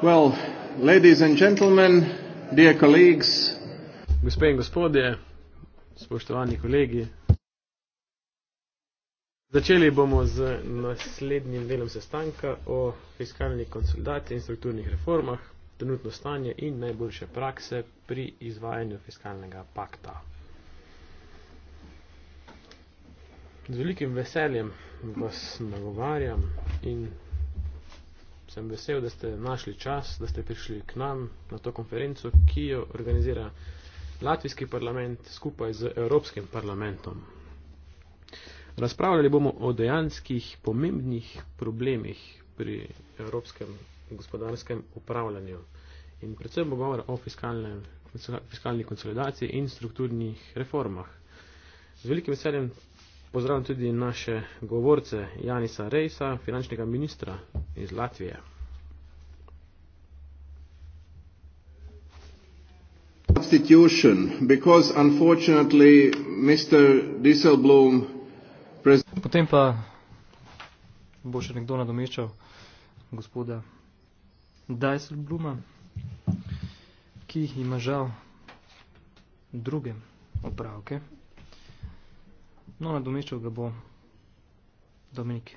Well, ladies and gentlemen, dear colleagues. Gospe in gospodje, spoštovani kolegi. Začeli bomo z naslednjim delom sestanka o fiskalni konsolidaciji in strukturnih reformah, trenutno stanje in najboljše prakse pri izvajanju fiskalnega pakta. Z velikim veseljem vas nagovarjam in sem vesel, da ste našli čas, da ste prišli k nam na to konferenco, ki jo organizira Latvijski parlament skupaj z Evropskim parlamentom. Razpravljali bomo o dejanskih pomembnih problemih pri evropskem gospodarskem upravljanju in predvsem bo govora o fiskalni konsolidaciji in strukturnih reformah. Z velikim veseljem Pozdravljam tudi naše govorce Janisa Rejsa, finančnega ministra iz Latvije. Potem pa bo še nekdo nadomeščal gospoda Dijsselbluma, ki ima žal druge opravke. No, nadomeščal ga bo Dominik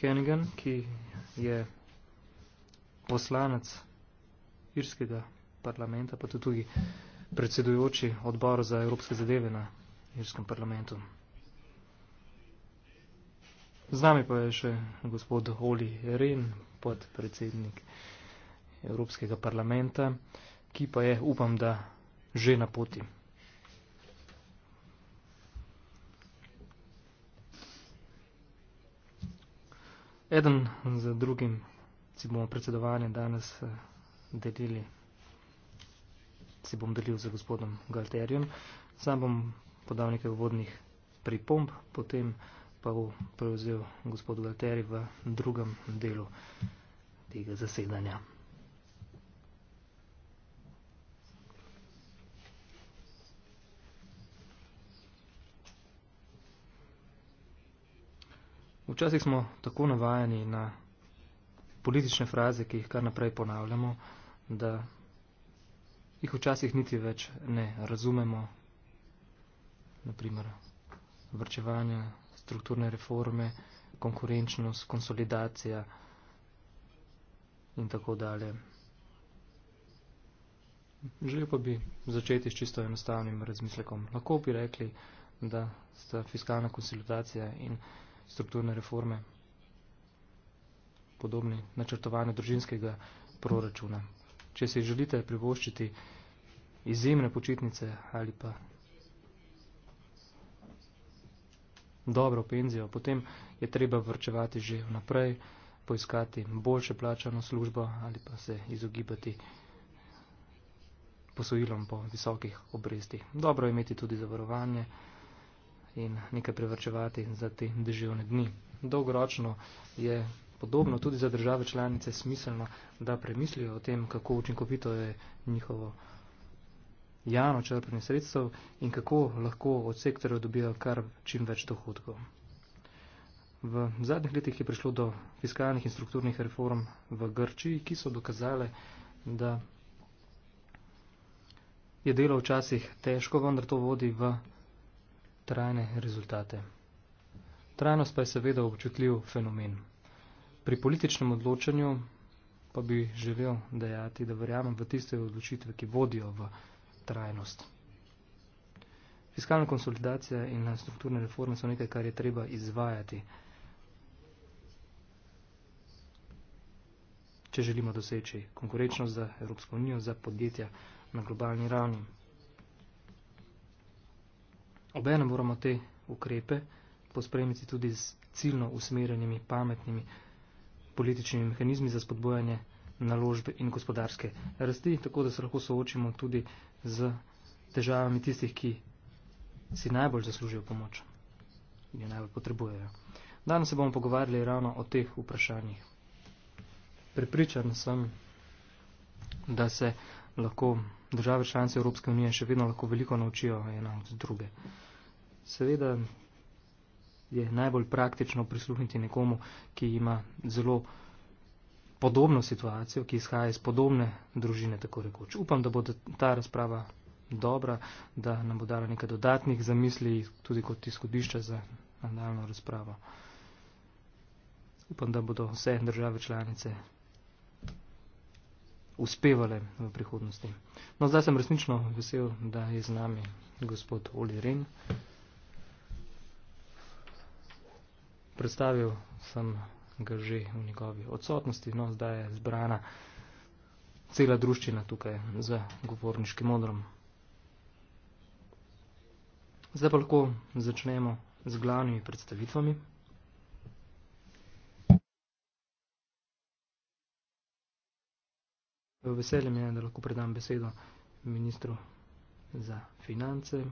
Hengen, ki je poslanec irskega parlamenta, pa tudi predsedujoči odbor za evropske zadeve na irskem parlamentu. Z nami pa je še gospod Oli Ren, podpredsednik Evropskega parlamenta, ki pa je, upam, da že na poti. eden za drugim si bomo predsedovanje danes eh, delili, si bom delil z gospodom Galterjem. Sam bom podal nekaj vodnih pripomb, potem pa bo prevzel gospod Galterji v drugem delu tega zasedanja. Včasih smo tako navajeni na politične fraze, ki jih kar naprej ponavljamo, da jih včasih niti več ne razumemo. Naprimer, vrčevanje, strukturne reforme, konkurenčnost, konsolidacija in tako dalje. Želel pa bi začeti s čisto enostavnim razmislekom. Lahko bi rekli, da sta fiskalna konsolidacija in konsolidacija strukturne reforme, podobni načrtovanju družinskega proračuna. Če si želite privoščiti izjemne počitnice ali pa dobro penzijo, potem je treba vrčevati že vnaprej, poiskati boljše plačano službo ali pa se izogibati posojilom po visokih obrestih. Dobro je imeti tudi zavarovanje in nekaj privrčevati za te deževne dni. Dolgoročno je podobno tudi za države članice smiselno, da premislijo o tem, kako učinkovito je njihovo javno črpanje sredstev in kako lahko od sektorjev dobijo kar čim več dohodkov. V zadnjih letih je prišlo do fiskalnih in strukturnih reform v Grčiji, ki so dokazale, da je delo včasih težko, vendar to vodi v trajne rezultate. Trajnost pa je seveda občutljiv fenomen. Pri političnem odločanju pa bi želel dejati, da verjamem v tiste odločitve, ki vodijo v trajnost. Fiskalna konsolidacija in strukturne reforme so nekaj, kar je treba izvajati, če želimo doseči konkurenčnost za Evropsko unijo, za podjetja na globalni ravni obene moramo te ukrepe pospremiti tudi z ciljno usmerjenimi pametnimi političnimi mehanizmi za spodbojanje naložbe in gospodarske rasti, tako da se lahko soočimo tudi z težavami tistih, ki si najbolj zaslužijo pomoč in jo najbolj potrebujejo. Danes se bomo pogovarjali ravno o teh vprašanjih. Pripričan sem, da se lahko države članice Evropske unije še vedno lahko veliko naučijo ena od druge seveda je najbolj praktično prisluhniti nekomu, ki ima zelo podobno situacijo, ki izhaja iz podobne družine, tako rekoč. Upam, da bo ta razprava dobra, da nam bo dala nekaj dodatnih zamisli, tudi kot izhodišča za nadaljno razpravo. Upam, da bodo vse države članice uspevale v prihodnosti. No, zdaj sem resnično vesel, da je z nami gospod Oli Ren. predstavil sem ga že v njegovi odsotnosti, no zdaj je zbrana cela druščina tukaj za govorniškim modrom. Zdaj pa lahko začnemo z glavnimi predstavitvami. Veselje mi je, da lahko predam besedo ministru za finance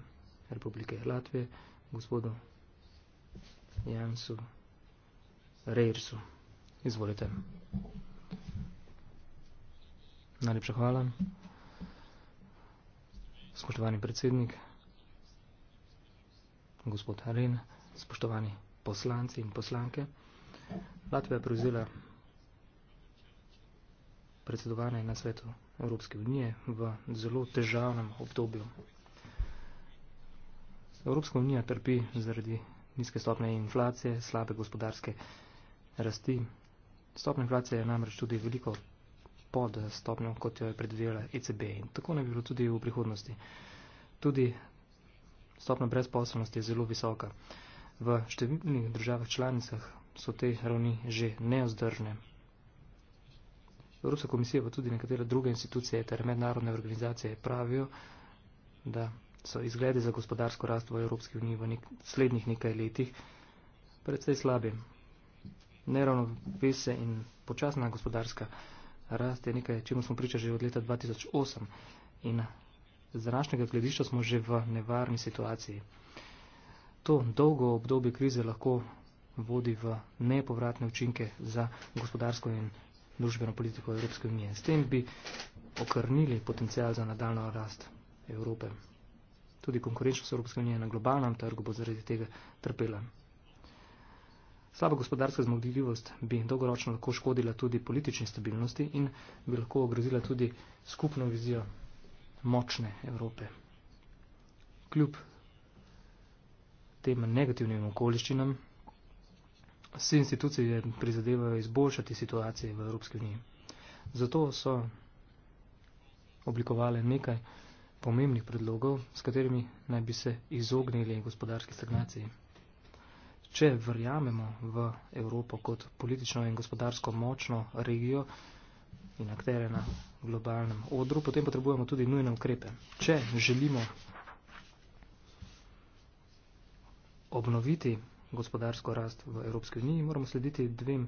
Republike Latvije, gospodu Jansu Reirsu. Izvolite. Najlepša hvala. Spoštovani predsednik, gospod Harin, spoštovani poslanci in poslanke. Latvija je prevzela predsedovanje na svetu Evropske unije v zelo težavnem obdobju. Evropska unija trpi zaradi nizke stopne inflacije, slabe gospodarske inflacije, rasti. Stopnja inflacije je namreč tudi veliko pod stopnjo, kot jo je predvidela ECB in tako ne bi bilo tudi v prihodnosti. Tudi stopnja brezposobnosti je zelo visoka. V številnih državah članicah so te ravni že neozdržne. Evropska komisija pa tudi nekatere druge institucije ter mednarodne organizacije pravijo, da so izglede za gospodarsko rast v Evropski uniji v naslednjih nek nekaj letih predvsej slabi neravnovese in počasna gospodarska rast je nekaj, čemu smo priča že od leta 2008 in z današnjega gledišča smo že v nevarni situaciji. To dolgo obdobje krize lahko vodi v nepovratne učinke za gospodarsko in družbeno politiko Evropske unije. S tem bi okrnili potencial za nadaljno rast Evrope. Tudi konkurenčnost Evropske unije na globalnem trgu bo zaradi tega trpela. Slaba gospodarska zmogljivost bi dolgoročno lahko škodila tudi politični stabilnosti in bi lahko ogrozila tudi skupno vizijo močne Evrope. Kljub tem negativnim okoliščinam se institucije prizadevajo izboljšati situacijo v Evropski uniji. Zato so oblikovali nekaj pomembnih predlogov, s katerimi naj bi se izognili gospodarski stagnaciji. Mm če verjamemo v Evropo kot politično in gospodarsko močno regijo in aktere na globalnem odru, potem potrebujemo tudi nujne ukrepe. Če želimo obnoviti gospodarsko rast v Evropski uniji, moramo slediti dvem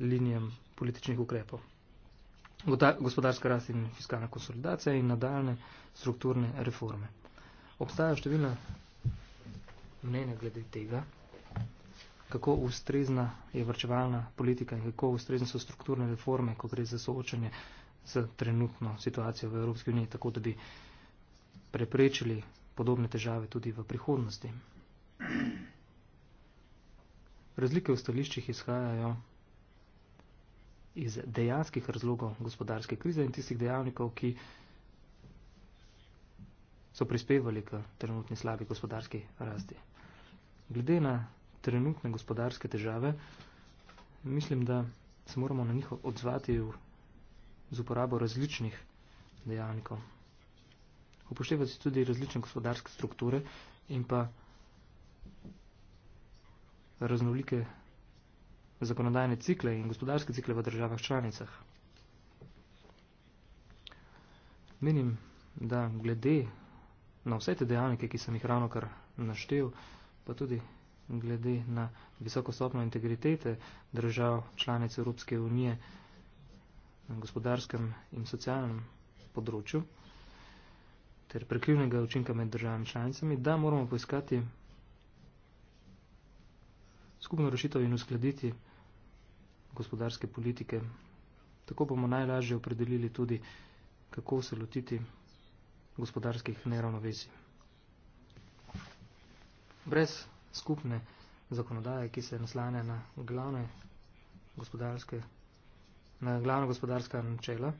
linijam političnih ukrepov. Gospodarska rast in fiskalna konsolidacija in nadaljne strukturne reforme. Obstajajo številne mnenja glede tega, kako ustrezna je vrčevalna politika in kako ustrezne so strukturne reforme, ko gre za soočanje z trenutno situacijo v Evropski uniji, tako da bi preprečili podobne težave tudi v prihodnosti. Razlike v stališčih izhajajo iz dejanskih razlogov gospodarske krize in tistih dejavnikov, ki so prispevali k trenutni slabi gospodarski rasti. Glede na trenutne gospodarske težave, mislim, da se moramo na njih odzvati v, z uporabo različnih dejavnikov. Upoštevati tudi različne gospodarske strukture in pa raznolike zakonodajne cikle in gospodarske cikle v državah članicah. Menim, da glede na vse te dejavnike, ki sem jih ravno kar naštel, pa tudi glede na visoko stopno integritete držav članic Evropske unije na gospodarskem in socialnem področju ter prekljivnega učinka med državami članicami, da moramo poiskati skupno rešitev in uskladiti gospodarske politike. Tako bomo najlažje opredelili tudi, kako se lotiti gospodarskih neravnovesij. Brez skupne zakonodaje, ki se naslanja na glavne gospodarske, na glavno gospodarska načela,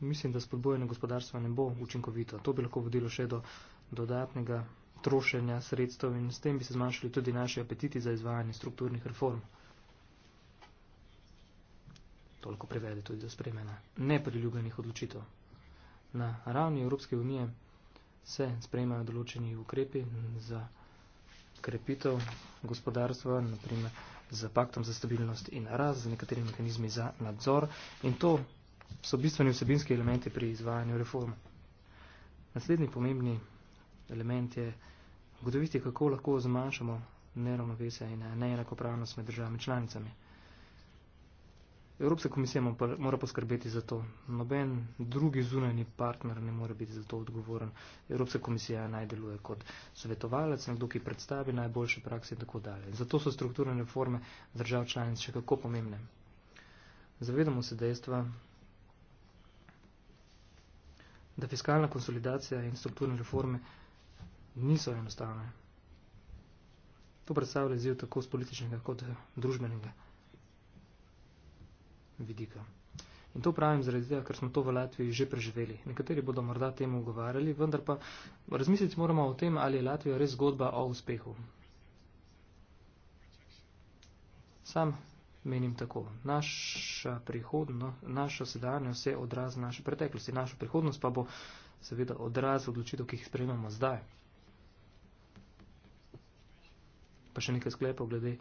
mislim, da spodbojeno gospodarstvo ne bo učinkovito. To bi lahko vodilo še do dodatnega trošenja sredstev in s tem bi se zmanjšali tudi naši apetiti za izvajanje strukturnih reform. Toliko prevede tudi za spremena nepriljubljenih odločitev. Na ravni Evropske unije se sprejmajo določeni ukrepi za krepitev gospodarstva, naprimer za paktom za stabilnost in raz, za nekateri mehanizmi za nadzor in to so bistveni vsebinski elementi pri izvajanju reform. Naslednji pomembni element je ugotoviti, kako lahko zmanjšamo neravnovesja in neenakopravnost med državami članicami. Evropska komisija mora poskrbeti za to. Noben drugi zunani partner ne more biti za to odgovoren. Evropska komisija najdeluje kot svetovalec, nekdo, ki predstavi najboljše prakse in tako dalje. Zato so strukturne reforme držav članic še kako pomembne. Zavedamo se dejstva, da fiskalna konsolidacija in strukturne reforme niso enostavne. To predstavlja ziv tako z političnega kot družbenega vidika. In to pravim zaradi tega, ker smo to v Latviji že preživeli. Nekateri bodo morda temu ugovarjali, vendar pa razmisliti moramo o tem, ali je Latvija res zgodba o uspehu. Sam menim tako. Naša prihodnost, naša sedanjost je odraz naše preteklosti, naša prihodnost pa bo seveda odraz odločitev, ki jih sprejemamo zdaj. Pa še nekaj sklepov glede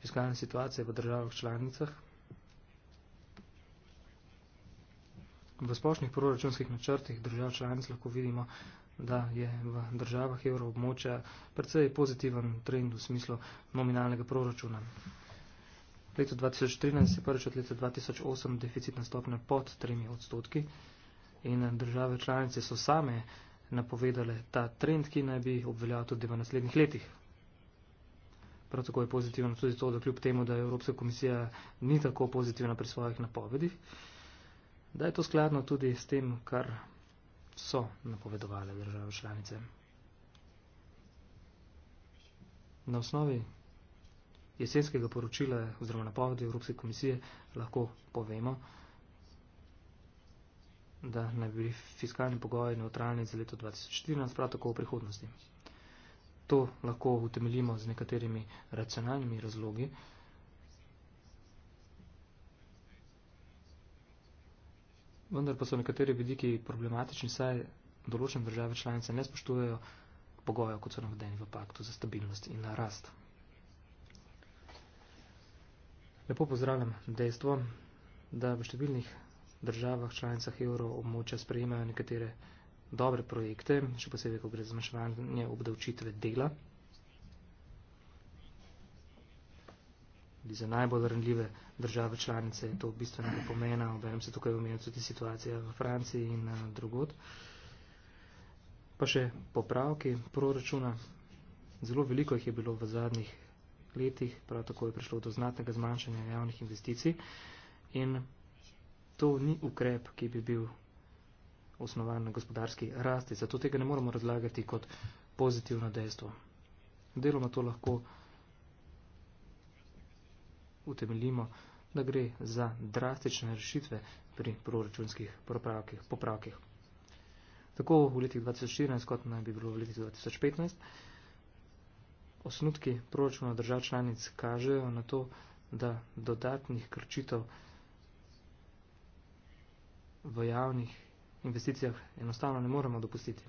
fiskalne situacije v državah članicah. V splošnih proračunskih načrtih držav članic lahko vidimo, da je v državah evroobmočja predvsej pozitiven trend v smislu nominalnega proračuna. Leto 2013 je prvič od leta 2008 deficit nastopne pod 3 odstotki in države članice so same napovedale ta trend, ki naj bi obveljal tudi v naslednjih letih. Prav tako je pozitivno tudi to, da kljub temu, da Evropska komisija ni tako pozitivna pri svojih napovedih, da je to skladno tudi s tem, kar so napovedovali države članice. Na osnovi jesenskega poročila oziroma napovedi Evropske komisije lahko povemo, da naj bi bili fiskalni pogoji neutralni za leto 2014, prav tako v prihodnosti. To lahko utemeljimo z nekaterimi racionalnimi razlogi. vendar pa so nekateri vidiki problematični, saj določen države članice ne spoštujejo pogojev, kot so navedeni v paktu za stabilnost in rast. Lepo pozdravljam dejstvo, da v številnih državah članicah evro območja sprejemajo nekatere dobre projekte, še posebej, ko gre za zmanjševanje obdavčitve dela. tudi za najbolj ranljive države članice je to bistvenega pomena, obenem se tukaj omenja tudi situacija v Franciji in eh, drugod. Pa še popravki proračuna. Zelo veliko jih je bilo v zadnjih letih, prav tako je prišlo do znatnega zmanjšanja javnih investicij in to ni ukrep, ki bi bil osnovan na gospodarski rasti, zato tega ne moramo razlagati kot pozitivno dejstvo. Deloma to lahko utemeljimo, da gre za drastične rešitve pri proračunskih popravkih. Tako v letih 2014, kot naj bi bilo v letih 2015, osnutki proračuna držav članic kažejo na to, da dodatnih krčitev v javnih investicijah enostavno ne moremo dopustiti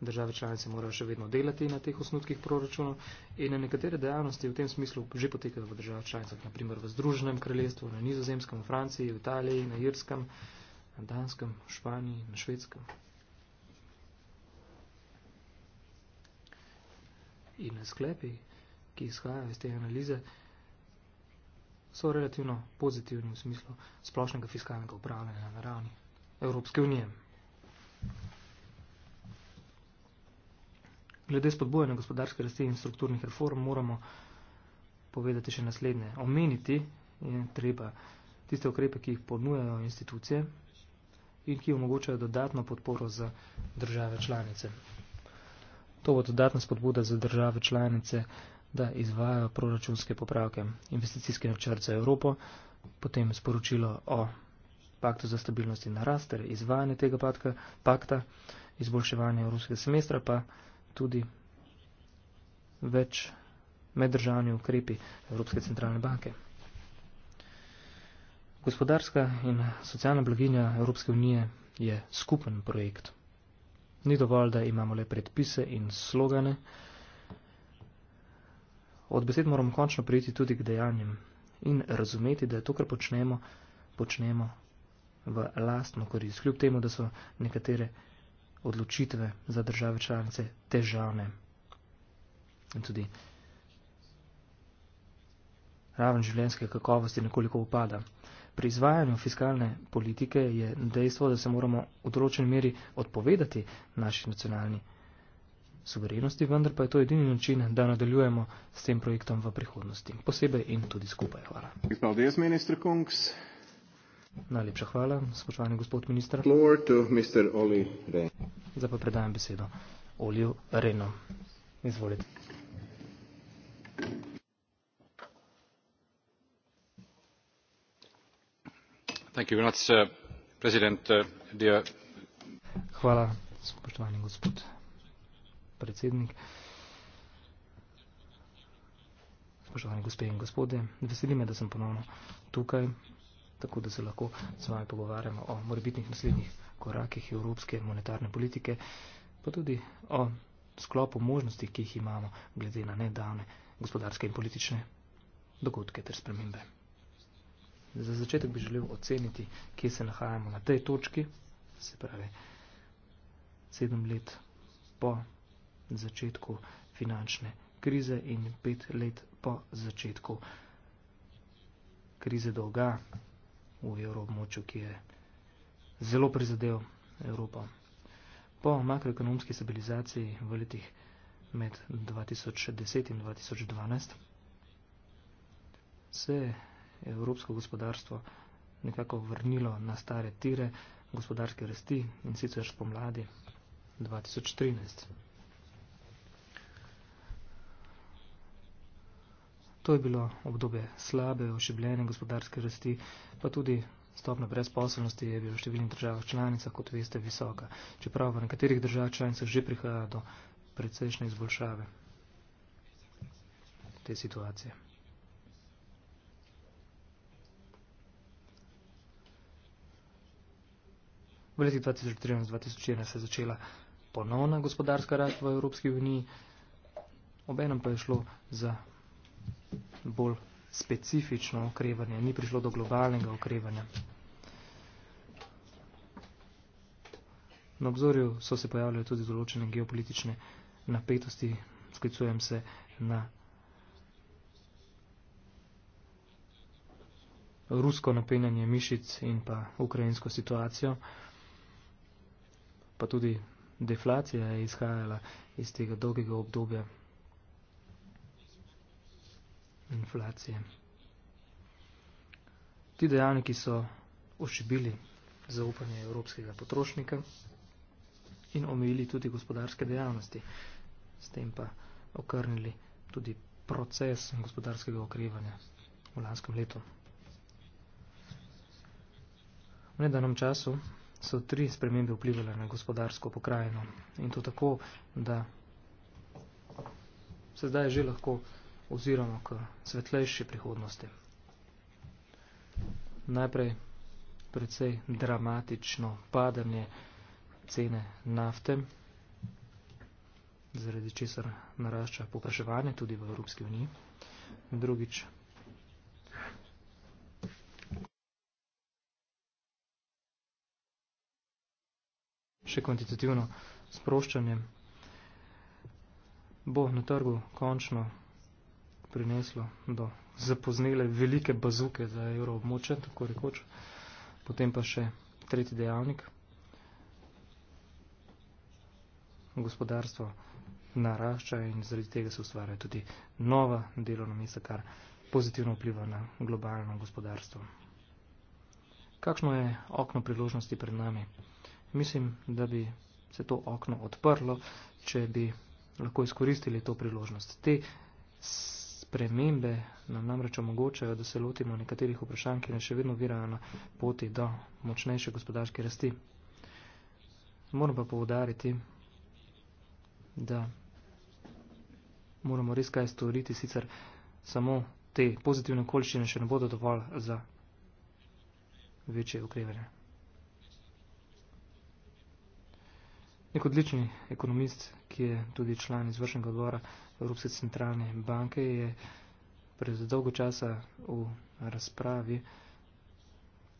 države članice morajo še vedno delati na teh osnutkih proračunov in na nekatere dejavnosti v tem smislu že potekajo v državah članicah, naprimer v Združenem kraljestvu, na Nizozemskem, v Franciji, v Italiji, na Irskem, na Danskem, v Španiji, na Švedskem. In na sklepi, ki izhajajo iz te analize, so relativno pozitivni v smislu splošnega fiskalnega upravljanja na ravni Evropske unije. Glede spodbojene gospodarske rasti in strukturnih reform moramo povedati še naslednje. Omeniti je treba tiste ukrepe, ki jih ponujajo institucije in ki omogočajo dodatno podporo za države članice. To bo dodatna spodbuda za države članice, da izvajajo proračunske popravke, investicijske načrte za Evropo, potem sporočilo o paktu za stabilnost in narast, ter izvajanje tega pakta, izboljševanje evropskega semestra pa tudi več meddržavni ukrepi Evropske centralne banke. Gospodarska in socialna blaginja Evropske unije je skupen projekt. Ni dovolj, da imamo le predpise in slogane. Od besed moramo končno prijeti tudi k dejanjem in razumeti, da je to, kar počnemo, počnemo v lastno korist. Kljub temu, da so nekatere odločitve za države članice težavne. In tudi raven življenjske kakovosti nekoliko upada. Pri izvajanju fiskalne politike je dejstvo, da se moramo v določeni meri odpovedati naši nacionalni suverenosti, vendar pa je to edini način, da nadaljujemo s tem projektom v prihodnosti, posebej in tudi skupaj. Hvala. Najlepša hvala, spoštovani gospod minister. Zdaj pa predajam besedo Olju Reno. Izvolite. Uh, hvala, spoštovani gospod predsednik. Spoštovani gospe in gospode, veseli me, da sem ponovno tukaj tako da se lahko z vami pogovarjamo o morebitnih naslednjih korakih evropske monetarne politike, pa tudi o sklopu možnosti, ki jih imamo glede na nedavne gospodarske in politične dogodke ter spremembe. Za začetek bi želel oceniti, kje se nahajamo na tej točki, se pravi sedem let po začetku finančne krize in pet let po začetku krize dolga, v evroobmočju, ki je zelo prizadel Evropo. Po makroekonomski stabilizaciji v letih med 2010 in 2012 se je evropsko gospodarstvo nekako vrnilo na stare tire gospodarske rasti in sicer spomladi 2013. To je bilo obdobje slabe, ošibljene gospodarske rasti, pa tudi stopna brezposobnosti je bila v številnih državah članicah, kot veste, visoka, čeprav v nekaterih državah članicah že prihaja do precejšnje izboljšave te situacije. V letih 2013-2014 se je začela ponovna gospodarska rast v Evropski uniji, obenem pa je šlo za bolj specifično okrevanje, ni prišlo do globalnega okrevanja. Na obzorju so se pojavljale tudi določene geopolitične napetosti, sklicujem se na rusko napenjanje mišic in pa ukrajinsko situacijo, pa tudi deflacija je izhajala iz tega dolgega obdobja inflacije. Ti dejavniki so ošibili zaupanje evropskega potrošnika in omejili tudi gospodarske dejavnosti, s tem pa okrnili tudi proces gospodarskega okrevanja v lanskem letu. V nedanem času so tri spremembe vplivali na gospodarsko pokrajino in to tako, da se zdaj že lahko oziroma k svetlejši prihodnosti. Najprej precej dramatično padanje cene nafte, zaradi česar narašča popraševanje tudi v Evropski uniji. Drugič. Še kvantitativno sproščanje bo na trgu končno prineslo do zapoznele velike bazuke za evroobmoče, tako rekoč. Potem pa še tretji dejavnik, gospodarstvo narašča in zaradi tega se ustvarja tudi nova delovna mesta, kar pozitivno vpliva na globalno gospodarstvo. Kakšno je okno priložnosti pred nami? Mislim, da bi se to okno odprlo, če bi lahko izkoristili to priložnost. Te spremembe nam namreč omogočajo, da se lotimo nekaterih vprašanj, ki nas še vedno virajo na poti do močnejše gospodarske rasti. Moram pa povdariti, da moramo res kaj storiti, sicer samo te pozitivne okoliščine še ne bodo dovolj za večje ukrevanje. Nek odlični ekonomist, ki je tudi član izvršnega odbora Evropske centralne banke, je pred dolgo časa v razpravi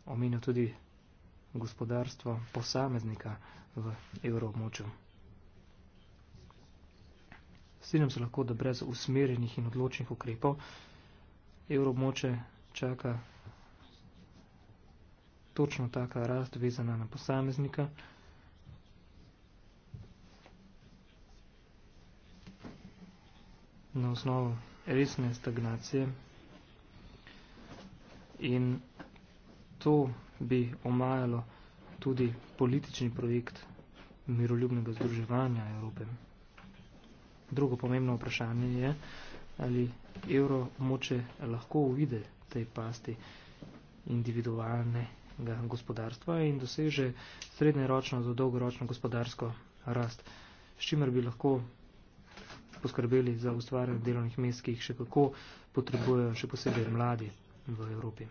omenil tudi gospodarstvo posameznika v evroobmočju. Strinjam se lahko, da brez usmerjenih in odločnih ukrepov evroobmoče čaka točno taka rast vezana na posameznika. na osnovu resne stagnacije in to bi omajalo tudi politični projekt miroljubnega združevanja Evrope. Drugo pomembno vprašanje je, ali evro moče lahko uvide tej pasti individualnega gospodarstva in doseže srednjeročno za dolgoročno gospodarsko rast, s čimer bi lahko poskrbeli za ustvarjanje delovnih mest, ki jih še kako potrebujejo še posebej mladi v Evropi.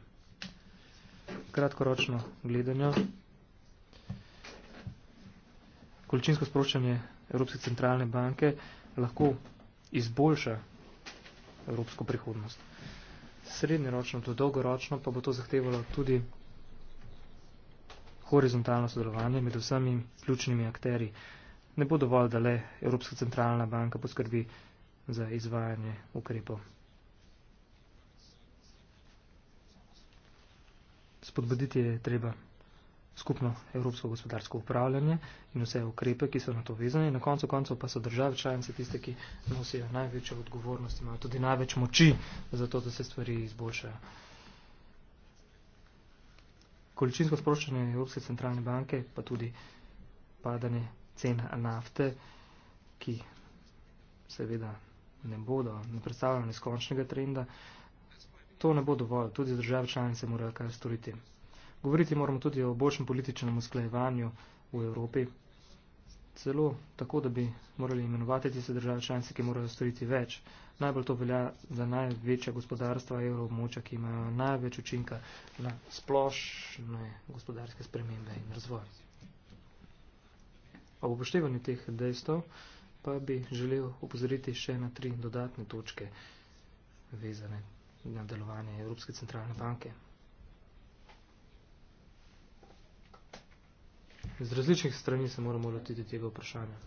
Kratkoročno gledanje. Količinsko sproščanje Evropske centralne banke lahko izboljša evropsko prihodnost. Srednjeročno to dolgoročno pa bo to zahtevalo tudi horizontalno sodelovanje med vsemi ključnimi akteri ne bo dovolj, da le Evropska centralna banka poskrbi za izvajanje ukrepov. Spodbuditi je treba skupno evropsko gospodarsko upravljanje in vse ukrepe, ki so na to vezane. Na koncu koncev pa so države članice tiste, ki nosijo največjo odgovornost, imajo tudi največ moči za to, da se stvari izboljšajo. Količinsko sproščanje Evropske centralne banke pa tudi padanje cen nafte, ki seveda ne bodo, ne predstavljajo neskončnega trenda, to ne bo dovolj. Tudi države članice morajo kaj storiti. Govoriti moramo tudi o boljšem političnem usklajevanju v Evropi. Celo tako, da bi morali imenovati tiste države članice, ki morajo storiti več. Najbolj to velja za največja gospodarstva evroobmoča, ki imajo največ učinka na splošne gospodarske spremembe in razvoj. Ob upoštevanju teh dejstev pa bi želel upozoriti še na tri dodatne točke vezane na delovanje Evropske centralne banke. Z različnih strani se moramo lotiti tega vprašanja.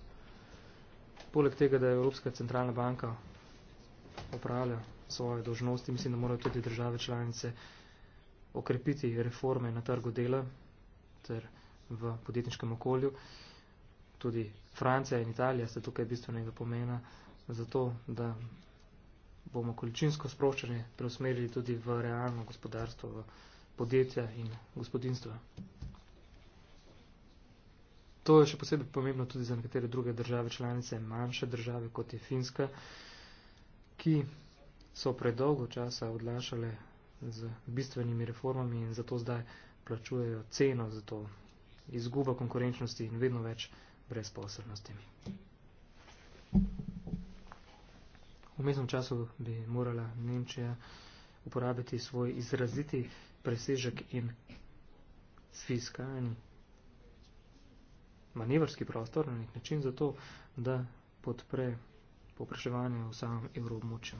Poleg tega, da je Evropska centralna banka opravlja svoje dožnosti, mislim, da morajo tudi države članice okrepiti reforme na trgu dela ter v podjetniškem okolju. Uh, tudi Francija in Italija sta tukaj bistvenega pomena, zato da bomo količinsko sproščanje preusmerili tudi v realno gospodarstvo, v podjetja in gospodinstva. To je še posebej pomembno tudi za nekatere druge države članice, manjše države kot je Finska, ki so predolgo časa odlašale z bistvenimi reformami in zato zdaj plačujejo ceno za to izguba konkurenčnosti in vedno več brezposobnostimi. V mesnem času bi morala Nemčija uporabiti svoj izraziti presežek in fiskalni manevrski prostor na nek način za to, da podpre popraševanje v samem evroobmočju.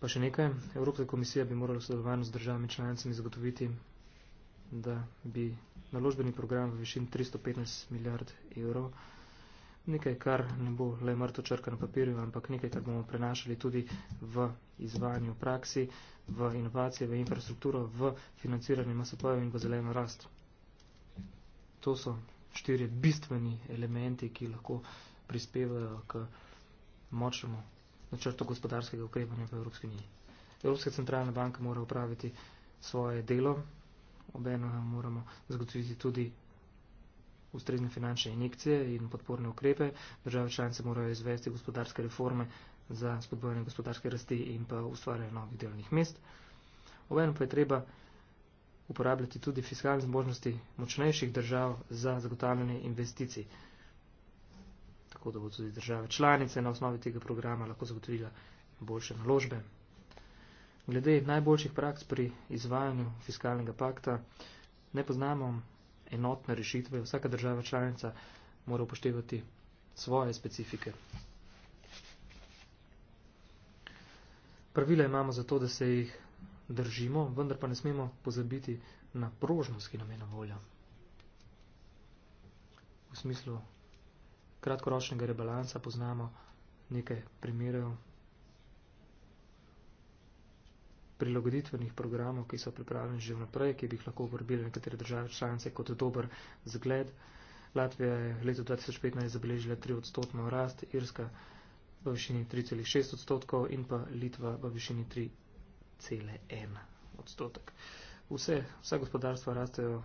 Pa še nekaj, Evropska komisija bi morala sodelovanju z državami članicami zagotoviti da bi naložbeni program v višini 315 milijard evrov, nekaj, kar ne bo le mrtvo črka na papirju, ampak nekaj, kar bomo prenašali tudi v izvajanju praksi, v inovacije, v infrastrukturo, v financiranje MSP-ev in v zeleno rast. To so štiri bistveni elementi, ki lahko prispevajo k močnemu načrtu gospodarskega ukrepanja v Evropski uniji. Evropska centralna banka mora upraviti svoje delo, obeno nam moramo zagotoviti tudi ustrezne finančne injekcije in podporne ukrepe. Države članice morajo izvesti gospodarske reforme za spodbojanje gospodarske rasti in pa ustvarjanje novih delovnih mest. Obeno pa je treba uporabljati tudi fiskalne zmožnosti močnejših držav za zagotavljanje investicij. Tako da bo tudi države članice na osnovi tega programa lahko zagotovila boljše naložbe. Glede najboljših praks pri izvajanju fiskalnega pakta ne poznamo enotne rešitve. Vsaka država članica mora upoštevati svoje specifike. Pravila imamo zato, da se jih držimo, vendar pa ne smemo pozabiti na prožnost, ki nam je na voljo. V smislu kratkoročnega rebalansa poznamo nekaj primerov, prilagoditvenih programov, ki so pripravljeni že vnaprej, ki bi jih lahko uporabili nekatere države članice kot dober zgled. Latvija je v letu 2015 zabeležila 3 odstotno rast, Irska v višini 3,6 odstotkov in pa Litva v višini 3,1 odstotek. Vse, vsa gospodarstva rastejo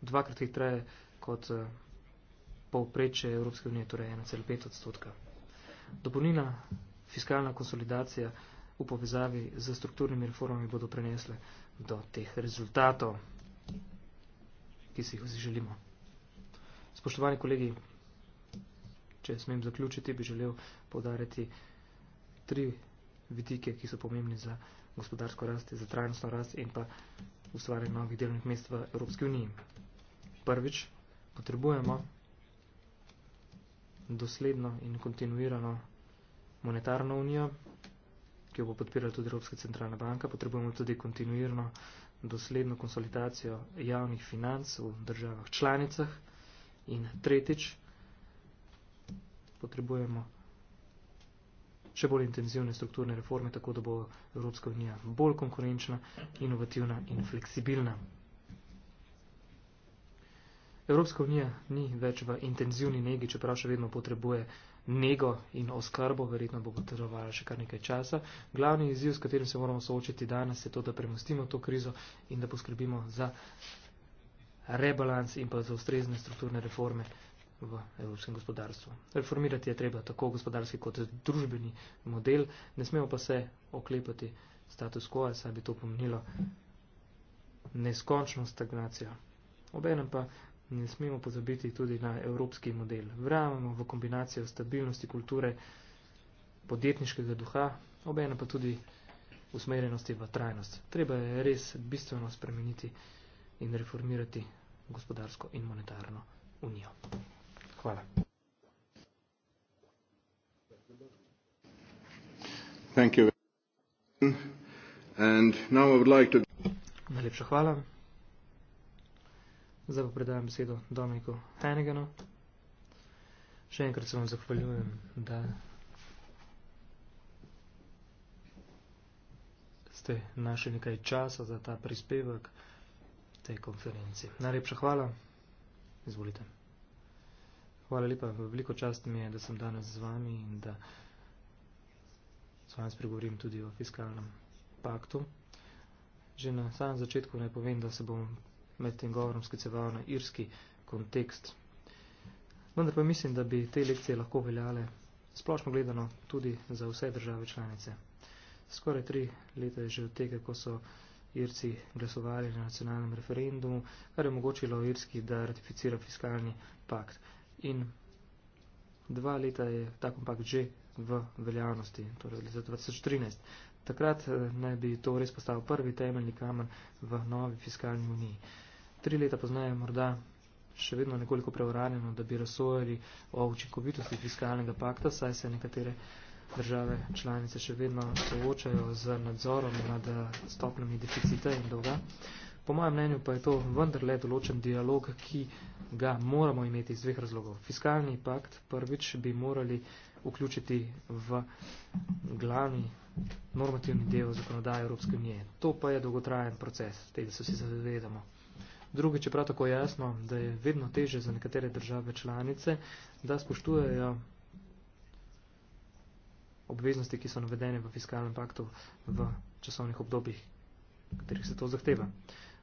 dvakrat hitreje kot eh, povpreče Evropske unije, torej 1,5 odstotka. Dopolnina fiskalna konsolidacija v povezavi z strukturnimi reformami bodo prenesle do teh rezultatov, ki si jih vsi želimo. Spoštovani kolegi, če smem zaključiti, bi želel podariti tri vidike, ki so pomembni za gospodarsko rast, za trajnostno rast in pa ustvarjanje novih delovnih mest v Evropski uniji. Prvič, potrebujemo dosledno in kontinuirano monetarno unijo, ki jo bo podpirala tudi Evropska centralna banka, potrebujemo tudi kontinuirno dosledno konsolidacijo javnih financ v državah članicah in tretjič potrebujemo še bolj intenzivne strukturne reforme, tako da bo Evropska unija bolj konkurenčna, inovativna in fleksibilna. Evropska unija ni več v intenzivni negi, čeprav še vedno potrebuje uh, nego in oskrbo, verjetno bo potrebovala še kar nekaj časa. Glavni izziv, s katerim se moramo soočiti danes, je to, da premustimo to krizo in da poskrbimo za rebalans in pa za ustrezne strukturne reforme v evropskem gospodarstvu. Reformirati je treba tako gospodarski kot družbeni model, ne smemo pa se oklepati status quo, saj bi to pomenilo neskončno stagnacijo. Obenem pa ne smemo pozabiti tudi na evropski model. Vravamo v kombinacijo stabilnosti kulture, podjetniškega duha, obena pa tudi usmerjenosti v trajnost. Treba je res bistveno spremeniti in reformirati gospodarsko in monetarno unijo. Hvala. Najlepša hvala. Zdaj pa predajam besedo Dominiku Heineganu. Še enkrat se vam zahvaljujem, da ste našli nekaj časa za ta prispevek tej konferenci. Najlepša hvala. Izvolite. Hvala lepa. Veliko čast mi je, da sem danes z vami in da s vami spregovorim tudi o fiskalnem paktu. Že na samem začetku naj povem, da se bom med tem govorom skeceval na irski kontekst. Vendar pa mislim, da bi te lekcije lahko veljale splošno gledano tudi za vse države članice. Skoraj tri leta je že od tega, ko so Irci glasovali na nacionalnem referendumu, kar je omogočilo Irski, da ratificira fiskalni pakt. In dva leta je ta kompakt že v veljavnosti, torej od leta 2013. Takrat eh, naj bi to res postal prvi temeljni kamen v novi fiskalni uniji. Tri leta poznajo morda še vedno nekoliko preuranjeno, da bi razsojali o učinkovitosti fiskalnega pakta, saj se nekatere države članice še vedno soočajo z nadzorom nad eh, stopnjami deficita in dolga. Po mojem mnenju pa je to vendar le določen dialog, ki ga moramo imeti iz dveh razlogov. Fiskalni pakt prvič bi morali vključiti v glavni normativni del zakonodaje Evropske unije. To pa je dolgotrajen proces, tega se vsi zavedamo. Drugi, če prav tako jasno, da je vedno teže za nekatere države članice, da spoštujejo obveznosti, ki so navedene v fiskalnem paktu v časovnih obdobjih, katerih se to zahteva.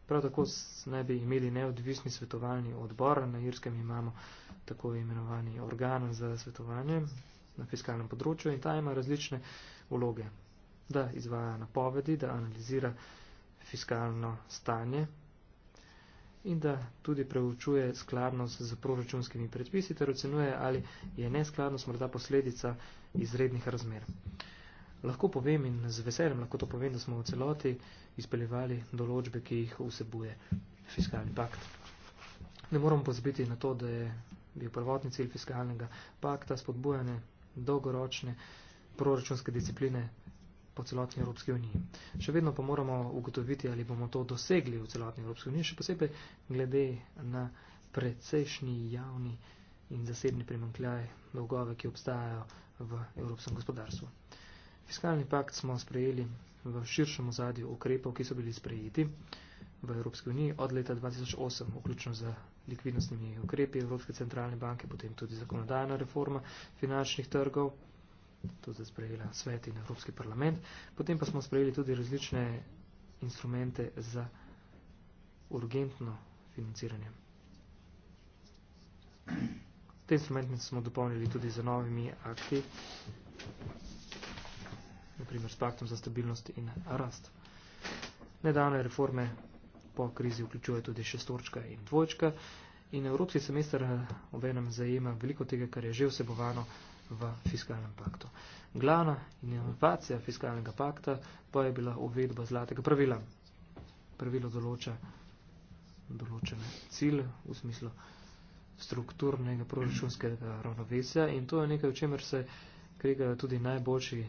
Prav tako naj bi imeli neodvisni svetovalni odbor, na Irskem imamo tako imenovani organ za svetovanje, na fiskalnem področju in ta ima različne vloge, da izvaja napovedi, da analizira fiskalno stanje in da tudi preučuje skladnost z proračunskimi predpisi ter ocenuje, ali je neskladnost morda posledica izrednih razmer. Lahko povem in z veseljem lahko to povem, da smo v celoti izpeljevali določbe, ki jih vsebuje fiskalni pakt. Ne moramo pozbiti na to, da je bil prvotni cilj fiskalnega pakta spodbujanje dolgoročne proračunske discipline po celotni Evropski uniji. Še vedno pa moramo ugotoviti, ali bomo to dosegli v celotni Evropski uniji, še posebej glede na precejšnji javni in zasebni primankljaj dolgove, ki obstajajo v evropskem gospodarstvu. Fiskalni pakt smo sprejeli v širšem ozadju ukrepov, ki so bili sprejeti v Evropski uniji od leta 2008, vključno z likvidnostnimi ukrepi Evropske centralne banke, potem tudi zakonodajna reforma finančnih trgov, to je sprejela svet in Evropski parlament, potem pa smo sprejeli tudi različne instrumente za urgentno financiranje. Te instrumente smo dopolnili tudi za novimi akti, naprimer s paktom za stabilnost in rast. Nedavne reforme po krizi vključuje tudi šestorčka in dvojčka. In evropski semester eh, obenem zajema veliko tega, kar je že vsebovano v fiskalnem paktu. Glavna inovacija fiskalnega pakta pa je bila uvedba zlatega pravila. Pravilo določa določene cilje v smislu strukturnega proračunskega ravnovesja in to je nekaj, o čemer se kregajo tudi najboljši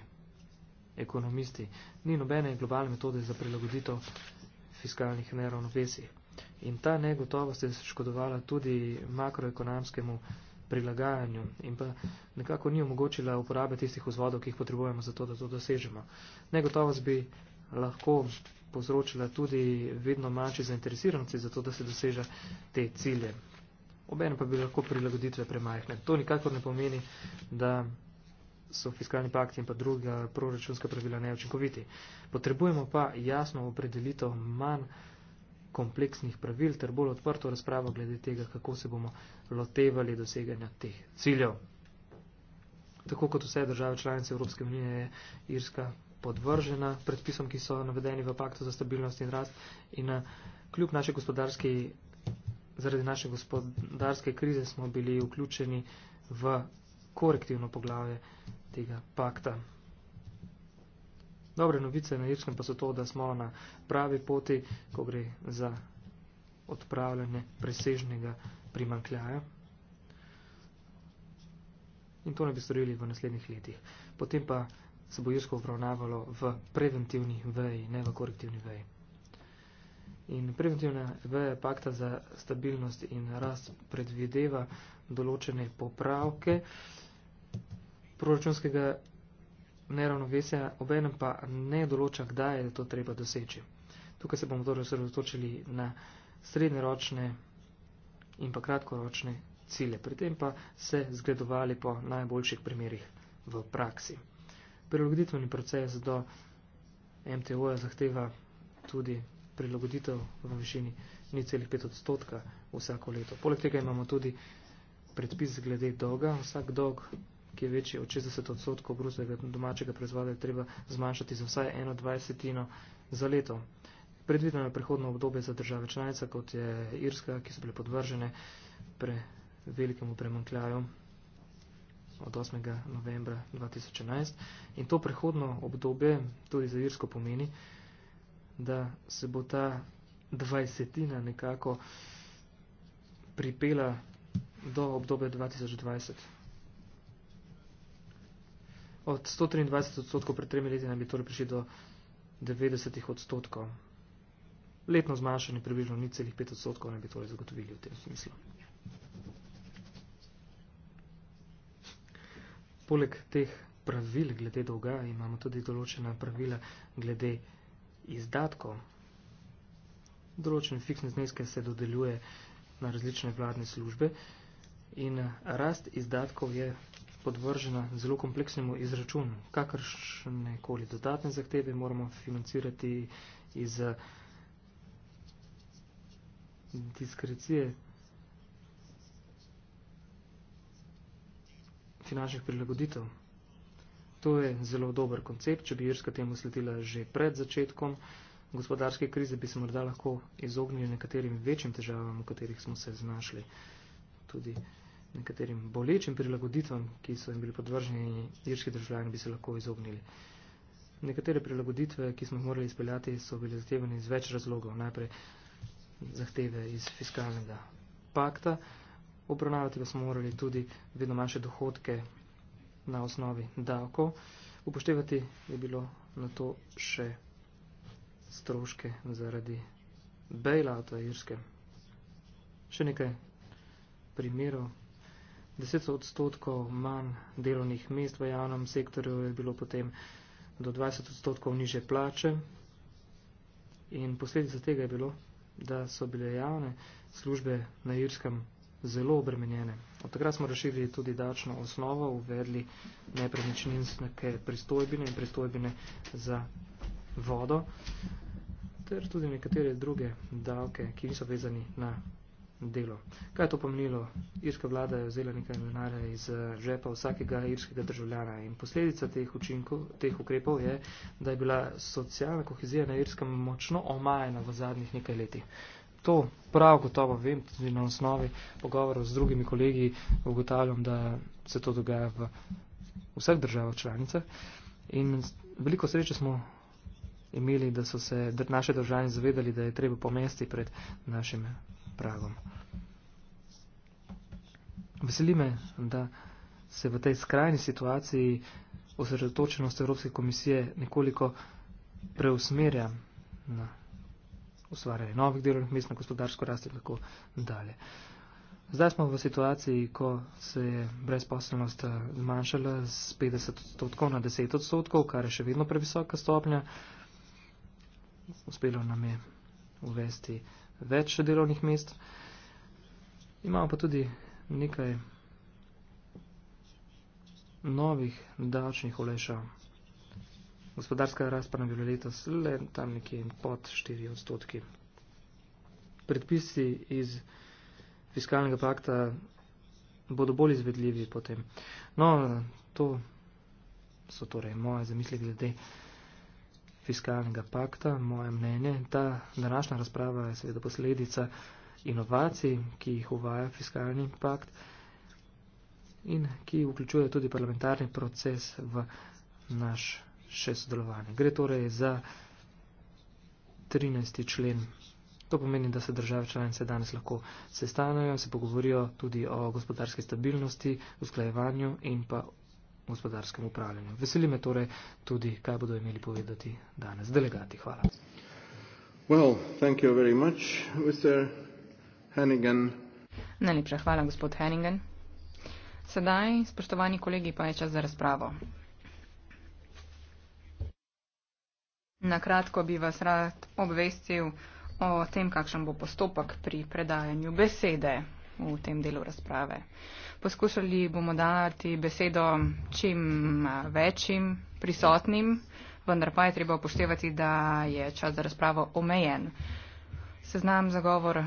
ekonomisti. Ni nobene globalne metode za prilagoditev fiskalnih neravnovesij. In ta negotovost je škodovala tudi makroekonomskemu prilagajanju in pa nekako ni omogočila uporabe tistih vzvodov, ki jih potrebujemo za to, da to dosežemo. Negotovost bi lahko povzročila tudi vedno manjši zainteresiranci za to, da se doseže te cilje. Obenem pa bi lahko prilagoditve premajhne. To nikakor ne pomeni, da so fiskalni pakti in pa druga proračunska pravila neočinkoviti. Potrebujemo pa jasno opredelitev manj kompleksnih pravil ter bolj odprto razpravo glede tega, kako se bomo lotevali doseganja teh ciljev. Tako kot vse države članice Evropske unije je Irska podvržena predpisom, ki so navedeni v paktu za stabilnost in rast in eh, kljub naše gospodarske, zaradi naše gospodarske krize smo bili vključeni v korektivno poglavje tega pakta. Dobre novice na Irskem pa so to, da smo na pravi poti, ko gre za odpravljanje presežnega primankljaja. In to ne bi storili v naslednjih letih. Potem pa se bo Irsko obravnavalo v preventivni veji, ne v korektivni veji. In preventivna veja pakta za stabilnost in rast predvideva določene popravke eh, proračunskega neravnovesja, obenem pa ne določa, kdaj je to treba doseči. Tukaj se bomo torej osredotočili na srednjeročne in pa kratkoročne cilje, pri tem pa se zgledovali po najboljših primerih v praksi. Prilagoditveni proces do MTO-ja zahteva tudi prilagoditev v višini 0,5 odstotka vsako leto. Poleg tega imamo tudi predpis glede dolga. Vsak dolg ki je večji od 60 odstotkov brusnega domačega proizvoda, je treba zmanjšati za vsaj 21 za leto. Predvideno je prehodno obdobje za države članice, kot je Irska, ki so bile podvržene pre velikemu premankljaju od 8. novembra 2011. In to prehodno obdobje tudi za Irsko pomeni, da se bo ta dvajsetina nekako pripela do obdobja 2020 od 123 odstotkov pred tremi leti nam bi torej prišli do 90 odstotkov. Letno zmanjšanje približno 0,5 odstotkov nam bi torej zagotovili v tem smislu. Poleg teh pravil glede dolga imamo tudi določena pravila glede izdatkov. Določene fiksne zneske se dodeljuje na različne vladne službe in rast izdatkov je podvržena zelo kompleksnemu izračunu. Kakršne koli dodatne zahteve moramo financirati iz eh, diskrecije finančnih prilagoditev. To je zelo dober koncept, če bi Irska temu sledila že pred začetkom gospodarske krize, bi se morda lahko izognili nekaterim večjim težavam, v katerih smo se znašli tudi nekaterim bolečim prilagoditvam, ki so jim bili podvrženi irški državljani, bi se lahko izognili. Nekatere prilagoditve, ki smo morali izpeljati, so bile zahtevene iz več razlogov. Najprej zahteve iz fiskalnega pakta, obravnavati pa smo morali tudi vedno manjše dohodke na osnovi davkov, upoštevati je bilo na to še stroške zaradi bail-outa irske. Še nekaj primerov, 10 odstotkov manj delovnih mest v javnem sektorju je bilo potem do 20 odstotkov niže plače in posledica tega je bilo, da so bile javne službe na Irskem zelo obremenjene. Od takrat smo rešili tudi dačno osnovo, uvedli nepremičninske pristojbine in pristojbine za vodo ter tudi nekatere druge davke, ki niso vezani na delo. Kaj je to pomenilo? Irska vlada je vzela nekaj denarja iz eh, žepa vsakega irskega državljana in posledica teh učinkov, teh ukrepov je, da je bila socialna kohezija na Irskem močno omajena v zadnjih nekaj letih. To prav gotovo vem, tudi na osnovi pogovorov z drugimi kolegi ugotavljam, da se to dogaja v vseh državah članicah. In veliko sreče smo imeli, da so se naše državljani zavedali, da je treba pomesti pred našim pragom. Veseli me, da se v tej skrajni situaciji osredotočenost Evropske komisije nekoliko preusmerja na ustvarjanje novih delovnih mest, na gospodarsko rast in tako dalje. Zdaj smo v situaciji, ko se je brezposelnost eh, zmanjšala z 50 odstotkov na 10 odstotkov, kar je še vedno previsoka stopnja. Uspelo nam je uvesti več delovnih mest. Imamo pa tudi nekaj novih davčnih olešav. Gospodarska rast pa nam je bila letos le tam nekje pod 4 odstotki. Predpisi iz fiskalnega pakta bodo bolj izvedljivi potem. No, to so torej moje zamisli glede fiskalnega pakta, moje mnenje. Ta današnja razprava je seveda posledica inovacij, ki jih uvaja fiskalni pakt in ki vključuje tudi parlamentarni proces v naš še sodelovanje. Gre torej za 13. člen. To pomeni, da se države članice danes lahko sestanajo, se pogovorijo tudi o gospodarski stabilnosti, usklajevanju in pa gospodarskem upravljanju. Veseli me torej tudi, kaj bodo imeli povedati danes delegati. Hvala. Well, thank you very much, Mr. Hennigan. Najlepša hvala, gospod Hennigan. Sedaj, spoštovani kolegi, pa je čas za razpravo. Na kratko bi vas rad obvestil o tem, kakšen bo postopek pri predajanju besede v tem delu razprave. Poskušali bomo dati besedo čim večjim prisotnim, vendar pa je treba upoštevati, da je čas za razpravo omejen. Seznam za govor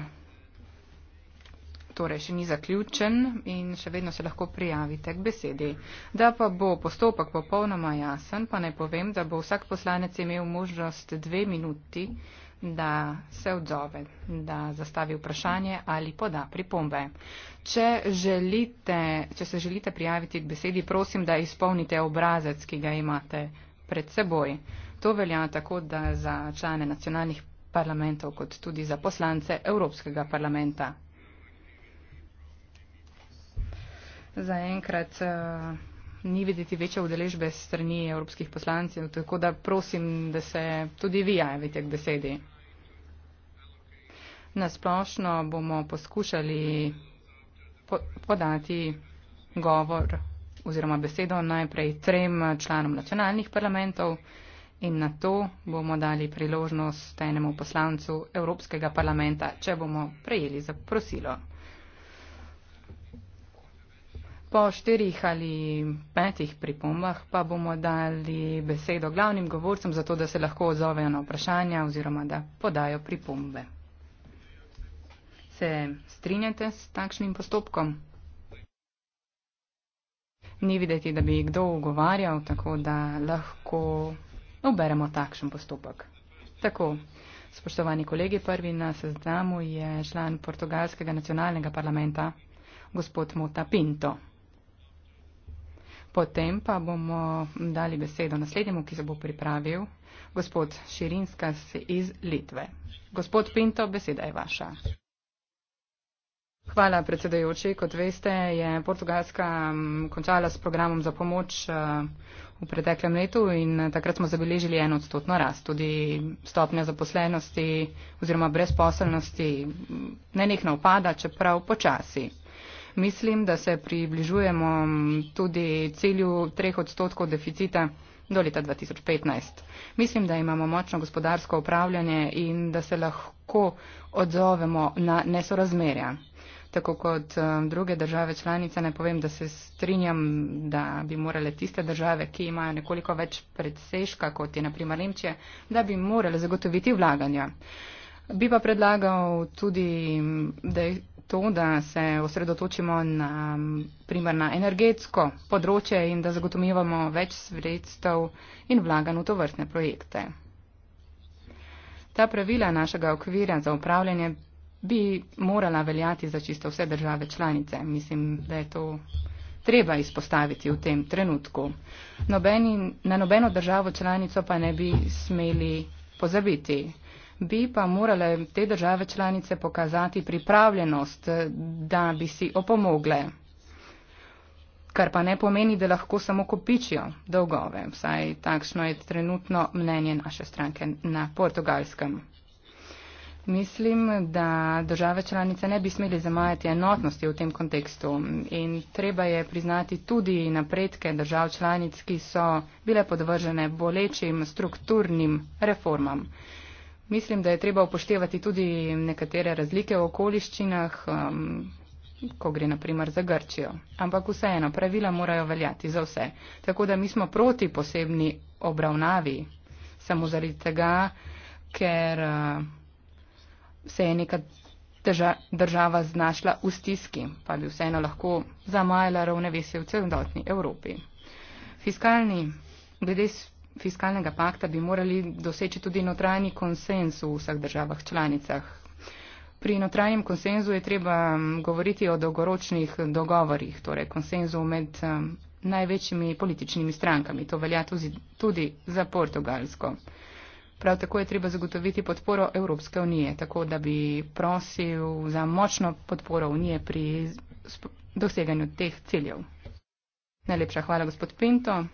torej še ni zaključen in še vedno se lahko prijavite k besedi. Da pa bo postopek popolnoma jasen, pa naj povem, da bo vsak poslanec imel možnost dve minuti da se odzove, da zastavi vprašanje ali poda pripombe. Če, želite, če se želite prijaviti k besedi, prosim, da izpolnite obrazec, ki ga imate pred seboj. To velja tako, da za člane nacionalnih parlamentov, kot tudi za poslance Evropskega parlamenta. Za enkrat uh, eh, ni videti večje udeležbe strani evropskih poslancev, tako da prosim, da se tudi vi javite k besedi nasplošno bomo poskušali po podati govor oziroma besedo najprej trem članom nacionalnih parlamentov in na to bomo dali priložnost enemu poslancu Evropskega parlamenta, če bomo prejeli zaprosilo. Po štirih ali petih pripombah pa bomo dali besedo glavnim govorcem, zato da se lahko odzovejo na vprašanja oziroma da podajo pripombe. Se strinjate s takšnim postopkom? Ni videti, da bi kdo ugovarjal, tako da lahko oberemo takšen postopek. Tako, spoštovani kolegi, prvi na seznamu je član portugalskega nacionalnega parlamenta, gospod Mota Pinto. Potem pa bomo dali besedo naslednjemu, ki se bo pripravil, gospod Širinskas iz Litve. Gospod Pinto, beseda je vaša. Hvala, predsedajoči. Kot veste, je Portugalska končala s programom za pomoč eh, v preteklem letu in eh, takrat smo zabeležili eno odstotno rast. Tudi stopnja zaposlenosti oziroma brezposelnosti nenehno upada, čeprav počasi. Mislim, da se približujemo tudi cilju treh odstotkov deficita do leta 2015. Mislim, da imamo močno gospodarsko upravljanje in da se lahko odzovemo na nesorazmerja tako kot um, druge države članice. Ne povem, da se strinjam, da bi morale tiste države, ki imajo nekoliko več predsežka, kot je naprimer Nemčija, da bi morale zagotoviti vlaganja. Bi pa predlagal tudi, da je to, da se osredotočimo na, primer, na energetsko področje in da zagotovimo več sredstev in vlaganj v to vrstne projekte. Ta pravila našega okvira za upravljanje bi morala veljati za čisto vse države članice. Mislim, da je to treba izpostaviti v tem trenutku. Nobeni, na nobeno državo članico pa ne bi smeli pozabiti. Bi pa morale te države članice pokazati pripravljenost, da bi si opomogle. Kar pa ne pomeni, da lahko samo kopičijo dolgove. Vsaj takšno je trenutno mnenje naše stranke na portugalskem. Mislim, da države članice ne bi smeli zamajati enotnosti v tem kontekstu in treba je priznati tudi napredke držav članic, ki so bile podvržene bolečim strukturnim reformam. Mislim, da je treba upoštevati tudi nekatere razlike v okoliščinah, um, ko gre naprimer za Grčijo. Ampak vseeno, pravila morajo veljati za vse. Tako da mi smo proti posebni obravnavi, samo zaradi tega, ker uh, se je neka država znašla v stiski, pa bi vseeno lahko zamajala ravnovesje v celotni Evropi. Fiskalni, glede fiskalnega pakta bi morali doseči tudi notranji konsens v vseh državah članicah. Pri notranjem konsenzu je treba govoriti o dolgoročnih dogovorih, torej konsenzu med največjimi političnimi strankami. To velja tudi za portugalsko. Prav tako je treba zagotoviti podporo Evropske unije, tako da bi prosil za močno podporo unije pri doseganju teh ciljev. Najlepša hvala, gospod Pinto.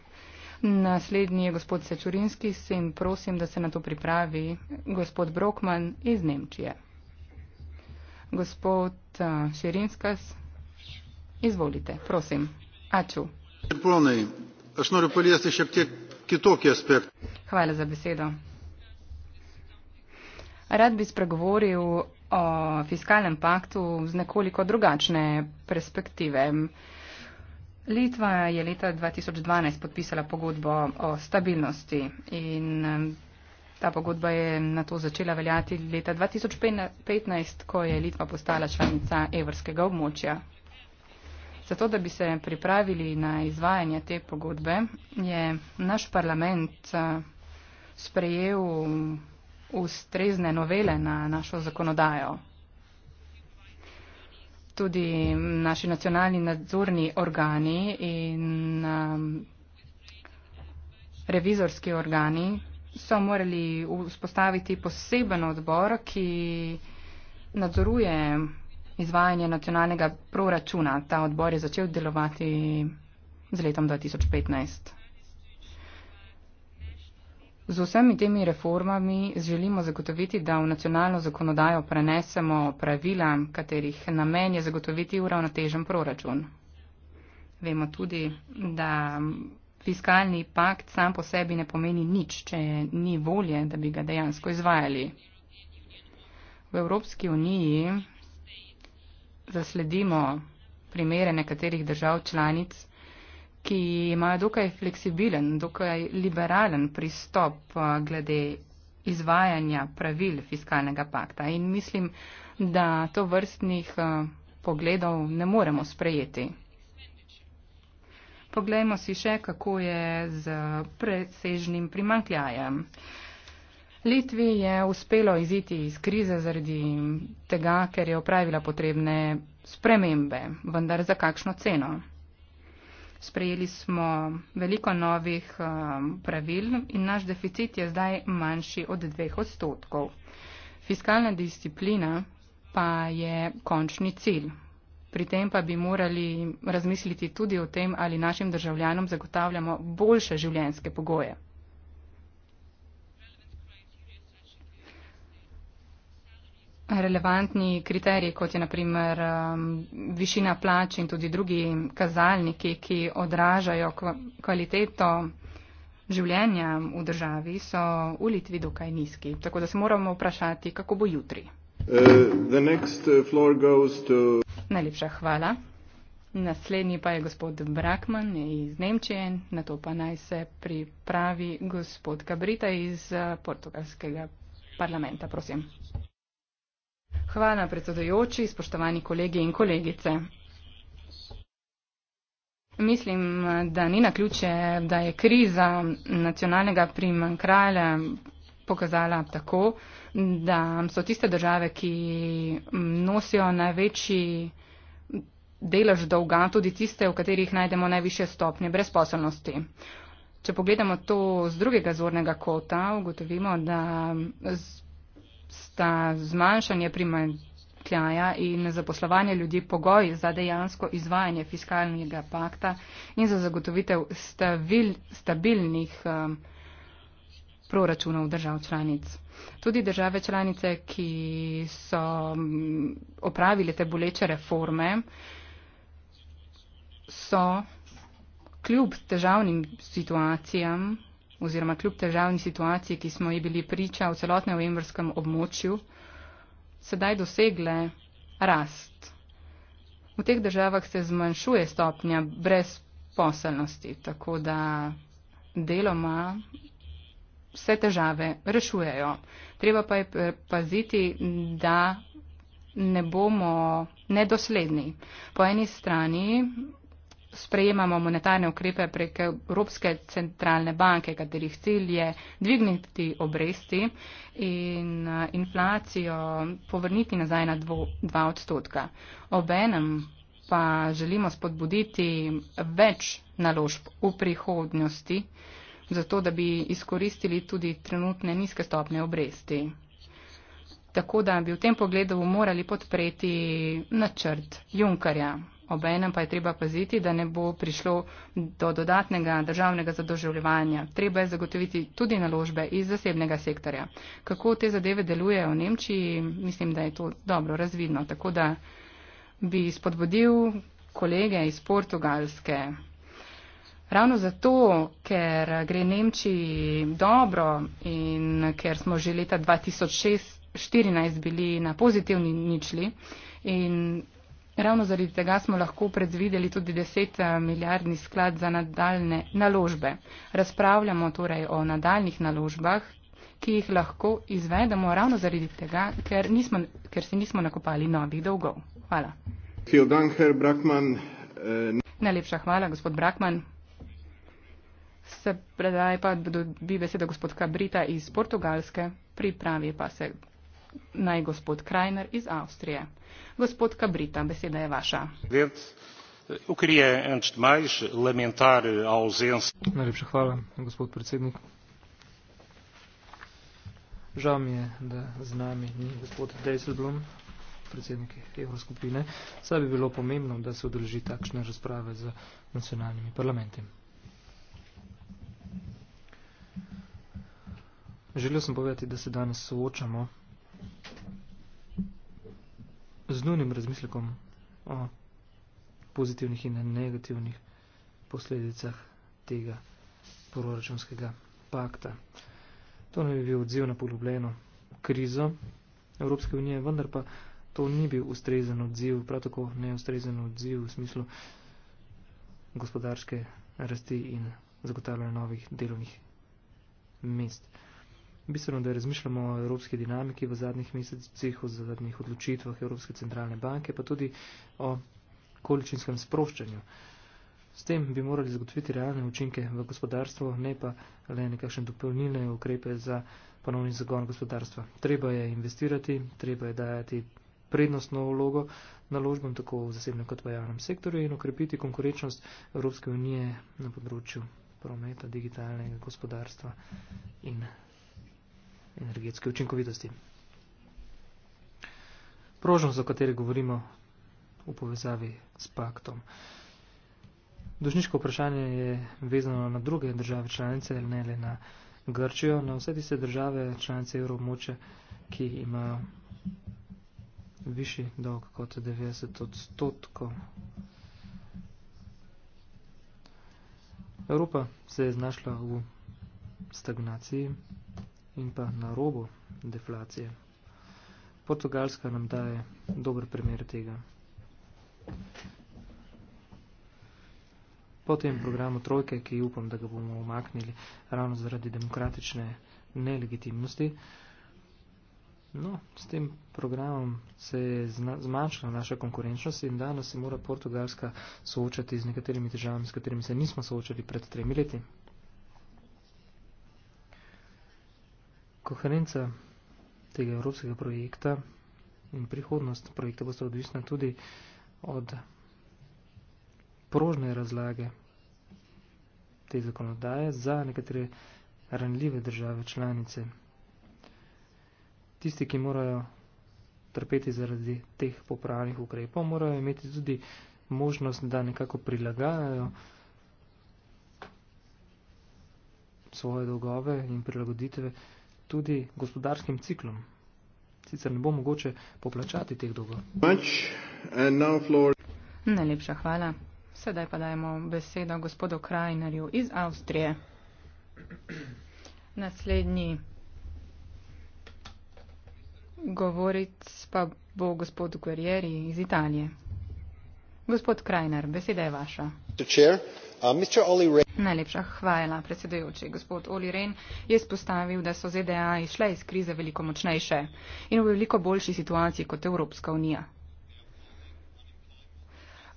Naslednji je gospod Sečurinski, sem prosim, da se na to pripravi gospod Brokman iz Nemčije. Gospod eh, Širinskas, izvolite, prosim. Aču. Hvala za besedo. Rad bi spregovoril o fiskalnem paktu z nekoliko drugačne perspektive. Litva je leta 2012 podpisala pogodbo o stabilnosti in ta pogodba je na to začela veljati leta 2015, ko je Litva postala članica evrskega območja. Zato, da bi se pripravili na izvajanje te pogodbe, je naš parlament eh, sprejel ustrezne novele na našo zakonodajo. Tudi naši nacionalni nadzorni organi in um, revizorski organi so morali vzpostaviti poseben odbor, ki nadzoruje izvajanje nacionalnega proračuna. Ta odbor je začel delovati z letom 2015. Z vsemi temi reformami želimo zagotoviti, da v nacionalno zakonodajo prenesemo pravila, katerih namen je zagotoviti uravnotežen proračun. Vemo tudi, da fiskalni pakt sam po sebi ne pomeni nič, če ni volje, da bi ga dejansko izvajali. V Evropski uniji zasledimo primere nekaterih držav članic, ki imajo dokaj fleksibilen, dokaj liberalen pristop eh, glede izvajanja pravil fiskalnega pakta. In mislim, da to vrstnih eh, pogledov ne moremo sprejeti. Poglejmo si še, kako je z presežnim primankljajem. Litvi je uspelo iziti iz krize zaradi tega, ker je opravila potrebne spremembe, vendar za kakšno ceno. Sprejeli smo veliko novih eh, pravil in naš deficit je zdaj manjši od dveh odstotkov. Fiskalna disciplina pa je končni cilj. Pri tem pa bi morali razmisliti tudi o tem, ali našim državljanom zagotavljamo boljše življenjske pogoje. relevantni kriteriji, kot je naprimer um, višina plač in tudi drugi kazalniki, ki odražajo kvaliteto življenja v državi, so v Litvi dokaj nizki. Tako da se moramo vprašati, kako bo jutri. Uh, uh to... Najlepša hvala. Naslednji pa je gospod Brakman iz Nemčije, na to pa naj se pripravi gospod Gabrita iz uh, portugalskega parlamenta, prosim. Hvala predsedujoči, spoštovani kolegi in kolegice. Mislim, da ni na ključe, da je kriza nacionalnega primankralja pokazala tako, da so tiste države, ki nosijo največji delež dolga, tudi tiste, v katerih najdemo najviše stopnje brezposobnosti. Če pogledamo to z drugega zornega kota, ugotovimo, da sta zmanjšanje primankljaja in zaposlovanje ljudi pogoj za dejansko izvajanje fiskalnega pakta in za zagotovitev stabil, stabilnih um, proračunov držav članic. Tudi države članice, ki so um, opravile te boleče reforme, so kljub težavnim situacijam oziroma kljub težavni situaciji, ki smo ji bili priča v celotnem evrskem območju, sedaj dosegle rast. V teh državah se zmanjšuje stopnja brezposelnosti, tako da deloma vse težave rešujejo. Treba pa je paziti, da ne bomo nedosledni. Po eni strani sprejemamo monetarne ukrepe prek Evropske centralne banke, katerih cilj je dvigniti obresti in eh, inflacijo povrniti nazaj na 2 odstotka. Obenem pa želimo spodbuditi več naložb v prihodnosti, zato da bi izkoristili tudi trenutne nizke stopne obresti. Tako da bi v tem pogledu morali podpreti načrt Junkarja obenem pa je treba paziti, da ne bo prišlo do dodatnega državnega zadoževljevanja. Treba je zagotoviti tudi naložbe iz zasebnega sektorja. Kako te zadeve delujejo v Nemčiji, mislim, da je to dobro razvidno. Tako da bi spodbudil kolege iz Portugalske. Ravno zato, ker gre Nemčiji dobro in ker smo že leta 2014 bili na pozitivni ničli in Ravno zaradi tega smo lahko predvideli tudi 10 eh, milijardni sklad za nadaljne naložbe. Razpravljamo torej o nadaljnih naložbah, ki jih lahko izvedemo ravno zaradi tega, ker, nismo, ker si nismo nakopali novih dolgov. Hvala. Äh, Najlepša hvala, gospod Brakman. Se predaj pa dobi besedo gospod Kabrita iz Portugalske, pripravi pa se naj gospod Krajner iz Avstrije. Gospod Kabrita, beseda je vaša. Najlepša hvala, gospod predsednik. Žal mi je, da z nami ni gospod Dejselblom, predsednik Evroskupine. Saj bi bilo pomembno, da se odloži takšne razprave z nacionalnimi parlamenti. Želel sem povedati, da se danes soočamo z nujnim razmislekom o pozitivnih in negativnih posledicah tega proračunskega pakta. To ne bi bil odziv na poglobljeno krizo Evropske unije, vendar pa to ni bil ustrezen odziv, prav tako neustrezen odziv v smislu gospodarske rasti in zagotavljanja novih delovnih mest. Bistveno, da razmišljamo o evropski dinamiki v zadnjih mesecih, o zadnjih odločitvah Evropske centralne banke, pa tudi o količinskem sproščanju. S tem bi morali zagotoviti realne učinke v gospodarstvo, ne pa le nekakšne dopolnilne ukrepe za ponovni zagon gospodarstva. Treba je investirati, treba je dajati prednostno vlogo naložbam tako v zasebnem kot v javnem sektorju in okrepiti konkurenčnost Evropske unije na področju prometa, digitalnega gospodarstva in energetske učinkovitosti. Prožnost, o kateri govorimo v povezavi s paktom. Dožniško vprašanje je vezano na druge države članice, ne le na Grčijo, na vse tiste države članice evroobmoče, ki imajo višji dolg kot 90 odstotkov. Evropa se je znašla v stagnaciji, in pa na robu deflacije. Portugalska nam daje dober primer tega. Po tem programu Trojke, ki upam, da ga bomo umaknili ravno zaradi demokratične nelegitimnosti, no, s tem programom se je zmanjšala naša konkurenčnost in danes se mora Portugalska soočati z nekaterimi težavami, s katerimi se nismo soočali pred tremi leti. koherenca tega evropskega projekta in prihodnost projekta bo se odvisna tudi od prožne razlage te zakonodaje za nekatere ranljive države članice. Tisti, ki morajo trpeti zaradi teh popravnih ukrepov, morajo imeti tudi možnost, da nekako prilagajajo svoje dolgove in prilagoditve tudi gospodarskim ciklom. Sicer ne bo mogoče poplačati teh dolgov. Najlepša hvala. Sedaj pa dajemo besedo gospodu Krajnerju iz Avstrije. Naslednji govoric pa bo gospod Guerrieri iz Italije. Gospod Krajner, beseda je vaša. Mr. Uh, Najlepša hvala, predsedujoči. Gospod Oli Rehn je izpostavil, da so ZDA izšle iz krize veliko močnejše in v veliko boljši situaciji kot Evropska unija.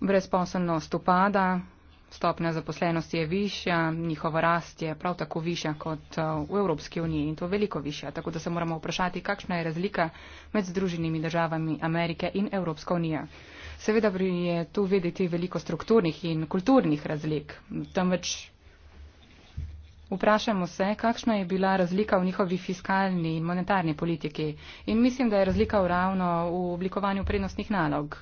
Brezposelnost upada, stopnja zaposlenosti je višja, njihova rast je prav tako višja kot eh, v Evropski uniji in to veliko višja. Tako da se moramo vprašati, kakšna je razlika med Združenimi državami Amerike in Evropsko unijo. Seveda je tu vedeti veliko strukturnih in kulturnih razlik. Temveč vprašamo se, kakšna je bila razlika v njihovi fiskalni in monetarni politiki. In mislim, da je razlika ravno v oblikovanju prednostnih nalog.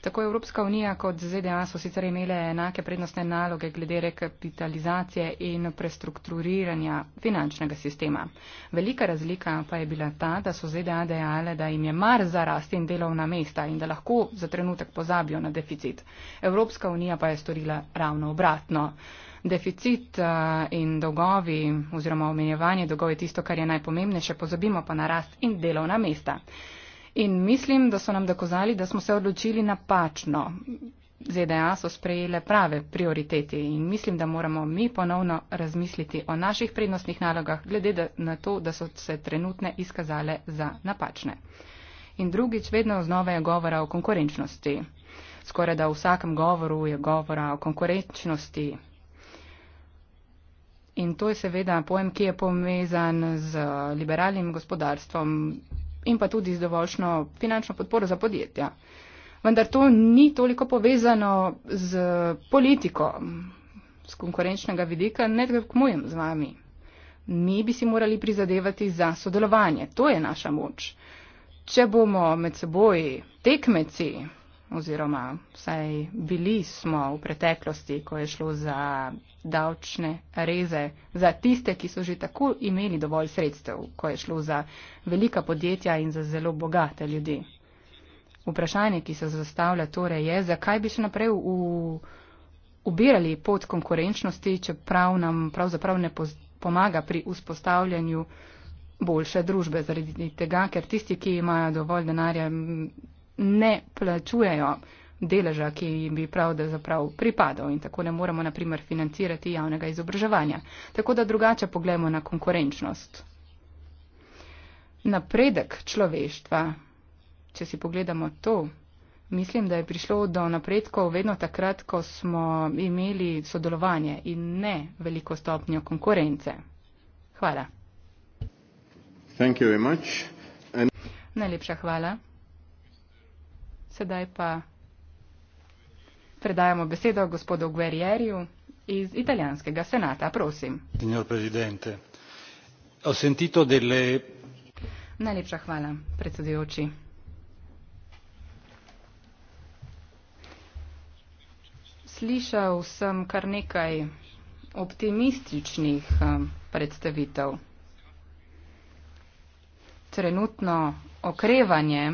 Tako Evropska unija kot ZDA so sicer imele enake prednostne naloge glede rekapitalizacije in prestrukturiranja finančnega sistema. Velika razlika pa je bila ta, da so ZDA dejale, da jim je mar za rast in delovna mesta in da lahko za trenutek pozabijo na deficit. Evropska unija pa je storila ravno obratno. Deficit eh, in dolgovi oziroma omenjevanje dolgov je tisto, kar je najpomembnejše, pozabimo pa na rast in delovna mesta. In mislim, da so nam dokazali, da smo se odločili napačno. ZDA e so sprejele prave prioritete in mislim, da moramo mi ponovno razmisliti o naših prednostnih nalogah, glede na to, da so se trenutne izkazale za napačne. In drugič, vedno znova je govora o konkurenčnosti. Skoraj da v vsakem govoru je govora o konkurenčnosti. In to je seveda pojem, ki je povezan z liberalnim gospodarstvom, in pa tudi z dovoljšno finančno podporo za podjetja. Vendar to ni toliko povezano z politiko, z konkurenčnega vidika, ne tekmujem z vami. Mi bi si morali prizadevati za sodelovanje, to je naša moč. Če bomo med seboj tekmeci, oziroma vsaj bili smo v preteklosti, ko je šlo za davčne reze, za tiste, ki so že tako imeli dovolj sredstev, ko je šlo za velika podjetja in za zelo bogate ljudi. Vprašanje, ki se zastavlja torej je, zakaj bi še naprej v, ubirali pot konkurenčnosti, čeprav nam pravzaprav ne poz, pomaga pri vzpostavljanju boljše družbe zaradi tega, ker tisti, ki imajo dovolj denarja, ne plačujejo deleža, ki jim bi pravzaprav pripadal in tako ne moremo, naprimer, financirati javnega izobraževanja. Tako da drugače pogledamo na konkurenčnost. Napredek človeštva, če si pogledamo to, mislim, da je prišlo do napredkov vedno takrat, ko smo imeli sodelovanje in ne veliko stopnjo konkurence. Hvala. Najlepša hvala. Sedaj pa predajamo besedo gospodu Guerrieriju iz italijanskega senata. Prosim. Delle... Najlepša hvala, predsedujoči. Slišal sem kar nekaj optimističnih eh, predstavitev. Trenutno okrevanje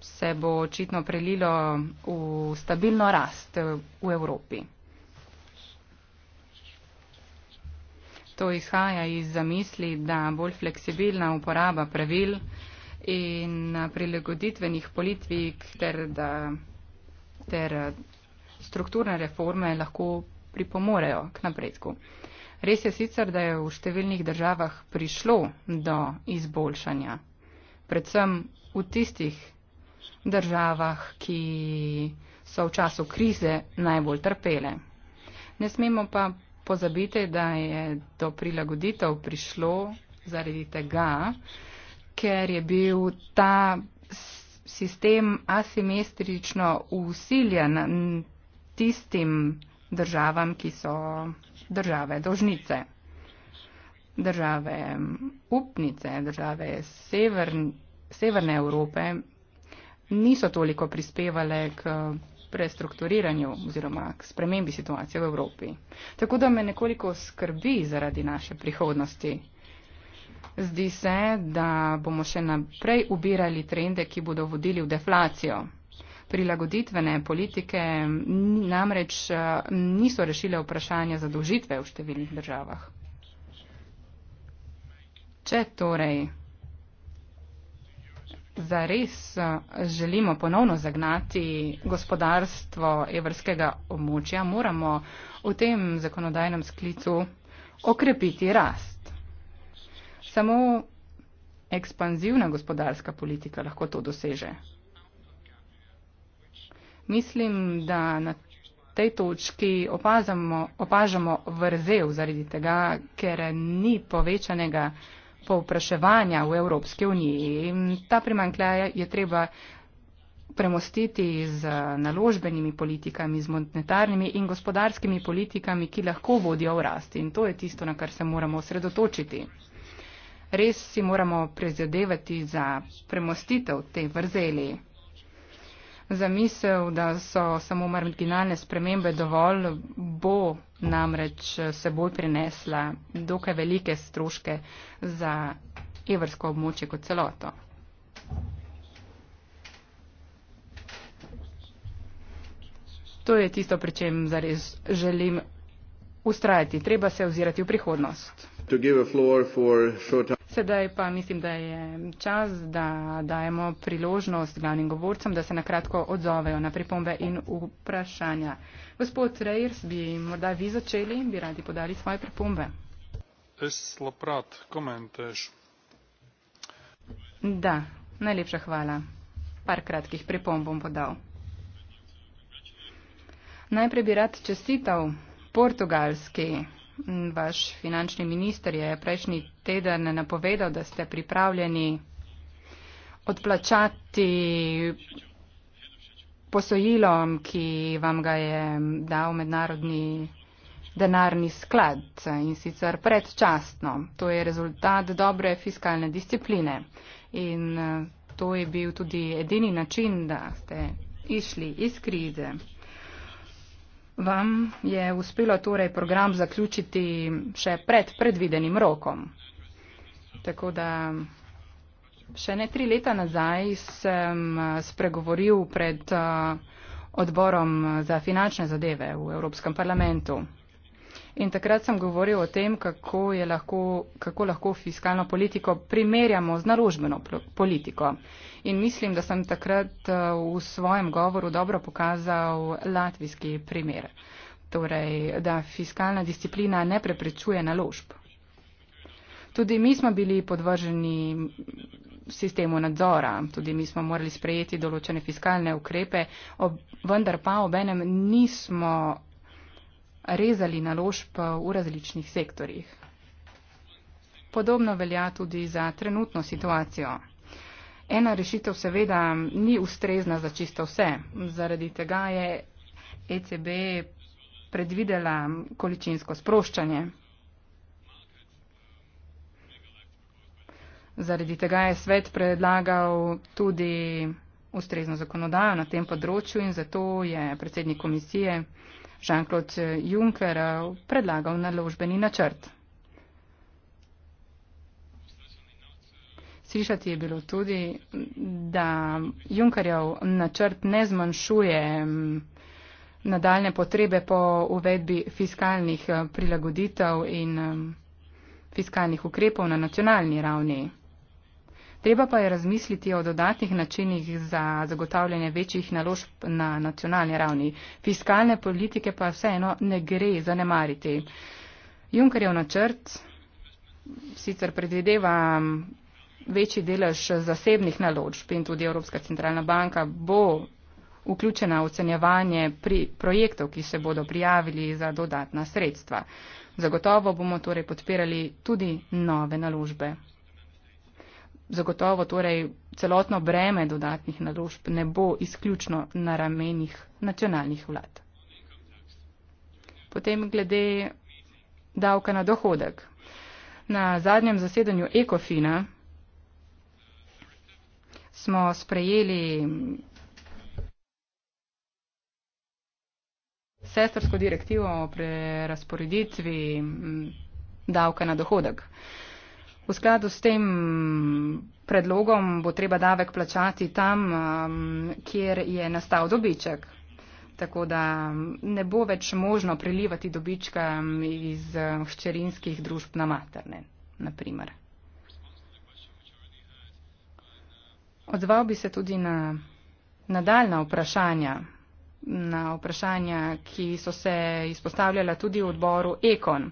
se bo očitno prelilo v stabilno rast v Evropi. To izhaja iz zamisli, da bolj fleksibilna uporaba pravil in prilagoditvenih politik ter, da, ter strukturne reforme lahko pripomorejo k napredku. Res je sicer, da je v številnih državah prišlo do izboljšanja, predvsem v tistih državah, ki so v času krize najbolj trpele. Ne smemo pa pozabiti, da je do prilagoditev prišlo zaradi tega, ker je bil ta sistem asimetrično usiljen tistim državam, ki so države dožnice, države upnice, države severn, Severne Evrope, niso toliko prispevale k prestrukturiranju oziroma k spremembi situacije v Evropi. Tako da me nekoliko skrbi zaradi naše prihodnosti. Zdi se, da bomo še naprej ubirali trende, ki bodo vodili v deflacijo. Prilagoditvene politike namreč eh, niso rešile vprašanja zadolžitve v številnih državah. Če torej zares eh, želimo ponovno zagnati gospodarstvo evrskega območja, moramo v tem zakonodajnem sklicu okrepiti rast. Samo ekspanzivna gospodarska politika lahko to doseže. Mislim, da na tej točki opažamo vrzel zaradi tega, ker ni povečanega povpraševanja v Evropski uniji. Ta primankljaj je treba premostiti z naložbenimi politikami, z monetarnimi in gospodarskimi politikami, ki lahko vodijo v rast. In to je tisto, na kar se moramo osredotočiti. Res si moramo prezadevati za premostitev te vrzeli zamisel, da so samo marginalne spremembe dovolj, bo namreč eh, seboj prinesla dokaj velike stroške za evrsko območje kot celoto. To je tisto, pri čem zares želim ustrajati. Treba se ozirati v prihodnost sedaj pa mislim, da je čas, da dajemo priložnost glavnim govorcem, da se nakratko odzovejo na pripombe in vprašanja. Gospod Reyers, bi morda vi začeli, bi radi podali svoje pripombe. Da, najlepša hvala. Par kratkih pripomb bom podal. Najprej bi rad čestital Portugalski Vaš finančni minister je prejšnji teden napovedal, da ste pripravljeni odplačati posojilo, ki vam ga je dal mednarodni denarni sklad in sicer predčasno. To je rezultat dobre fiskalne discipline in eh, to je bil tudi edini način, da ste išli iz krize. Vam je uspelo torej program zaključiti še pred predvidenim rokom. Tako da še ne tri leta nazaj sem eh, spregovoril pred eh, odborom za finančne zadeve v Evropskem parlamentu. In takrat sem govoril o tem, kako, lahko, kako lahko fiskalno politiko primerjamo z naložbeno politiko. In mislim, da sem takrat eh, v svojem govoru dobro pokazal latvijski primer. Torej, da fiskalna disciplina ne preprečuje naložb. Tudi mi smo bili podvrženi sistemu nadzora, tudi mi smo morali sprejeti določene fiskalne ukrepe, ob, vendar pa obenem nismo rezali naložb eh, v različnih sektorjih. Podobno velja tudi za trenutno situacijo. Ena rešitev seveda ni ustrezna za čisto vse. Zaradi tega je ECB predvidela količinsko sproščanje. Zaradi tega je svet predlagal tudi ustrezno zakonodajo na tem področju in zato je predsednik komisije Žanklod Juncker predlagal naložbeni načrt. Slišati je bilo tudi, da Junkerjev načrt ne zmanjšuje mm, nadaljne potrebe po uvedbi fiskalnih eh, prilagoditev in mm, fiskalnih ukrepov na nacionalni ravni. Treba pa je razmisliti o dodatnih načinih za zagotavljanje večjih naložb na nacionalni ravni. Fiskalne politike pa vseeno ne gre zanemariti. Junkerjev načrt sicer predvideva mm, večji delež zasebnih naložb in tudi Evropska centralna banka bo vključena v ocenjevanje pri projektov, ki se bodo prijavili za dodatna sredstva. Zagotovo bomo torej podpirali tudi nove naložbe zagotovo torej celotno breme dodatnih naložb ne bo izključno na ramenih nacionalnih vlad. Potem glede davka na dohodek. Na zadnjem zasedanju Ekofina smo sprejeli sestrsko direktivo o prerasporeditvi mm, davka na dohodek. V skladu s tem predlogom bo treba davek plačati tam, um, kjer je nastal dobiček. Tako da ne bo več možno prilivati dobička um, iz um, hčerinskih družb na materne, naprimer. Odzval bi se tudi na nadaljna vprašanja, na vprašanja, ki so se izpostavljala tudi v odboru Ekon.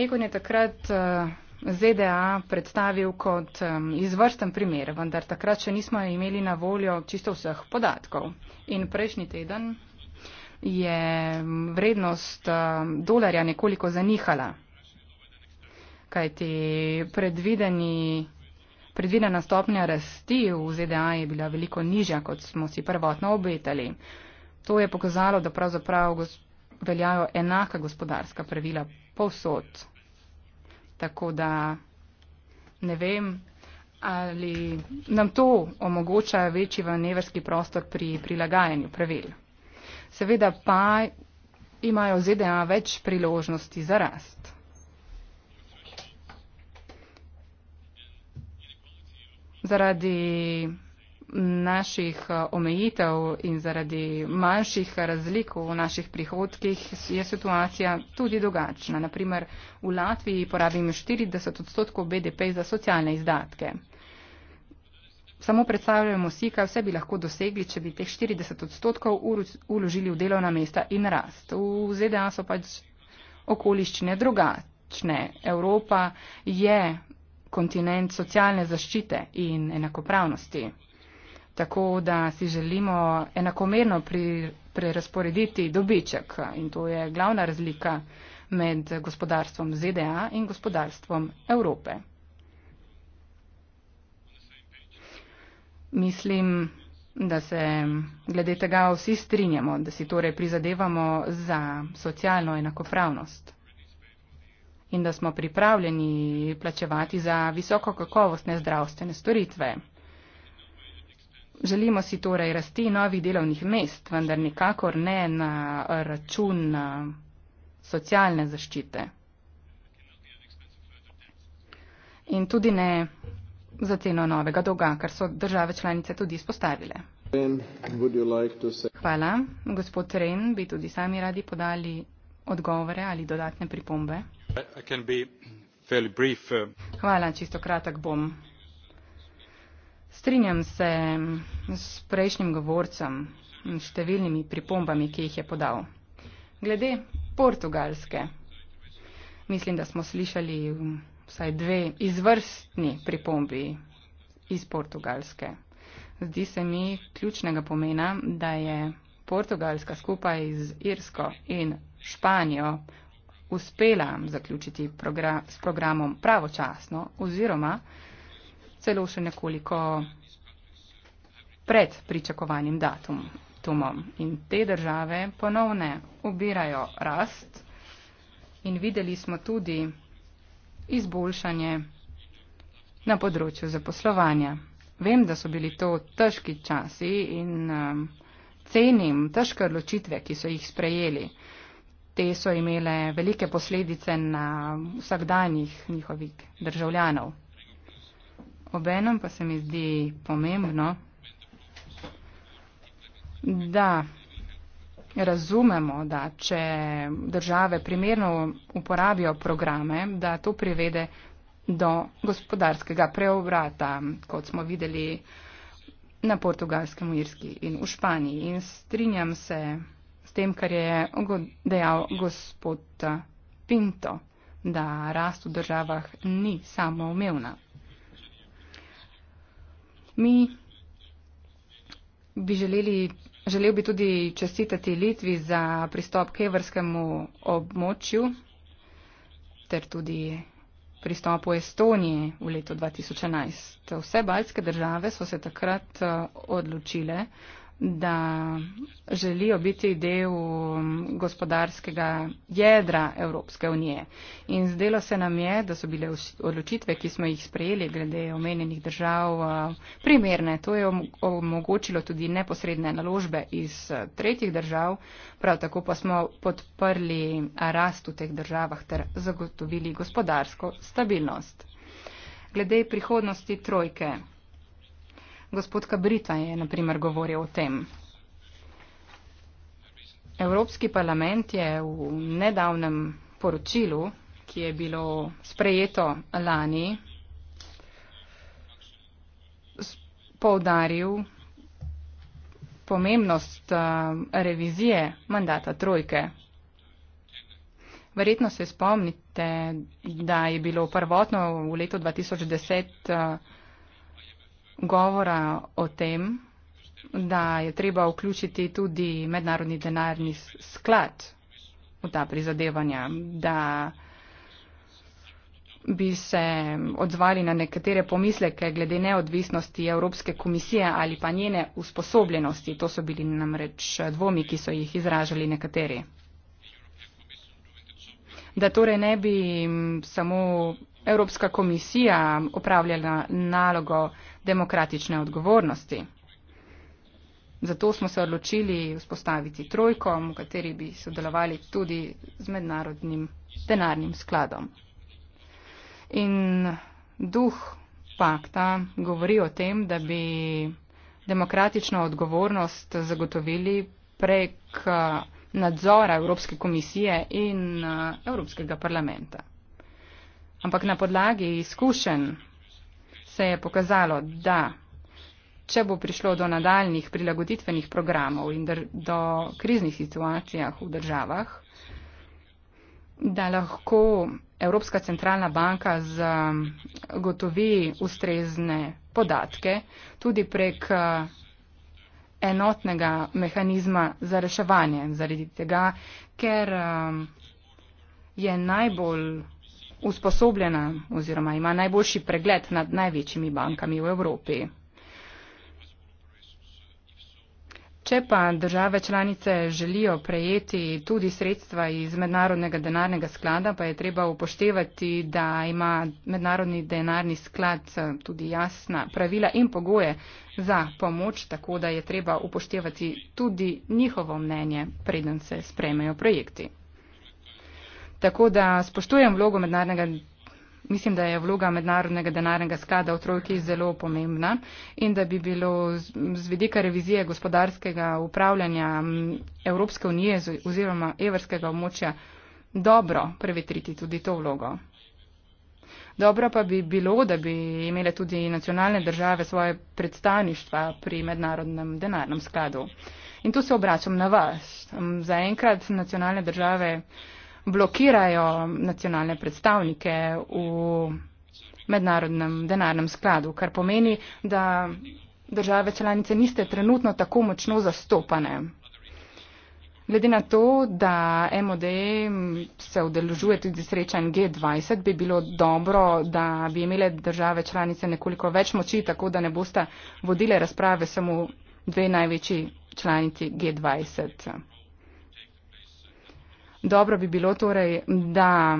Ekon je takrat uh, ZDA predstavil kot um, izvrsten primer, vendar takrat še nismo imeli na voljo čisto vseh podatkov. In prejšnji teden je vrednost um, dolarja nekoliko zanihala, kajti predvideni. Predvidena stopnja rasti v ZDA je bila veliko nižja, kot smo si prvotno obetali. To je pokazalo, da pravzaprav veljajo enaka gospodarska pravila povsod Tako da ne vem, ali nam to omogoča večji vanjeverski prostor pri prilagajanju pravil. Seveda pa imajo ZDA več priložnosti za rast. Zaradi naših eh, omejitev in zaradi manjših razlik v naših prihodkih je situacija tudi drugačna. Naprimer, v Latviji porabim 40 odstotkov BDP za socialne izdatke. Samo predstavljamo si, kaj vse bi lahko dosegli, če bi teh 40 odstotkov uložili v delovna mesta in rast. V ZDA so pač okoliščine drugačne. Evropa je kontinent socialne zaščite in enakopravnosti tako da si želimo enakomerno pri, prerasporediti dobiček in to je glavna razlika med gospodarstvom ZDA in gospodarstvom Evrope. Mislim, da se glede tega vsi strinjamo, da si torej prizadevamo za socialno enakopravnost in da smo pripravljeni plačevati za visoko kakovostne zdravstvene storitve. Želimo si torej rasti novih delovnih mest, vendar nikakor ne na račun eh, socialne zaščite. In tudi ne za ceno novega dolga, kar so države članice tudi izpostavile. Hvala. Gospod Ren, bi tudi sami radi podali odgovore ali dodatne pripombe. Eh. Hvala, čisto kratek bom. Strinjam se s prejšnjim govorcem in številnimi pripombami, ki jih je podal. Glede portugalske, mislim, da smo slišali vsaj dve izvrstni pripombi iz portugalske. Zdi se mi ključnega pomena, da je portugalska skupaj z Irsko in Španijo uspela zaključiti progra s programom pravočasno oziroma celo še nekoliko pred pričakovanim datumom. In te države ponovne obirajo rast in videli smo tudi izboljšanje na področju zaposlovanja. Vem, da so bili to težki časi in um, cenim težke odločitve, ki so jih sprejeli. Te so imele velike posledice na vsakdanjih njihovih državljanov. Obenem pa se mi zdi pomembno, da razumemo, da če države primerno uporabijo programe, da to privede do gospodarskega preobrata, kot smo videli na portugalskem, irski in v Španiji. In strinjam se s tem, kar je dejal gospod Pinto, da rast v državah ni samoumevna. Mi bi želeli, želel bi tudi čestitati Litvi za pristop k evrskemu območju ter tudi pristopu Estonije v letu 2011. Vse baljske države so se takrat eh, odločile, da želijo biti del gospodarskega jedra Evropske unije. In zdelo se nam je, da so bile odločitve, ki smo jih sprejeli glede omenjenih držav, eh, primerne. To je omogočilo tudi neposredne naložbe iz eh, tretjih držav, prav tako pa smo podprli rast v teh državah ter zagotovili gospodarsko stabilnost. Glede prihodnosti trojke. Gospod Kabrita je na primer govoril o tem. Evropski parlament je v nedavnem poročilu, ki je bilo sprejeto lani, poudaril pomembnost eh, revizije mandata trojke. Verjetno se spomnite, da je bilo prvotno v letu 2010 govora o tem, da je treba vključiti tudi mednarodni denarni sklad v ta prizadevanja, da bi se odzvali na nekatere pomisleke glede neodvisnosti Evropske komisije ali pa njene usposobljenosti. To so bili namreč dvomi, ki so jih izražali nekateri. Da torej ne bi samo Evropska komisija opravljala nalogo demokratične odgovornosti. Zato smo se odločili vzpostaviti trojko, v kateri bi sodelovali tudi z mednarodnim denarnim skladom. In duh pakta govori o tem, da bi demokratično odgovornost zagotovili prek eh, nadzora Evropske komisije in eh, Evropskega parlamenta. Ampak na podlagi izkušenj se je pokazalo, da če bo prišlo do nadaljnih prilagoditvenih programov in do kriznih situacijah v državah, da lahko Evropska centralna banka zagotovi ustrezne podatke tudi prek enotnega mehanizma za reševanje. Zaradi tega, ker je najbolj usposobljena oziroma ima najboljši pregled nad največjimi bankami v Evropi. Če pa države članice želijo prejeti tudi sredstva iz mednarodnega denarnega sklada, pa je treba upoštevati, da ima mednarodni denarni sklad eh, tudi jasna pravila in pogoje za pomoč, tako da je treba upoštevati tudi njihovo mnenje, preden se spremejo projekti. Tako da spoštujem vlogo mednarodnega. Mislim, da je vloga mednarodnega denarnega sklada v trojki zelo pomembna in da bi bilo z, z vedika revizije gospodarskega upravljanja Evropske unije z, oziroma evrskega območja dobro prevetriti tudi to vlogo. Dobro pa bi bilo, da bi imele tudi nacionalne države svoje predstavništva pri mednarodnem denarnem skladu. In tu se obračam na vas. Zaenkrat nacionalne države blokirajo nacionalne predstavnike v mednarodnem denarnem skladu, kar pomeni, da države članice niste trenutno tako močno zastopane. Glede na to, da MOD se udeležuje tudi srečan G20, bi bilo dobro, da bi imele države članice nekoliko več moči, tako da ne boste vodile razprave samo dve največji članici G20. Dobro bi bilo torej, da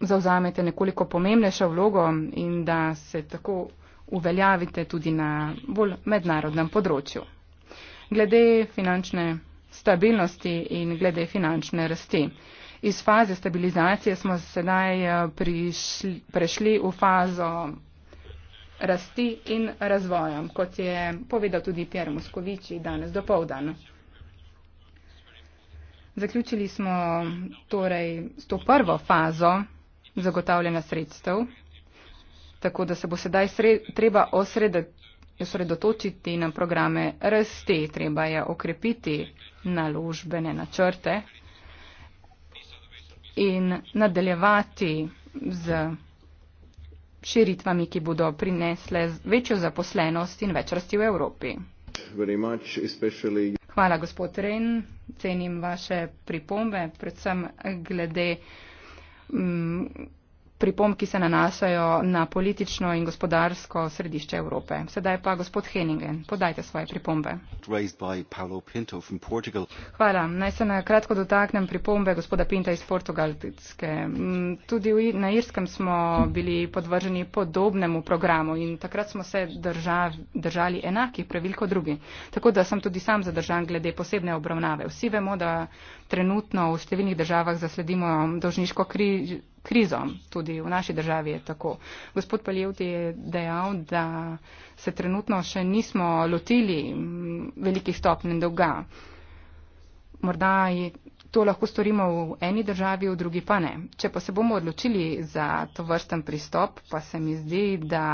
zauzamete nekoliko pomembnejšo vlogo in da se tako uveljavite tudi na bolj mednarodnem področju. Glede finančne stabilnosti in glede finančne rasti. Iz faze stabilizacije smo sedaj eh, prišli, prešli v fazo rasti in razvoja, kot je povedal tudi Pierre Moskovič danes do povdana. Zaključili smo torej s to prvo fazo zagotavljanja sredstev, tako da se bo sedaj sred, treba osredotočiti na programe RST, treba je okrepiti naložbene načrte in nadaljevati z širitvami, ki bodo prinesle večjo zaposlenost in več rasti v Evropi. Hvala, gospod Ren. Cenim vaše pripombe, predvsem glede. Mm, pripomb, ki se nanašajo na politično in gospodarsko središče Evrope. Sedaj pa gospod Henningen, podajte svoje pripombe. Hvala. Naj se na kratko dotaknem pripombe gospoda Pinta iz Portugalske. Mm, tudi na Irskem smo bili podvrženi podobnemu programu in takrat smo se držav, držali enakih pravil kot drugi. Tako da sem tudi sam zadržan glede posebne obravnave. Vsi vemo, da trenutno v številnih državah zasledimo dolžniško križ, krizo. Tudi v naši državi je tako. Gospod Paljevti je dejal, da se trenutno še nismo lotili velikih stopnj dolga. Morda je, to lahko storimo v eni državi, v drugi pa ne. Če pa se bomo odločili za to vrsten pristop, pa se mi zdi, da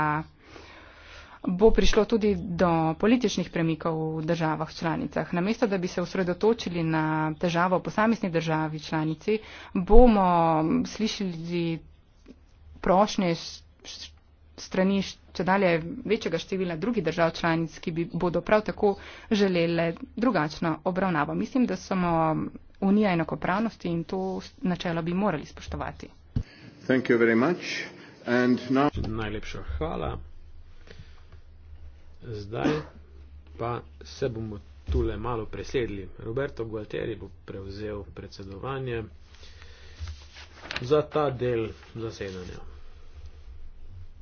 bo prišlo tudi do političnih premikov v državah članicah. Namesto, da bi se usredotočili na težavo posamezni državi članici, bomo slišali prošnje strani če dalje večjega števila drugih držav članic, ki bi bodo prav tako želele drugačno obravnavo. Mislim, da smo unija enakopravnosti in to načelo bi morali spoštovati. Najlepša hvala zdaj pa se bomo tule malo presedli. Roberto Gualteri bo prevzel predsedovanje za ta del zasedanja.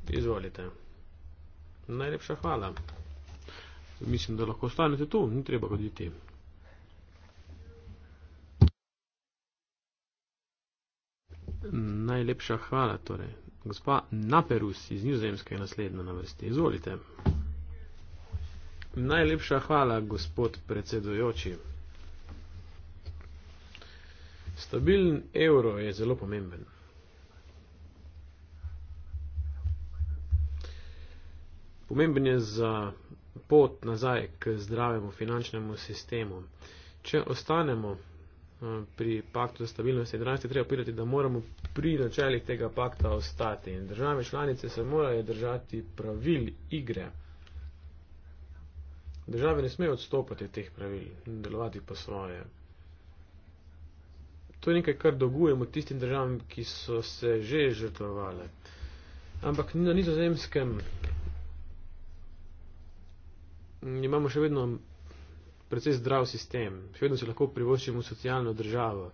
Izvolite. Najlepša hvala. Mislim, da lahko ostanete tu, ni treba hoditi. Najlepša hvala torej. Gospa Naperus iz Nizozemske je naslednja na vrsti. Izvolite. Najlepša hvala, gospod predsedujoči. Stabilen evro je zelo pomemben. Pomemben je za pot nazaj k zdravemu finančnemu sistemu. Če ostanemo eh, pri paktu za stabilnost in rast, je treba opirati, da moramo pri načelih tega pakta ostati. In države članice se morajo držati pravil igre. Države ne smejo odstopati od teh pravil, delovati pa svoje. To je nekaj, kar dolgujemo tistim državam, ki so se že žrtvovale. Ampak na nizozemskem imamo še vedno precej zdrav sistem, še vedno se lahko privoščimo socialno državo,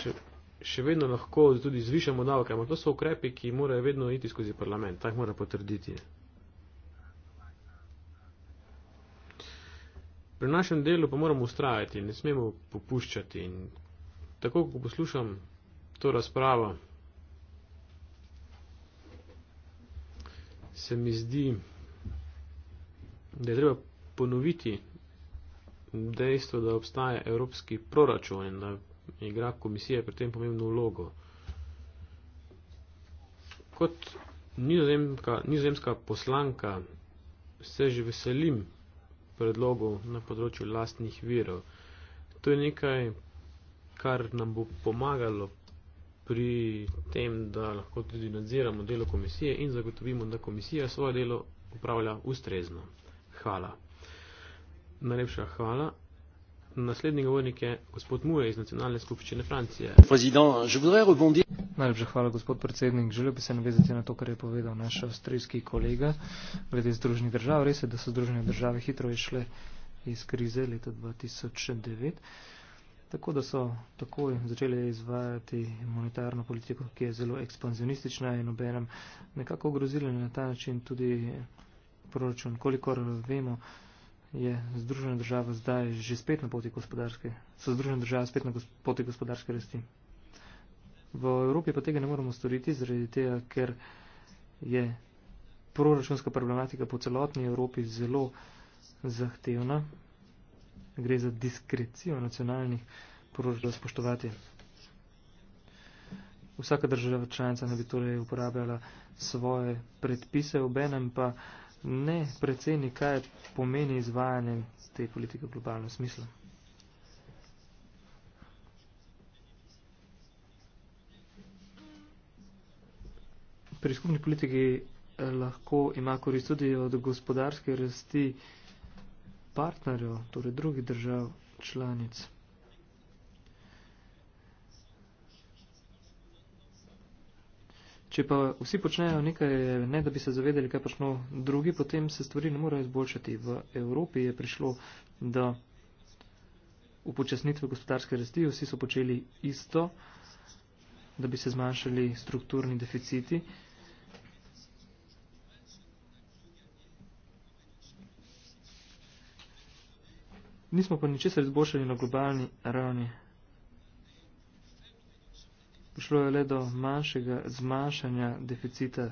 še, še vedno lahko tudi zvišamo davke, ampak to so ukrepi, ki morajo vedno iti skozi parlament, tak mora potrditi. pri našem delu pa moramo ustrajati, ne smemo popuščati. In tako, ko poslušam to razpravo, se mi zdi, da je treba ponoviti dejstvo, da obstaja evropski proračun in da igra komisija pri tem pomembno vlogo. Kot nizozemska, nizozemska poslanka se že veselim predlogov na področju lastnih virov. To je nekaj, kar nam bo pomagalo pri tem, da lahko tudi nadziramo delo komisije in zagotovimo, da komisija svoje delo upravlja ustrezno. Hvala. Najlepša hvala. Naslednji govornik je gospod Muje iz Nacionalne skupščine Francije. President, je voudrais rebondir. Najlepša hvala, gospod predsednik. Želel bi se navezati na to, kar je povedal naš avstrijski kolega glede združenih držav. Res je, da so združene države hitro išle iz krize leta 2009, tako da so takoj začeli izvajati monetarno politiko, ki je zelo ekspanzionistična in obenem nekako grozili na ta način tudi proračun. Kolikor vemo, je združena država zdaj že spet na poti gospodarske, so združene države spet na poti gospodarske rasti. V Evropi pa tega ne moramo storiti, zaradi tega, ker je proračunska problematika po celotni Evropi zelo zahtevna. Gre za diskrecijo nacionalnih proračunov spoštovati. Vsaka država članica naj bi torej uporabljala svoje predpise, obenem pa ne predceni, kaj pomeni izvajanje te politike v globalnem smislu. pri skupni politiki eh, lahko ima korist tudi od gospodarske rasti partnerjev, torej drugih držav članic. Če pa vsi počnejo nekaj, ne da bi se zavedeli, kaj počno drugi, potem se stvari ne morejo izboljšati. V Evropi je prišlo do upočasnitve gospodarske rasti, vsi so počeli isto, da bi se zmanjšali strukturni deficiti. Uh, nismo pa ničesar izboljšali na globalni ravni. Prišlo je le do manjšega zmanjšanja deficita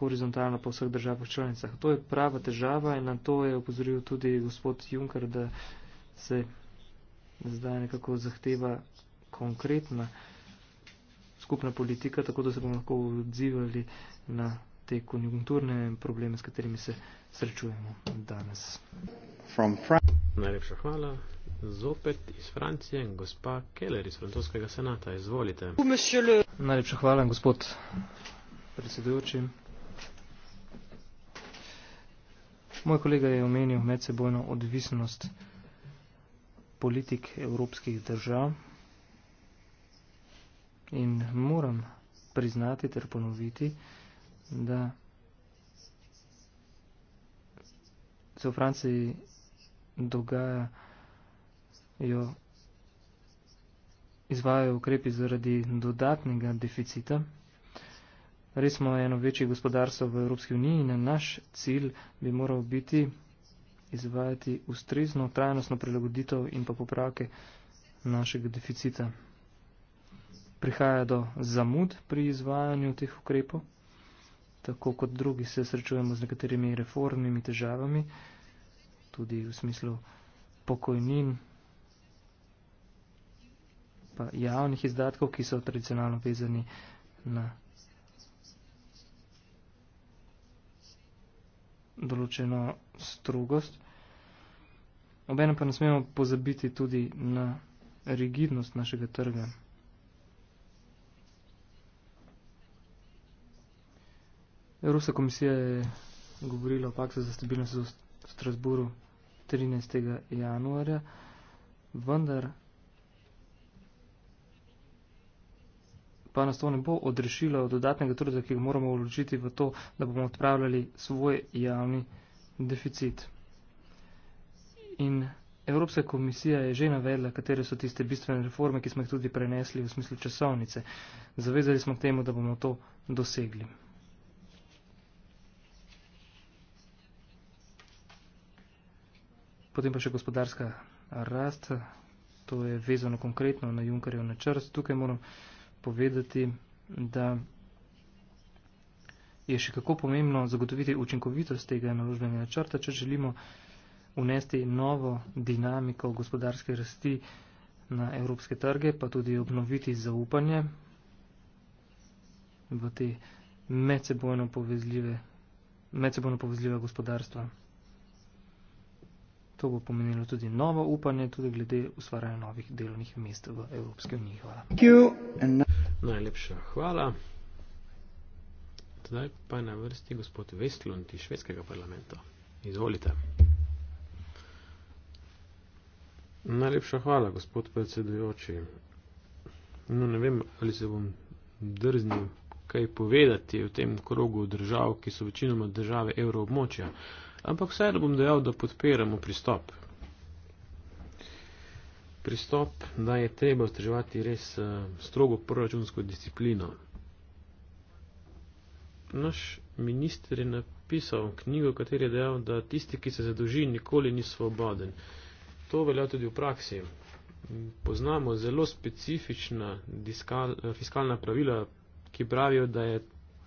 horizontalno po vseh državah članicah. To je prava težava in na to je upozoril tudi gospod Juncker, da se zdaj nekako zahteva konkretna skupna politika, tako da se bomo lahko odzivali na te konjunkturne probleme, s katerimi se srečujemo danes. Najlepša hvala. Zopet iz Francije, gospa Keller iz francoskega senata, izvolite. Najlepša hvala, gospod predsedujoči. Moj kolega je omenil medsebojno odvisnost politik evropskih držav in moram priznati ter ponoviti, Да. Со Франции другая ее извая укрепи заради додатнега дефицита. Res smo eno večje gospodarstvo v Evropski uniji in naš cilj bi moral biti izvajati ustrezno trajnostno prilagoditev in pa popravke našega deficita. Prihaja do zamud pri izvajanju teh ukrepov tako kot drugi se srečujemo z nekaterimi reformnimi težavami, tudi v smislu pokojnin, pa javnih izdatkov, ki so tradicionalno vezani na določeno strogost. Obenem pa ne smemo pozabiti tudi na rigidnost našega trga. Evropska komisija je govorila o paktu za stabilnost v Strasburu 13. januarja, vendar pa nas to ne bo odrešilo od dodatnega truda, ki ga moramo vložiti v to, da bomo odpravljali svoj javni deficit. In Evropska komisija je že navedla, katere so tiste bistvene reforme, ki smo jih tudi prenesli v smislu časovnice. Zavezali smo k temu, da bomo to dosegli. Potem pa še gospodarska rast, to je vezano konkretno na Junkarjev načrt. Tukaj moram povedati, da je še kako pomembno zagotoviti učinkovitost tega naložbenega načrta, če želimo unesti novo dinamiko gospodarske rasti na evropske trge, pa tudi obnoviti zaupanje v te medsebojno povezljive, medsebojno povezljive gospodarstva. To bo pomenilo tudi novo upanje, tudi glede ustvarjanja novih delovnih mest v Evropski uniji. Hvala. Najlepša hvala. Zdaj pa je na vrsti gospod Vestlund iz švedskega parlamenta. Izvolite. Najlepša hvala, gospod predsedujoči. No, ne vem, ali se bom drznil kaj povedati v tem krogu držav, ki so večinoma države evroobmočja ampak vseeno bom dejal, da podpiramo pristop. Pristop, da je treba vzdrževati res eh, strogo proračunsko disciplino. Naš minister je napisal knjigo, v kateri je dejal, da tisti, ki se zaduži, nikoli ni svoboden. To velja tudi v praksi. Poznamo zelo specifična eh, fiskalna pravila, ki pravijo, da je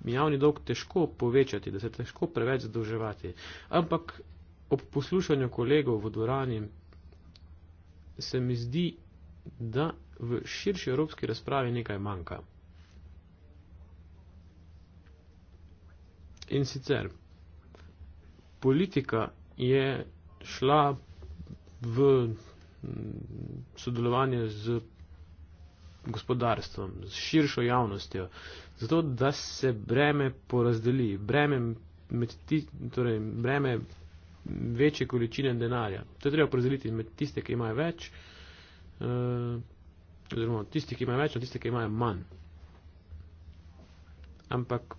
javni dolg težko povečati, da se težko preveč zadolževati. Ampak ob poslušanju kolegov v dvorani se mi zdi, da v širši evropski razpravi nekaj manjka. In sicer politika je šla v sodelovanje z gospodarstvom, s širšo javnostjo, zato da se breme porazdeli, breme, med ti, torej breme večje količine denarja. To je treba porazdeliti med tiste, ki imajo več, eh, oziroma eh, tiste, ki imajo več, in tiste, ki imajo manj. Ampak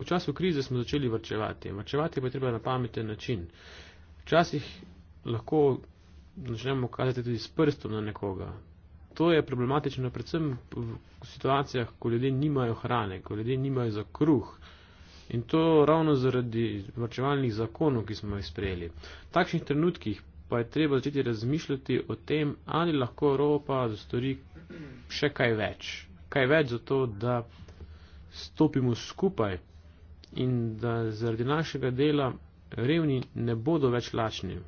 v času krize smo začeli vrčevati. Vrčevati pa je treba na pameten način. Včasih lahko. Začnemo kazati tudi s prstom na nekoga, to je problematično predvsem v situacijah, ko ljudje nimajo hrane, ko ljudje nimajo za kruh. In to ravno zaradi vrčevalnih zakonov, ki smo jih sprejeli. V takšnih trenutkih pa je treba začeti razmišljati o tem, ali lahko Evropa zastori še kaj več. Kaj več za to, da stopimo skupaj in da zaradi našega dela revni ne bodo več lačni.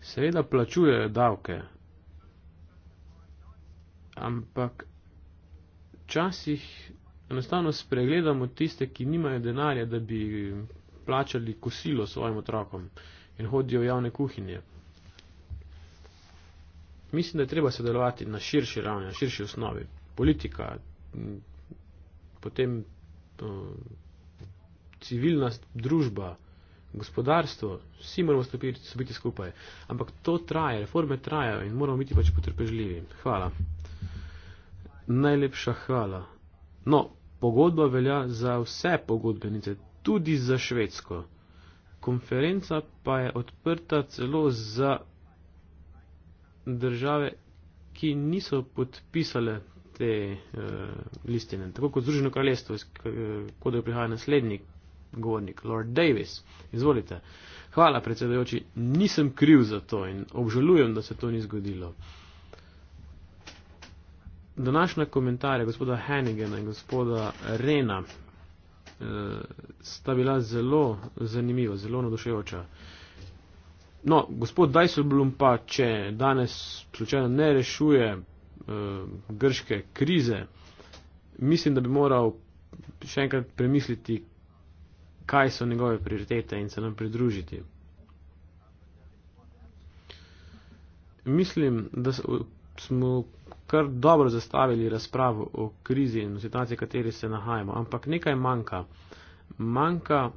Seveda plačujejo davke, ampak včasih enostavno spregledamo tiste, ki nimajo denarja, da bi plačali kosilo svojim otrokom in hodijo v javne kuhinje. Mislim, da je treba sodelovati na širši ravni, na širši osnovi. Politika, potem civilna družba, gospodarstvo, vsi moramo stopiti, stopiti skupaj. Ampak to traje, reforme trajajo in moramo biti pač potrpežljivi. Hvala najlepša hvala. No, pogodba velja za vse pogodbenice, tudi za Švedsko. Konferenca pa je odprta celo za države, ki niso podpisale te e, listine. Tako kot Združeno kraljestvo, eh, kot jo prihaja naslednji govornik, Lord Davis. Izvolite. Hvala, predsedajoči, nisem kriv za to in obžalujem, da se to ni zgodilo današnja komentarja gospoda Hennigena in gospoda Rena eh, sta bila zelo zanimiva, zelo nadoševoča. No, gospod Dijsselblum pa, če danes slučajno ne rešuje uh, grške krize, mislim, da bi moral še enkrat premisliti, kaj so njegove prioritete in se nam pridružiti. Mislim, da smo kar dobro zastavili razpravo o krizi in situaciji, v kateri se nahajamo. Ampak nekaj manjka. Manjka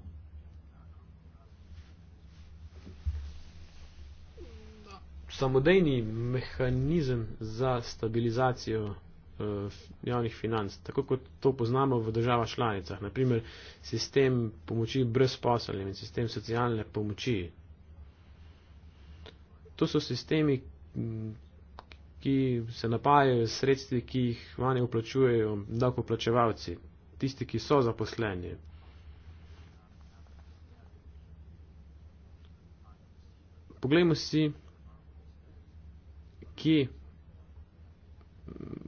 samodejni mehanizem za stabilizacijo eh, javnih financ, tako kot to poznamo v državah članicah, naprimer sistem pomoči brezposelnim in sistem socialne pomoči. To so sistemi, ki se napajajo s sredstvi, ki jih vanje uplačujejo davkoplačevalci, tisti, ki so zaposleni. Poglejmo si, ki,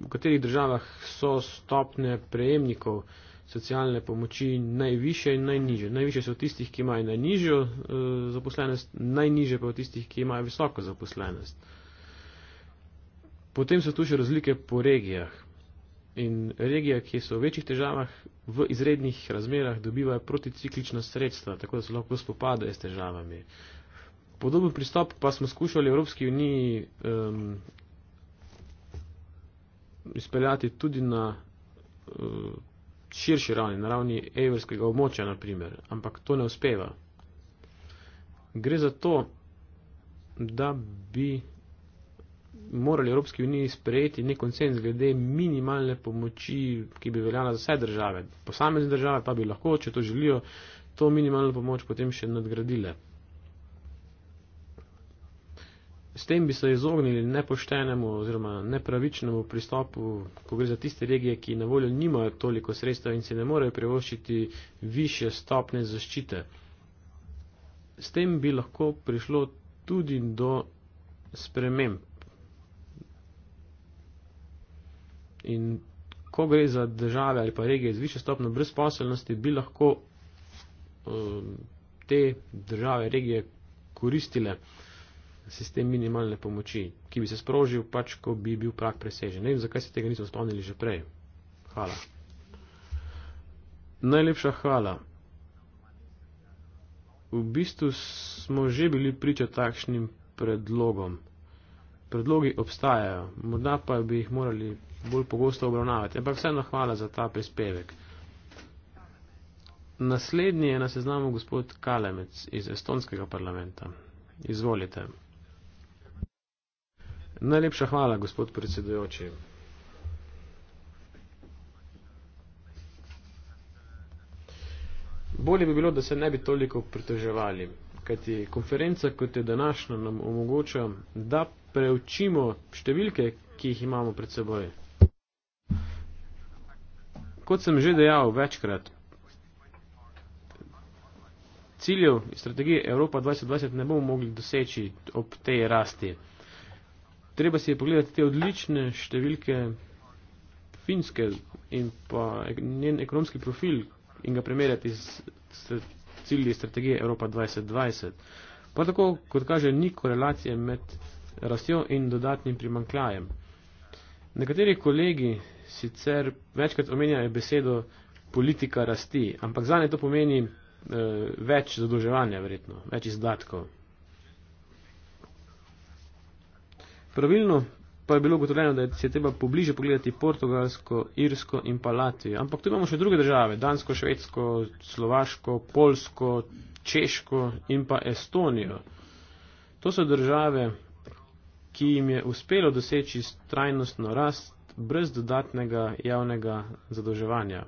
v katerih državah so stopne prejemnikov socialne pomoči najviše in najniže. Najviše so tistih, ki imajo najnižjo eh, zaposlenost, najniže pa v tistih, ki imajo visoko zaposlenost. Potem so tu še razlike po regijah. In regije, ki so v večjih težavah, v izrednih razmerah dobivajo proticiklična sredstva, tako da se lahko spopadajo s težavami. Podoben pristop pa smo skušali v Evropski uniji um, izpeljati tudi na uh, širši ravni, na ravni evrskega območja, naprimer. ampak to ne uspeva. Gre za to, da bi morali Evropski uniji sprejeti nek konsens glede minimalne pomoči, ki bi veljala za vse države. Posamezne države pa bi lahko, če to želijo, to minimalno pomoč potem še nadgradile. S tem bi se izognili nepoštenemu oziroma nepravičnemu pristopu, ko gre za tiste regije, ki na voljo nimajo toliko sredstva in se ne morejo privoščiti više stopne zaščite. S tem bi lahko prišlo tudi do sprememb. In ko gre za države ali pa regije z više stopno brezposelnosti, bi lahko um, te države, regije koristile sistem minimalne pomoči, ki bi se sprožil, pač ko bi bil prak presežen. Ne vem, zakaj se tega nismo spomnili že prej. Hvala. Najlepša hvala. V bistvu smo že bili priča takšnim predlogom. Predlogi obstajajo, morda pa bi jih morali bolj pogosto obravnavati. Ampak vseeno hvala za ta prispevek. Naslednji je na seznamu gospod Kalemec iz Estonskega parlamenta. Izvolite. Najlepša hvala, gospod predsedujoči. Bolje bi bilo, da se ne bi toliko pritoževali, kajti konferenca, kot je današnja, nam omogoča, da preučimo številke, ki jih imamo pred seboj. Kot sem že dejal večkrat, ciljev in strategije Evropa 2020 ne bomo mogli doseči ob tej rasti. Treba si je pogledati te odlične številke finske in pa njen ekonomski profil in ga primerjati z cilji strategije Evropa 2020. Pa tako, kot kaže, ni korelacije med rastjo in dodatnim primankljajem. Nekateri kolegi sicer večkrat omenjajo besedo politika rasti, ampak zanje to pomeni eh, več zadolževanja verjetno, več izdatkov. Pravilno pa je bilo ugotovljeno, da je, se je treba pobliže pogledati Portugalsko, Irsko in pa Latvijo. Ampak tu imamo še druge države, Dansko, Švedsko, Slovaško, Polsko, Češko in pa Estonijo. To so države, ki jim je uspelo doseči trajnostno rast brez dodatnega javnega zadolževanja.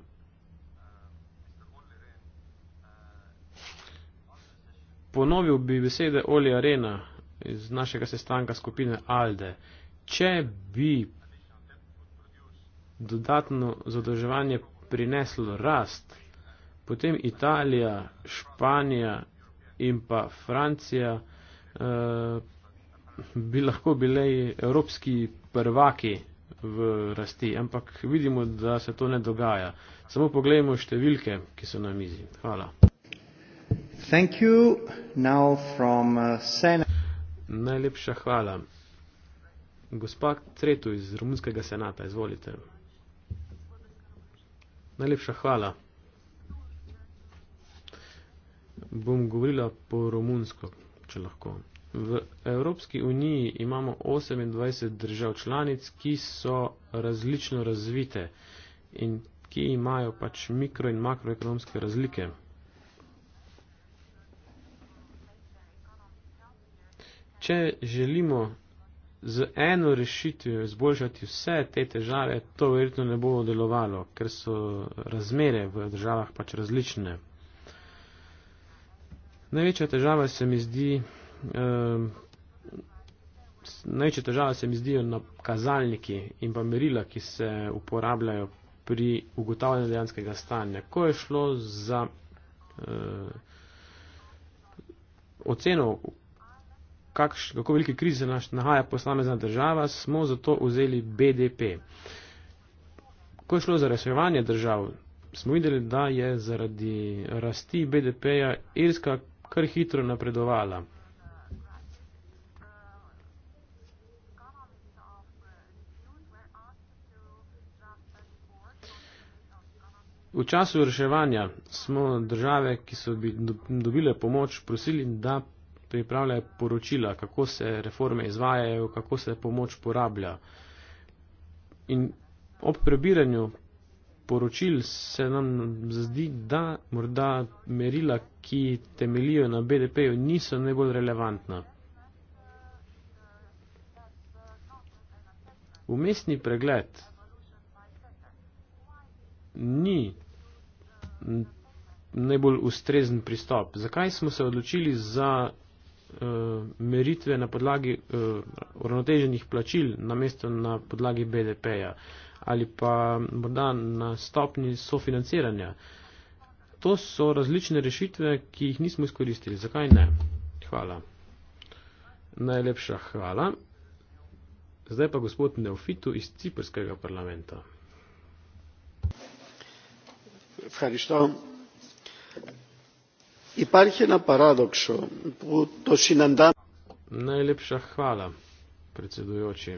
Ponovil bi besede Oli Arena iz našega sestanka skupine Alde. Če bi dodatno zadolževanje prineslo rast, potem Italija, Španija in pa Francija eh, bi lahko bile evropski prvaki v rasti, ampak vidimo, da se to ne dogaja. Samo pogledajmo številke, ki so na mizi. Hvala. From, uh, Najlepša hvala. Gospa Tretu iz Romunskega senata, izvolite. Najlepša hvala. Bom govorila po romunsko, če lahko. V Evropski uniji imamo 28 držav članic, ki so različno razvite in ki imajo pač mikro in makroekonomske razlike. Če želimo z eno rešitvijo izboljšati vse te težave, to verjetno ne bo delovalo, ker so razmere v državah pač različne. Največja težava se mi zdi, da eh, največje težave se mi zdijo na kazalniki in pa merila, ki se uporabljajo pri ugotavljanju dejanskega stanja. Ko je šlo za eh, oceno, kakš, kako velike krize se nahaja posamezna država, smo zato vzeli BDP. Ko je šlo za reševanje držav, smo videli, da je zaradi rasti BDP-ja Irska kar hitro napredovala. V času reševanja smo države, ki so dobile pomoč, prosili, da pripravljajo poročila, kako se reforme izvajajo, kako se pomoč porablja. In ob prebiranju poročil se nam zdi, da morda merila, ki temelijo na BDP-ju, niso najbolj relevantna. Umestni pregled ni najbolj ustrezen pristop. Zakaj smo se odločili za uh, meritve na podlagi eh, uravnoteženih uh, plačil namesto na podlagi BDP-ja ali pa morda na stopni sofinanciranja? To so različne rešitve, ki jih nismo izkoristili. Zakaj ne? Hvala. Najlepša hvala. Zdaj pa gospod Neofitu iz Ciprskega parlamenta. Najlepša hvala, predsedujoči.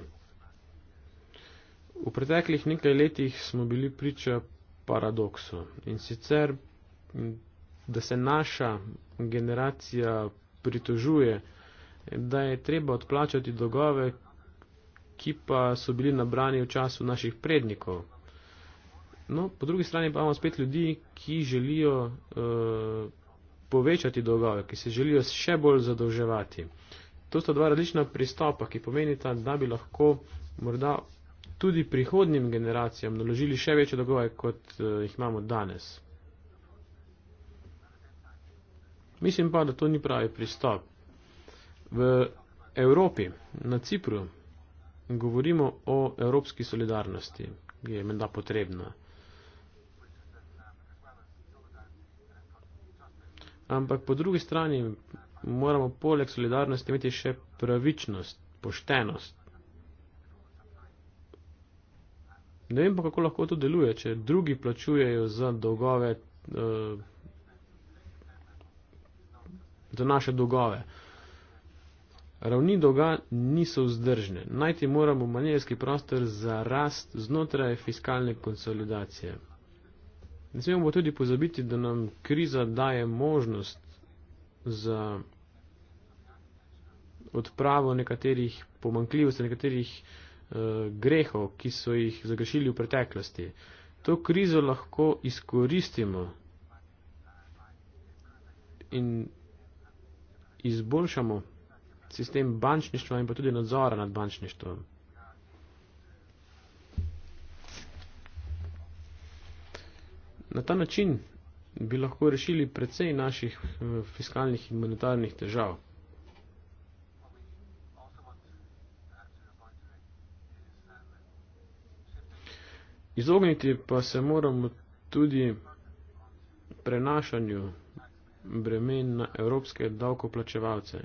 V preteklih nekaj letih smo bili priča paradoksu in sicer, da se naša generacija pritožuje, da je treba odplačati dolgove, ki pa so bili nabrani v času naših prednikov. No, po drugi strani pa imamo spet ljudi, ki želijo uh, povečati dolgove, ki se želijo še bolj zadolževati. To sta dva različna pristopa, ki pomenita, da bi lahko morda tudi prihodnim generacijam naložili še večje dolgove, kot uh, jih imamo danes. Mislim pa, da to ni pravi pristop. V Evropi, na Cipru, govorimo o evropski solidarnosti, ki je menda potrebna. Ampak po drugi strani moramo poleg solidarnosti imeti še pravičnost, poštenost. Ne vem pa, kako lahko to deluje, če drugi plačujejo za dolgove, uh, za naše dolgove. Ravni dolga niso vzdržne. Najti moramo manjerski prostor za rast znotraj fiskalne konsolidacije. Ne smemo pa tudi pozabiti, da nam kriza daje možnost za odpravo nekaterih pomankljivosti, nekaterih uh, grehov, ki so jih zagrešili v preteklosti. To krizo lahko izkoristimo in izboljšamo sistem bančništva in pa tudi nadzora nad bančništvom. na ta način bi lahko rešili precej naših eh, fiskalnih in monetarnih težav. Izogniti pa se moramo tudi prenašanju bremen na evropske davkoplačevalce.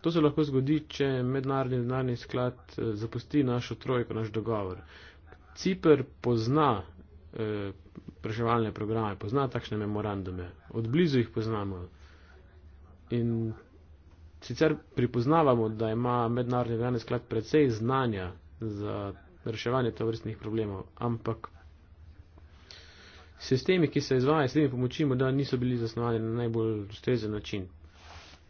To se lahko zgodi, če mednarodni denarni sklad eh, zapusti našo trojko, naš dogovor. Cipr pozna eh, spraševalne programe, pozna takšne memorandume, od blizu jih poznamo. In sicer pripoznavamo, da ima mednarodni denarni sklad precej znanja za reševanje tovrstnih problemov, ampak sistemi, ki se izvajajo s temi pomočmi, morda niso bili zasnovani na najbolj ustrezen način.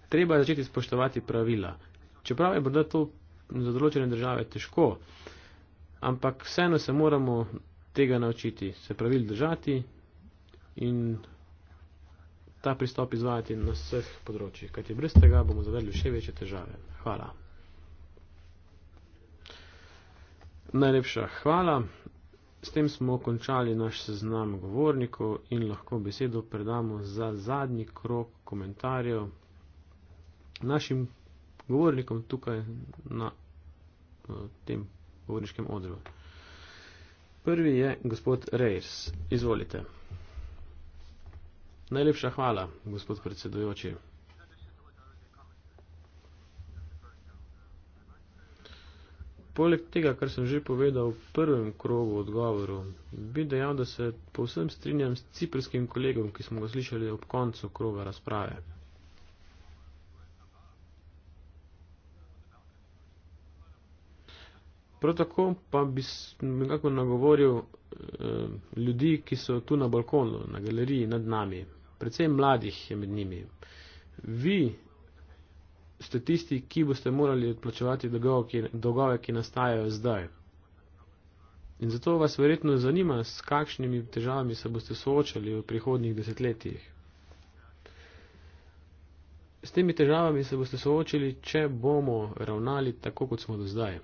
Treba je začeti spoštovati pravila. Čeprav je morda to za določene države težko, ampak vseeno se moramo tega naučiti, se pravil držati in ta pristop izvajati na vseh področjih, kajti brez tega bomo zavedli še večje težave. Hvala. Najlepša hvala. S tem smo končali naš seznam govornikov in lahko besedo predamo za zadnji krok komentarjev našim govornikom tukaj na eh, tem govorniškem odru. Prvi je gospod Reyes. Izvolite. Najlepša hvala, gospod predsedujoči. Poleg tega, kar sem že povedal v prvem krogu odgovoru, bi dejal, da se povsem strinjam s ciprskim kolegom, ki smo ga slišali ob koncu kroga razprave. Prav tako pa bi nekako nagovoril eh, ljudi, ki so tu na balkonu, na galeriji nad nami, predvsem mladih je med njimi. Vi ste tisti, ki boste morali odplačevati dolgove, ki nastajajo zdaj. In zato vas verjetno zanima, s kakšnimi težavami se boste soočali v prihodnih desetletjih. S temi težavami se boste soočili, če bomo ravnali tako, kot smo do zdaj.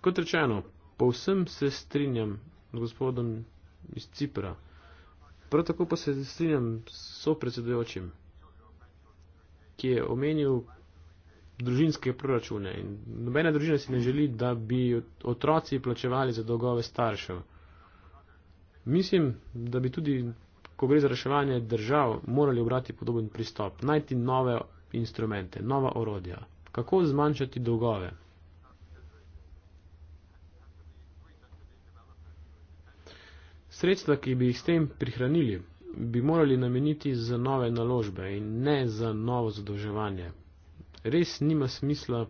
Kot rečeno, povsem se strinjam z gospodom iz Cipra, prav tako pa se strinjam s sopredsedujočim, ki je omenil družinske proračune. In nobena družina si ne želi, da bi otroci plačevali za dolgove staršev. Mislim, da bi tudi, ko gre za reševanje držav, morali obrati podoben pristop, najti nove instrumente, nova orodja, kako zmanjšati dolgove. Sredstva, ki bi jih s tem prihranili, bi morali nameniti za nove naložbe in ne za novo zadolževanje. Res nima smisla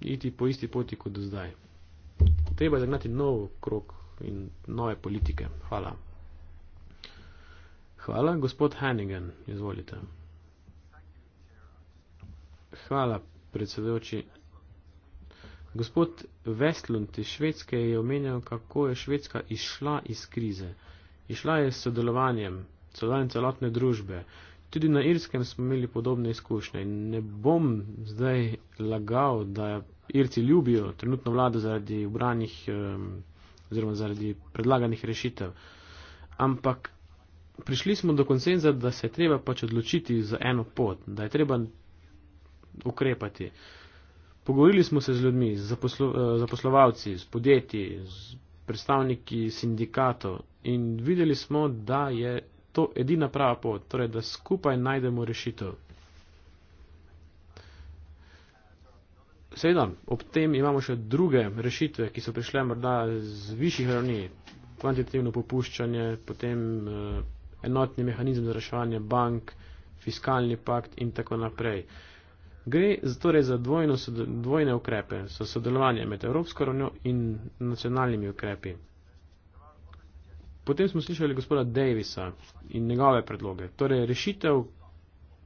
iti po isti poti kot do zdaj. Treba je zagnati nov krok in nove politike. Hvala. Hvala, gospod Hannigan. Izvolite. Hvala, predsedujoči. Gospod Vestlund iz Švedske je omenjal, kako je Švedska izšla iz krize. Išla je s sodelovanjem, sodelovanjem celotne družbe. Tudi na Irskem smo imeli podobne izkušnje. Ne bom zdaj lagal, da Irci ljubijo trenutno vlado zaradi obranih oziroma zaradi predlaganih rešitev. Ampak prišli smo do konsenza, da se je treba pač odločiti za eno pot, da je treba ukrepati. Pogovorili smo se z ljudmi, z zaposlo, eh, zaposlovalci, z podjetji, z predstavniki sindikatov in videli smo, da je to edina prava pot, torej da skupaj najdemo rešitev. Seveda, ob tem imamo še druge rešitve, ki so prišle morda z višjih ravni, kvantitativno popuščanje, potem eh, enotni mehanizem za reševanje bank, fiskalni pakt in tako naprej. Gre torej za dvojno, dvojne ukrepe, za sodelovanje med Evropsko ravnjo in nacionalnimi ukrepi. Potem smo slišali gospoda Davisa in njegove predloge. Torej, rešitev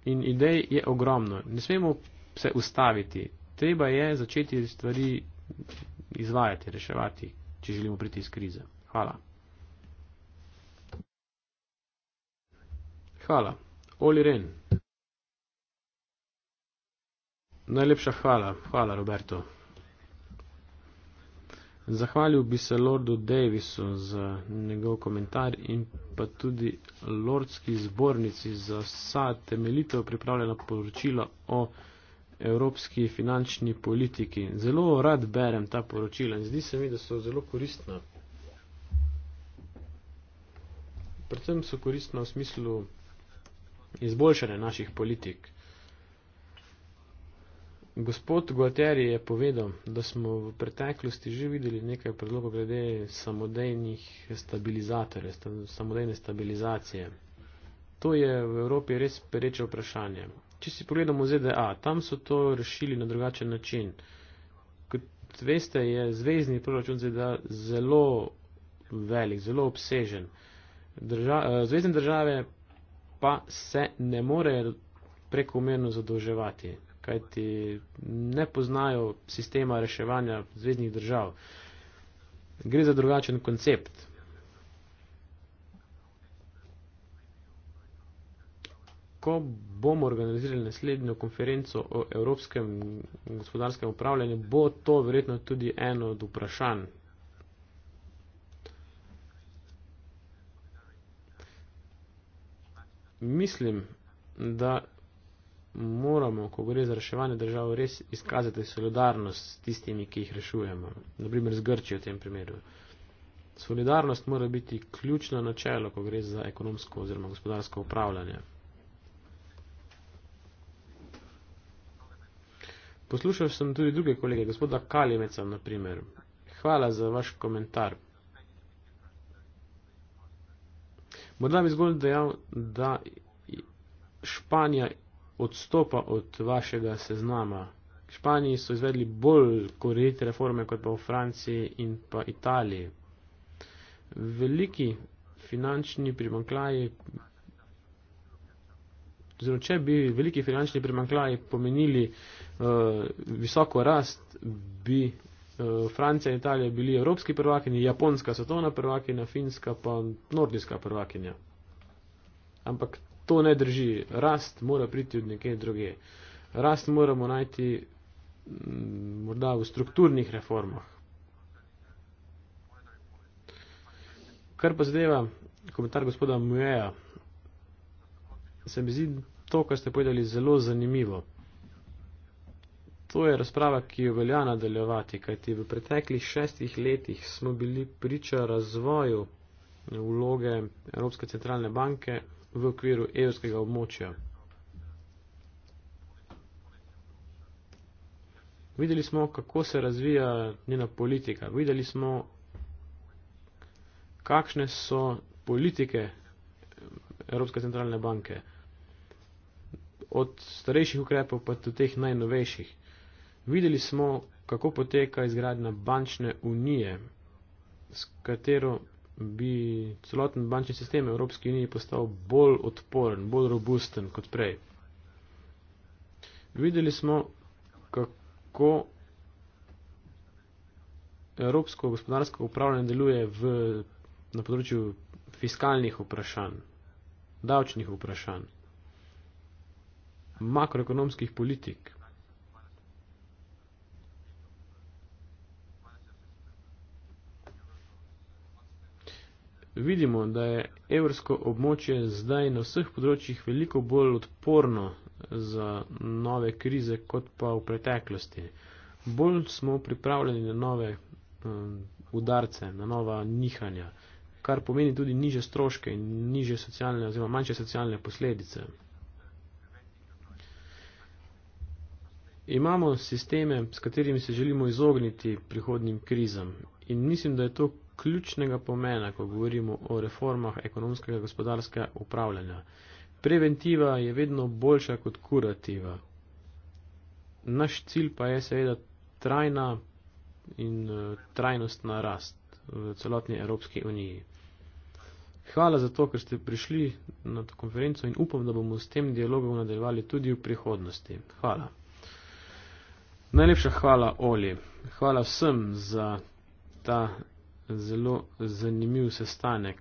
in idej je ogromno. Ne smemo se ustaviti. Treba je začeti stvari izvajati, reševati, če želimo priti iz krize. Hvala. Hvala. Oli Ren. Najlepša hvala, hvala Roberto. Zahvalil bi se Lordu Davisu za njegov komentar in pa tudi Lordski zbornici za vsa temeljito pripravljena poročila o evropski finančni politiki. Zelo rad berem ta poročila in zdi se mi, da so zelo koristna. Predvsem so koristna v smislu izboljšanja naših politik. Gospod Guateri je povedal, da smo v preteklosti že videli nekaj predlogov glede samodejnih stabilizatorjev, samodejne stabilizacije. To je v Evropi res pereče vprašanje. Če si pogledamo ZDA, tam so to rešili na drugačen način. Kot veste, je zvezdni proračun ZDA zelo velik, zelo obsežen. Drža eh, zvezdne države pa se ne morejo prekomerno zadolževati kajti ne poznajo sistema reševanja zvezdnih držav. Gre za drugačen koncept. Ko bomo organizirali naslednjo konferenco o evropskem gospodarskem upravljanju, bo to verjetno tudi eno od vprašanj. Mislim, da moramo, ko gre za reševanje držav, res izkazati solidarnost s tistimi, ki jih rešujemo. Naprimer z Grčijo v tem primeru. Solidarnost mora biti ključno načelo, ko gre za ekonomsko oziroma gospodarsko upravljanje. Poslušal sem tudi druge kolege, gospoda Kalimeca, naprimer. Hvala za vaš komentar. Morda bi zgolj dejal, da Španija odstopa od vašega seznama. V Španiji so izvedli bolj korenite reforme kot pa v Franciji in pa Italiji. Veliki finančni primankljaji. Zelo, če bi veliki finančni primankljaji pomenili uh, visoko rast, bi uh, Francija in Italija bili evropski prvakinji, Japonska svetovna prvakinja, Finska pa nordijska prvakinja. Ampak to ne drži. Rast mora priti od nekje druge. Rast moramo najti mm, morda v strukturnih reformah. Kar pa zadeva komentar gospoda Mueja, se mi zdi to, kar ste povedali, zelo zanimivo. To je razprava, ki jo velja nadaljevati, kajti v preteklih šestih letih smo bili priča razvoju vloge Evropske centralne banke v okviru evskega območja. Videli smo, kako se razvija njena politika. Videli smo, kakšne so politike Evropske centralne banke. Od starejših ukrepov pa do teh najnovejših. Videli smo, kako poteka izgradna bančne unije, s katero bi celoten bančni sistem Evropske unije postal bolj odporen, bolj robusten kot prej. Videli smo, kako Evropsko gospodarsko upravljanje deluje v, na področju fiskalnih vprašanj, davčnih vprašanj, makroekonomskih politik. vidimo, da je evrsko območje zdaj na vseh področjih veliko bolj odporno za nove krize kot pa v preteklosti. Bolj smo pripravljeni na nove um, udarce, na nova nihanja, kar pomeni tudi niže stroške in niže socialne oziroma manjše socialne posledice. Imamo sisteme, s katerimi se želimo izogniti prihodnim krizam in mislim, da je to ključnega pomena, ko govorimo o reformah ekonomskega in gospodarskega upravljanja. Preventiva je vedno boljša kot kurativa. Naš cilj pa je seveda trajna in eh, trajnostna rast v celotni Evropski uniji. Hvala za to, ker ste prišli na to konferenco in upam, da bomo s tem dialogom nadaljevali tudi v prihodnosti. Hvala. Najlepša hvala, Oli. Hvala vsem za ta zelo zanimiv sestanek.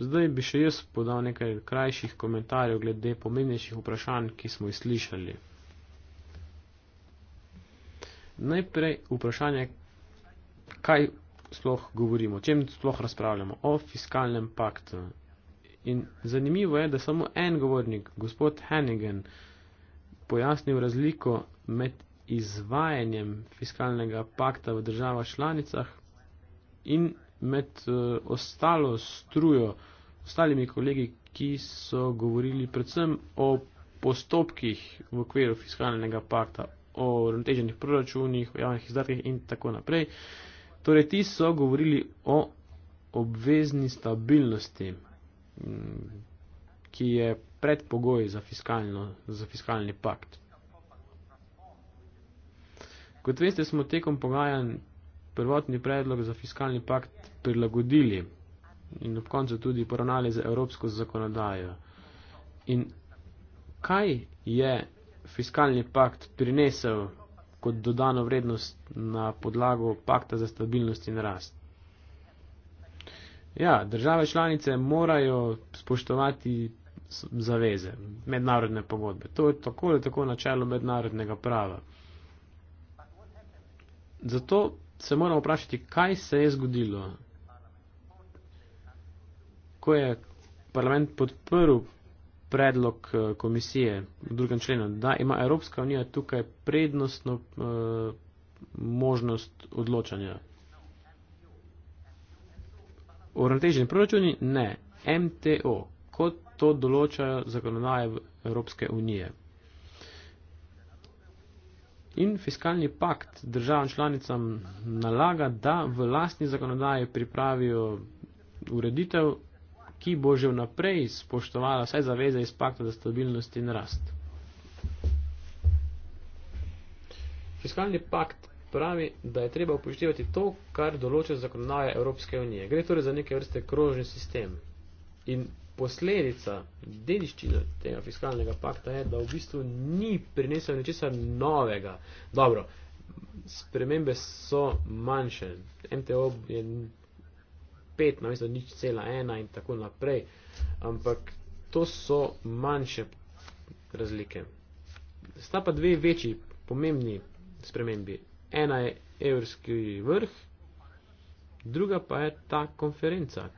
Zdaj bi še jaz podal nekaj krajših komentarjev glede pomembnejših vprašanj, ki smo jih slišali. Najprej vprašanje, kaj sploh govorimo, o čem sploh razpravljamo, o fiskalnem paktu. In zanimivo je, da samo en govornik, gospod Hennigan, pojasnil razliko med izvajanjem fiskalnega pakta v državah članicah in med eh, ostalo strujo, ostalimi kolegi, ki so govorili predvsem o postopkih v okviru fiskalnega pakta, o uravnoteženih proračunih, o javnih izdatkih in tako naprej. Torej, ti so govorili o obvezni stabilnosti, mm, ki je predpogoj za, fiskalno, za fiskalni pakt. Kot veste, smo tekom pogajanj prvotni predlog za fiskalni pakt prilagodili in ob koncu tudi poravnali za evropsko zakonodajo. In kaj je fiskalni pakt prinesel kot dodano vrednost na podlago pakta za stabilnost in rast? Ja, države članice morajo spoštovati zaveze, mednarodne pogodbe. To je tako ali tako načelo mednarodnega prava. Zato se moramo vprašati, kaj se je zgodilo, ko je parlament podprl predlog eh, komisije v drugem členu, da ima Evropska unija tukaj prednostno uh, možnost odločanja. Uravnoteženi proračuni? Ne. MTO, kot to določajo zakonodaje Evropske unije. In fiskalni pakt državam članicam nalaga, da v lastni zakonodaji pripravijo ureditev, ki bo že vnaprej spoštovala vse zaveze iz pakta za stabilnost in rast. Fiskalni pakt pravi, da je treba upoštevati to, kar določa zakonodaja Evropske unije. Gre torej za neke vrste krožni sistem. In posledica dediščine tega fiskalnega pakta je, da v bistvu ni prinesel ničesar novega. Dobro, spremembe so manjše. MTO je 5, namesto nič cela ena in tako naprej, ampak to so manjše razlike. Sta pa dve večji pomembni spremembi. Ena je evrski vrh, druga pa je ta konferenca,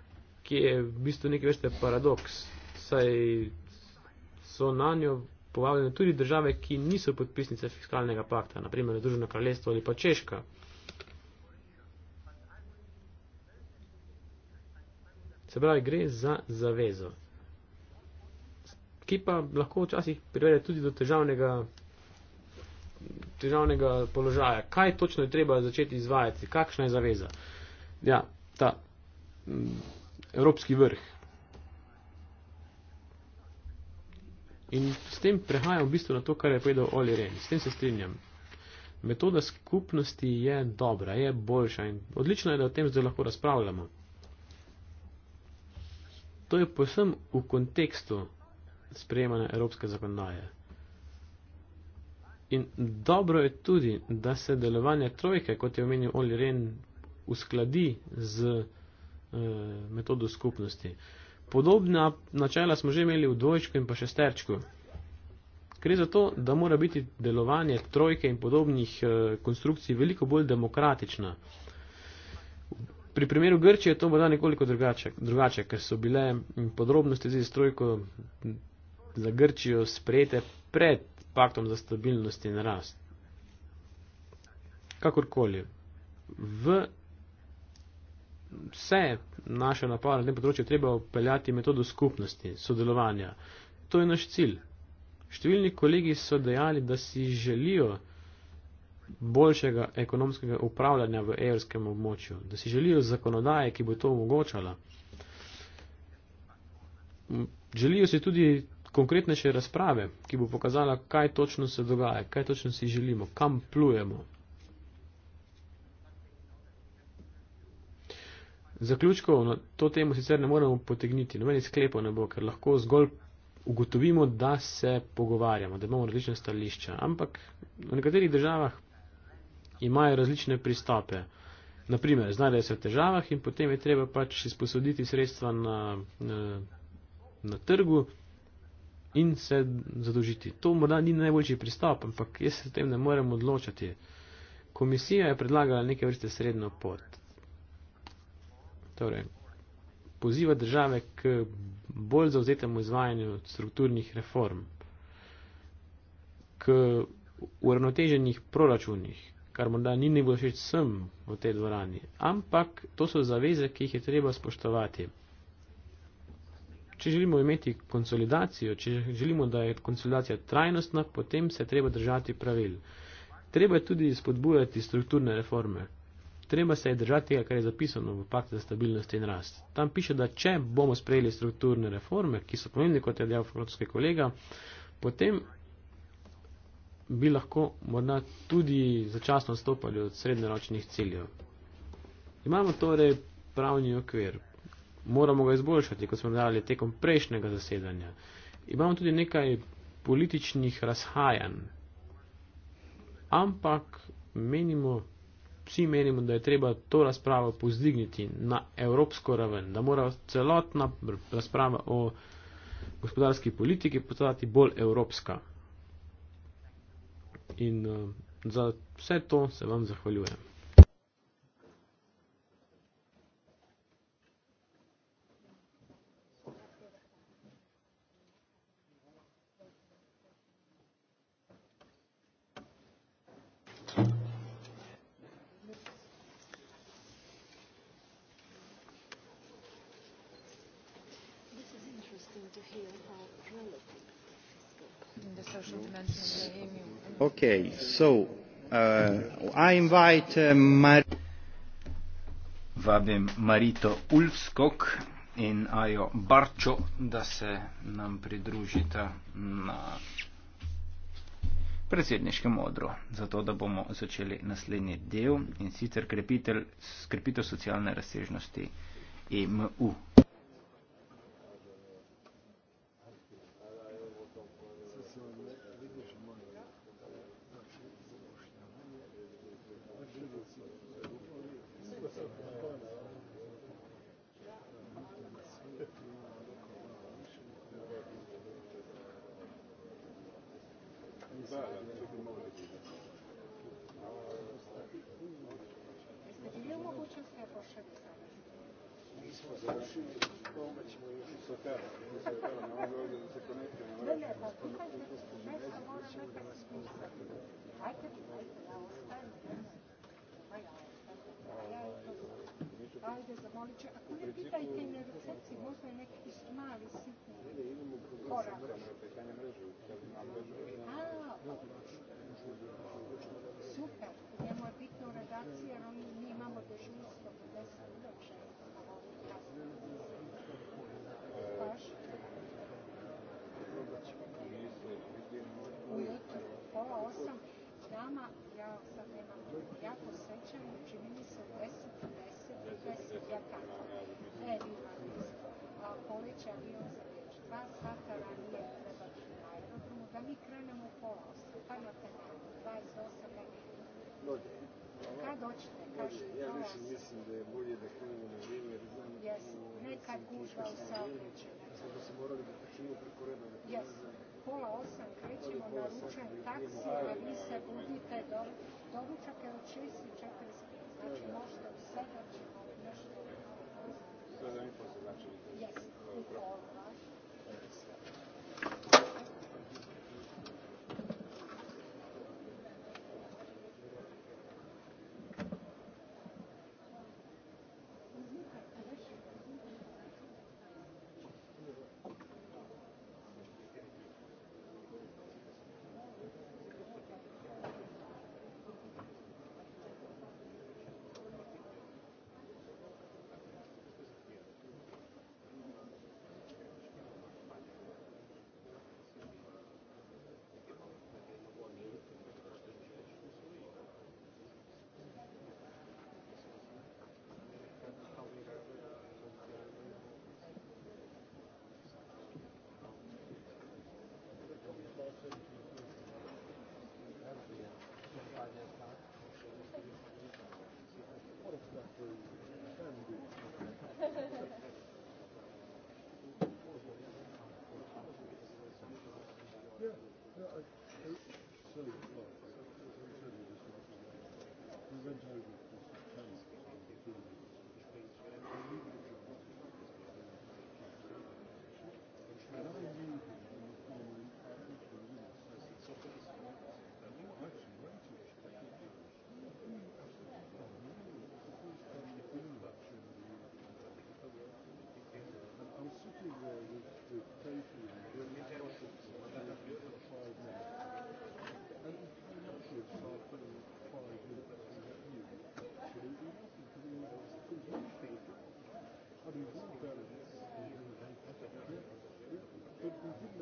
ki je v bistvu nekaj vrste paradoks, saj so na njo povabljene tudi države, ki niso podpisnice fiskalnega pakta, naprimer Združeno kraljestvo ali pa Češka. Se pravi, gre za zavezo, ki pa lahko včasih privede tudi do težavnega, težavnega položaja. Kaj točno je treba začeti izvajati, kakšna je zaveza? Ja, ta evropski vrh. In s tem prehajam v bistvu na to, kar je povedal Oli Ren. S tem se strinjam. Metoda skupnosti je dobra, je boljša in odlično je, da o tem zdaj lahko razpravljamo. To je posem v kontekstu sprejemanja evropske zakonodaje. In dobro je tudi, da se delovanje trojke, kot je omenil Oli Ren, uskladi z. Eh, metodo skupnosti. Podobna načela smo že imeli v dvojčku in pa šesterčku. Gre za to, da mora biti delovanje trojke in podobnih eh, konstrukcij veliko bolj demokratično. Pri primeru Grčije je to morda nekoliko drugače, drugače, ker so bile podrobnosti z trojko za Grčijo sprejete pred paktom za stabilnost in rast. Kakorkoli, v vse naše napore na tem področju treba upeljati metodo skupnosti, sodelovanja. To je naš cilj. Številni kolegi so dejali, da si želijo boljšega ekonomskega upravljanja v evrskem območju, da si želijo zakonodaje, ki bo to omogočala. Želijo si tudi konkretnejše razprave, ki bo pokazala, kaj točno se dogaja, kaj točno si želimo, kam plujemo. zaključkov na to temo sicer ne moremo potegniti, nobenih sklepov ne bo, ker lahko zgolj ugotovimo, da se pogovarjamo, da imamo različne stališča. Ampak v nekaterih državah imajo različne pristope. Naprimer, znajdejo se v težavah in potem je treba pač izposoditi sredstva na, na, na trgu in se zadožiti. To morda ni najboljši pristop, ampak jaz se s tem ne morem odločati. Komisija je predlagala neke vrste srednjo pot torej, poziva države k bolj zauzetemu izvajanju strukturnih reform, k uravnoteženih proračunih, kar morda ni najbolj všeč vsem v tej dvorani, ampak to so zaveze, ki jih je treba spoštovati. Če želimo imeti konsolidacijo, če želimo, da je konsolidacija trajnostna, potem se treba držati pravil. Treba je tudi spodbujati strukturne reforme treba se je držati tega, kar je zapisano v pakt za stabilnost in rast. Tam piše, da če bomo sprejeli strukturne reforme, ki so pomembne, kot je dejal francoski kolega, potem bi lahko morda tudi začasno odstopali od srednjeročnih ciljev. Imamo torej pravni okvir, moramo ga izboljšati, kot smo dali tekom prejšnjega zasedanja. Imamo tudi nekaj političnih razhajanj, ampak menimo, vsi menimo, da je treba to razpravo pozdigniti na evropsko raven, da mora celotna razprava o gospodarski politiki postati bolj evropska. In uh, za vse to se vam zahvaljujem. Okay, so uh, I invite uh, Mar Vabim Marito Ulfskog in Ajo Barčo, da se nam pridružita na predsedniškem odru, zato da bomo začeli naslednji del in sicer krepitev socialne razsežnosti EMU. Znači, mislim da je bolje da krenemo na vrijeme, jer znam yes. neka gužva u Saobiću. Znači da se morali da počinimo preko reda. Da yes. Pola osam krećemo na ručan taksi, a vi se budite do, do ručaka od 6.45. Znači, da, da. možda u 7.00 ćemo nešto. Sve da mi posle znači? Jes, u pola.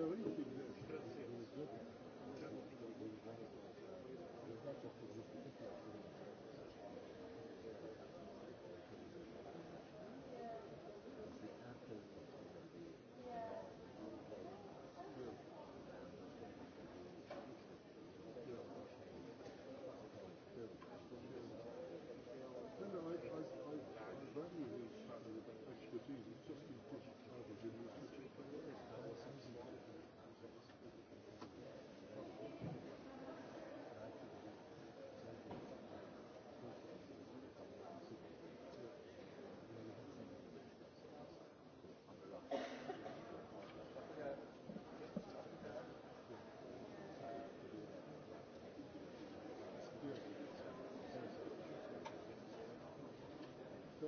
Grazie.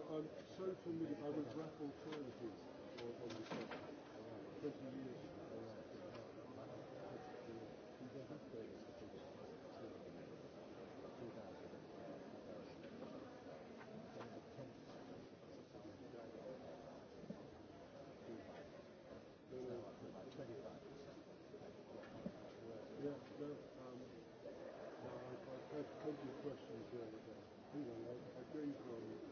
I'm so familiar. I was rapporteur with this on this topic for 20 years. Thank you. Um,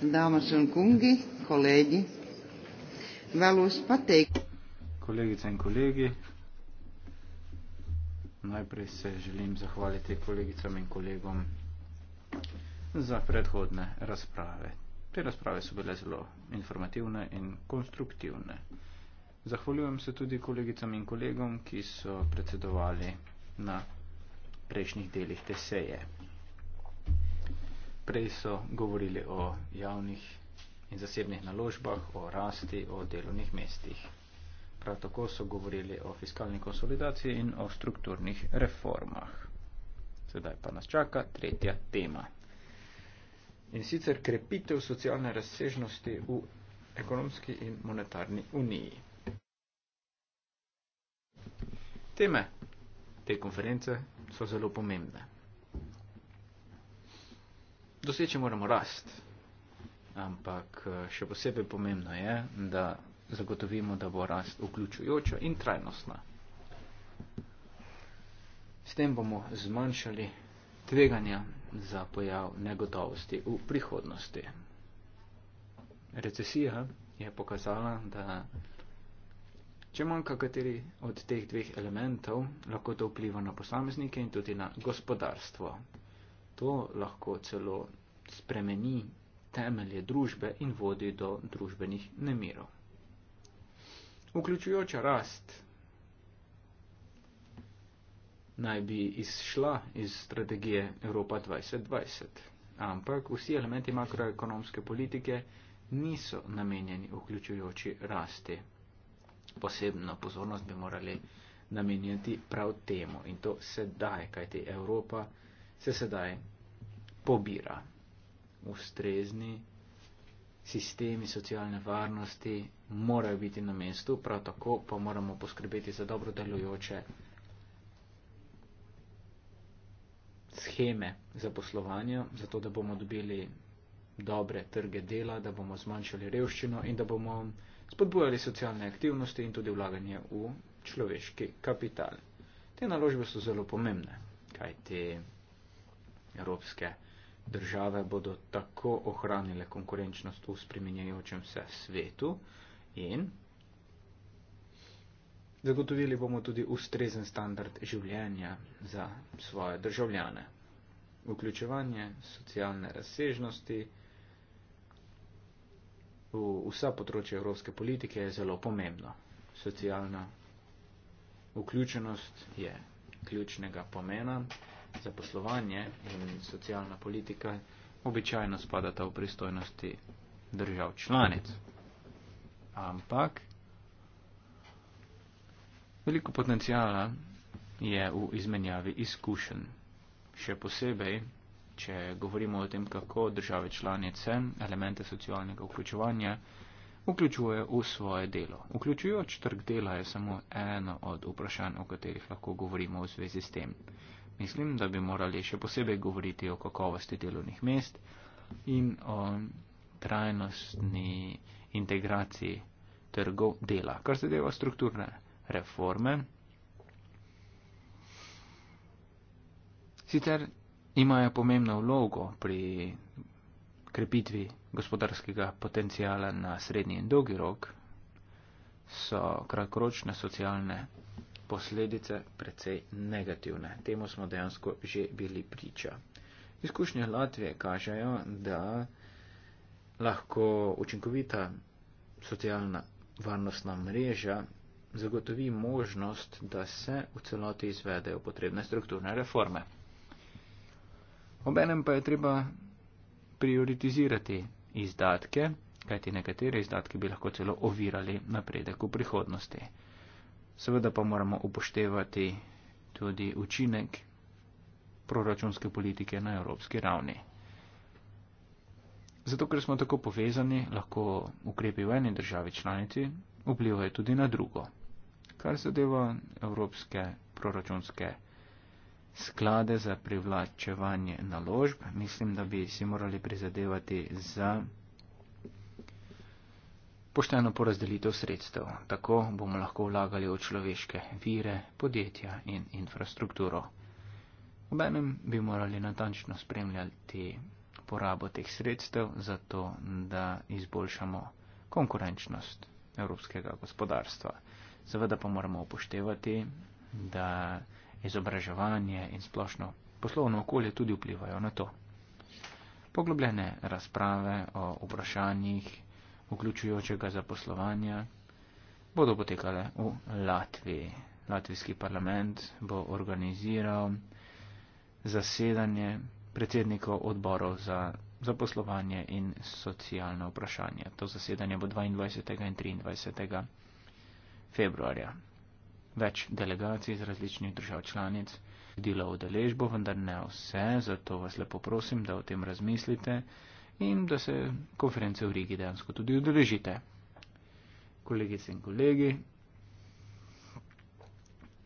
damas un kungi, kolegi, velus pateik. Kolegice in kolegi, najprej se želim zahvaliti kolegicam in kolegom za predhodne razprave. Te razprave so bile zelo informativne in konstruktivne. Zahvaljujem se tudi kolegicam in kolegom, ki so predsedovali na prejšnjih delih te seje prej so govorili o javnih in zasebnih naložbah, o rasti, o delovnih mestih. Prav tako so govorili o fiskalni konsolidaciji in o strukturnih reformah. Sedaj pa nas čaka tretja tema. In sicer krepitev socialne razsežnosti v ekonomski in monetarni uniji. Teme te konference so zelo pomembne doseči moramo rast, ampak eh, še posebej pomembno je, da zagotovimo, da bo rast vključujoča in trajnostna. S tem bomo zmanjšali tveganja za pojav negotovosti v prihodnosti. Recesija je pokazala, da če manjka kateri od teh dveh elementov, lahko to vpliva na posameznike in tudi na gospodarstvo. To lahko celo spremeni temelje družbe in vodi do družbenih nemirov. Vključujoča rast naj bi izšla iz strategije Evropa 2020, ampak vsi elementi makroekonomske politike niso namenjeni vključujoči rasti. Posebno pozornost bi morali namenjati prav temu in to sedaj, kajti Evropa se sedaj pobira. Ustrezni sistemi socialne varnosti morajo biti na mestu, prav tako pa moramo poskrbeti za dobro delujoče scheme za poslovanje, zato da bomo dobili dobre trge dela, da bomo zmanjšali revščino in da bomo spodbujali socialne aktivnosti in tudi vlaganje v človeški kapital. Te naložbe so zelo pomembne, kaj te. Ti evropske države bodo tako ohranile konkurenčnost v spremenjajočem se svetu in zagotovili bomo tudi ustrezen standard življenja za svoje državljane. Vključevanje socialne razsežnosti v vsa področja evropske politike je zelo pomembno. Socialna vključenost je ključnega pomena zaposlovanje in socialna politika običajno spadata v pristojnosti držav članic. Ampak veliko potencijala je v izmenjavi izkušenj. Še posebej, če govorimo o tem, kako države članice elemente socialnega vključevanja vključuje v svoje delo. Vključujoč trg dela je samo eno od vprašanj, o katerih lahko govorimo v zvezi s tem mislim, da bi morali še posebej govoriti o kakovosti delovnih mest in o trajnostni integraciji trgov dela. Kar se deva strukturne reforme, sicer imajo pomembno vlogo pri krepitvi gospodarskega potencijala na srednji in dolgi rok, so kratkoročne socialne posledice precej negativne. Temu smo dejansko že bili priča. Izkušnje Latvije kažejo, da lahko učinkovita socialna varnostna mreža zagotovi možnost, da se v celoti izvedejo potrebne strukturne reforme. Obenem pa je treba prioritizirati izdatke, kajti nekatere izdatke bi lahko celo ovirali napredek v prihodnosti. Seveda pa moramo upoštevati tudi učinek proračunske politike na evropski ravni. Zato, ker smo tako povezani, lahko ukrepi v eni državi članici vplivajo tudi na drugo. Kar zadeva evropske proračunske sklade za privlačevanje naložb, mislim, da bi si morali prizadevati za pošteno porazdelitev sredstev. Tako bomo lahko vlagali v človeške vire, podjetja in infrastrukturo. Obenem bi morali natančno spremljati porabo teh sredstev, zato da izboljšamo konkurenčnost evropskega gospodarstva. Seveda pa moramo upoštevati, da izobraževanje in splošno poslovno okolje tudi vplivajo na to. Poglobljene razprave o vprašanjih vključujočega zaposlovanja, bodo potekale v Latviji. Latvijski parlament bo organiziral zasedanje predsednikov odborov za zaposlovanje in socialno vprašanje. To zasedanje bo 22. in 23. februarja. Več delegacij iz različnih držav članic delo udeležbo, vendar ne vse, zato vas lepo prosim, da o tem razmislite in da se konference v Rigi dejansko tudi udeležite. Kolegice in kolegi,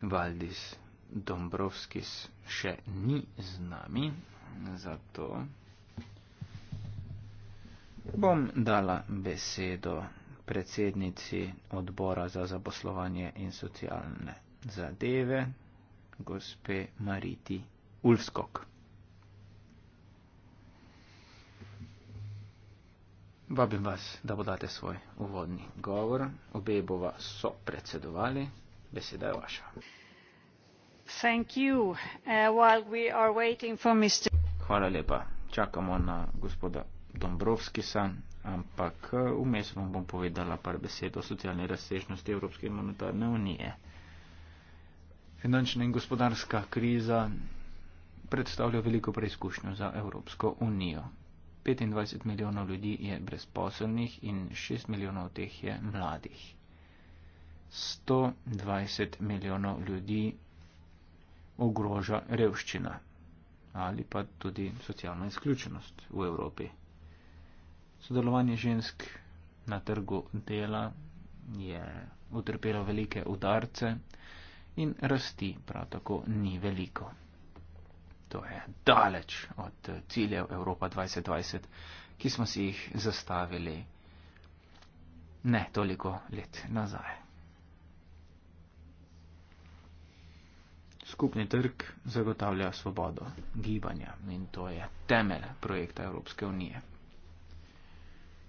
Valdis Dombrovskis še ni z nami, zato bom dala besedo predsednici odbora za zaposlovanje in socialne zadeve, gospe Mariti Ulfskog. Vabim vas, da podate svoj uvodni govor. Obe bova so predsedovali. Beseda je vaša. Uh, Hvala lepa. Čakamo na gospoda Dombrovskisa, ampak uh, vmes vam bom povedala par besed o socialni razsežnosti Evropske monetarne unije. Finančna in gospodarska kriza predstavlja veliko preizkušnjo za Evropsko unijo. 25 milijonov ljudi je brezposobnih in 6 milijonov teh je mladih. 120 milijonov ljudi ogroža revščina ali pa tudi socialna izključenost v Evropi. Sodelovanje žensk na trgu dela je utrpelo velike udarce in rasti prav tako ni veliko. To je daleč od eh, ciljev Evropa 2020, ki smo si jih zastavili ne toliko let nazaj. Skupni trg zagotavlja svobodo gibanja in to je temelj projekta Evropske unije.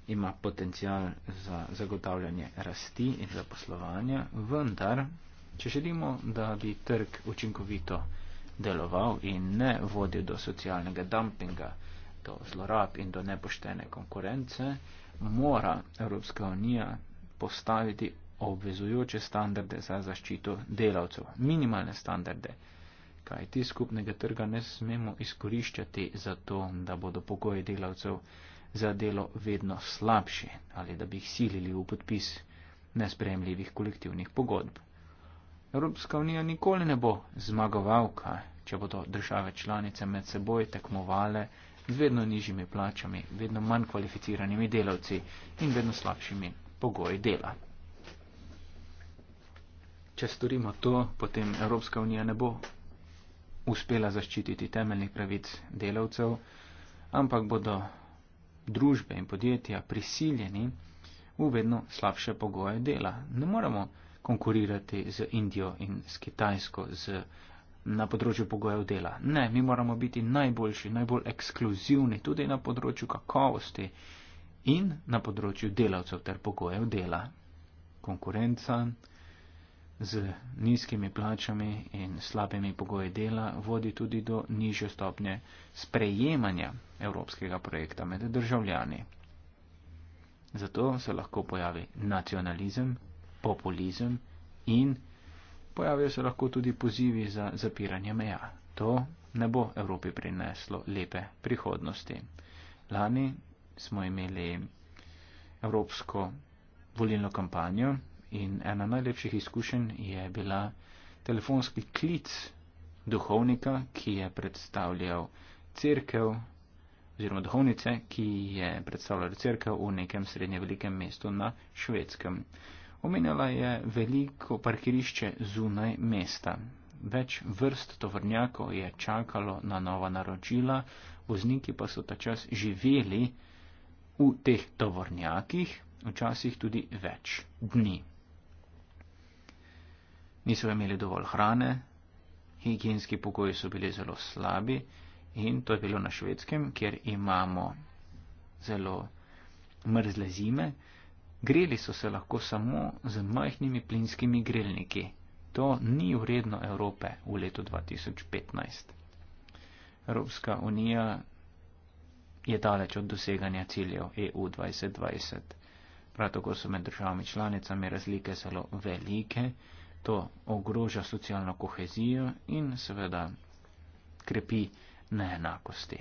Ima potencial za zagotavljanje rasti in zaposlovanja, vendar, če želimo, da bi trg učinkovito deloval in ne vodil do socialnega dumpinga, do zlorab in do nepoštene konkurence, mora Evropska unija postaviti obvezujoče standarde za zaščito delavcev, minimalne standarde, kaj ti skupnega trga ne smemo izkoriščati za to, da bodo pogoji delavcev za delo vedno slabši ali da bi jih silili v podpis nespremljivih kolektivnih pogodb. Evropska unija nikoli ne bo zmagovalka če bodo države članice med seboj tekmovale z vedno nižjimi plačami, vedno manj kvalificiranimi delavci in vedno slabšimi pogoji dela. Če storimo to, potem Evropska unija ne bo uspela zaščititi temeljnih pravic delavcev, ampak bodo družbe in podjetja prisiljeni v vedno slabše pogoje dela. Ne moremo konkurirati z Indijo in s Kitajsko, z na področju pogojev dela. Ne, mi moramo biti najboljši, najbolj ekskluzivni tudi na področju kakovosti in na področju delavcev ter pogojev dela. Konkurenca z nizkimi plačami in slabimi pogoji dela vodi tudi do nižje stopnje sprejemanja evropskega projekta med državljani. Zato se lahko pojavi nacionalizem, populizem in populizem pojavijo se lahko tudi pozivi za zapiranje meja. To ne bo Evropi prineslo lepe prihodnosti. Lani smo imeli evropsko volilno kampanjo in ena najlepših izkušenj je bila telefonski klic duhovnika, ki je predstavljal crkev oziroma duhovnice, ki je predstavljal crkev v nekem srednje velikem mestu na švedskem. Omenjala je veliko parkirišče zunaj mesta. Več vrst tovrnjakov je čakalo na nova naročila, vozniki pa so ta čas živeli v teh tovrnjakih, včasih tudi več dni. Niso imeli dovolj hrane, higijenski pogoji so bili zelo slabi in to je bilo na švedskem, kjer imamo zelo mrzle zime. Greli so se lahko samo z majhnimi plinskimi grelniki. To ni vredno Evrope v letu 2015. Evropska unija je daleč od doseganja ciljev EU 2020. Prav tako so med državami članicami razlike zelo velike. To ogroža socialno kohezijo in seveda krepi neenakosti.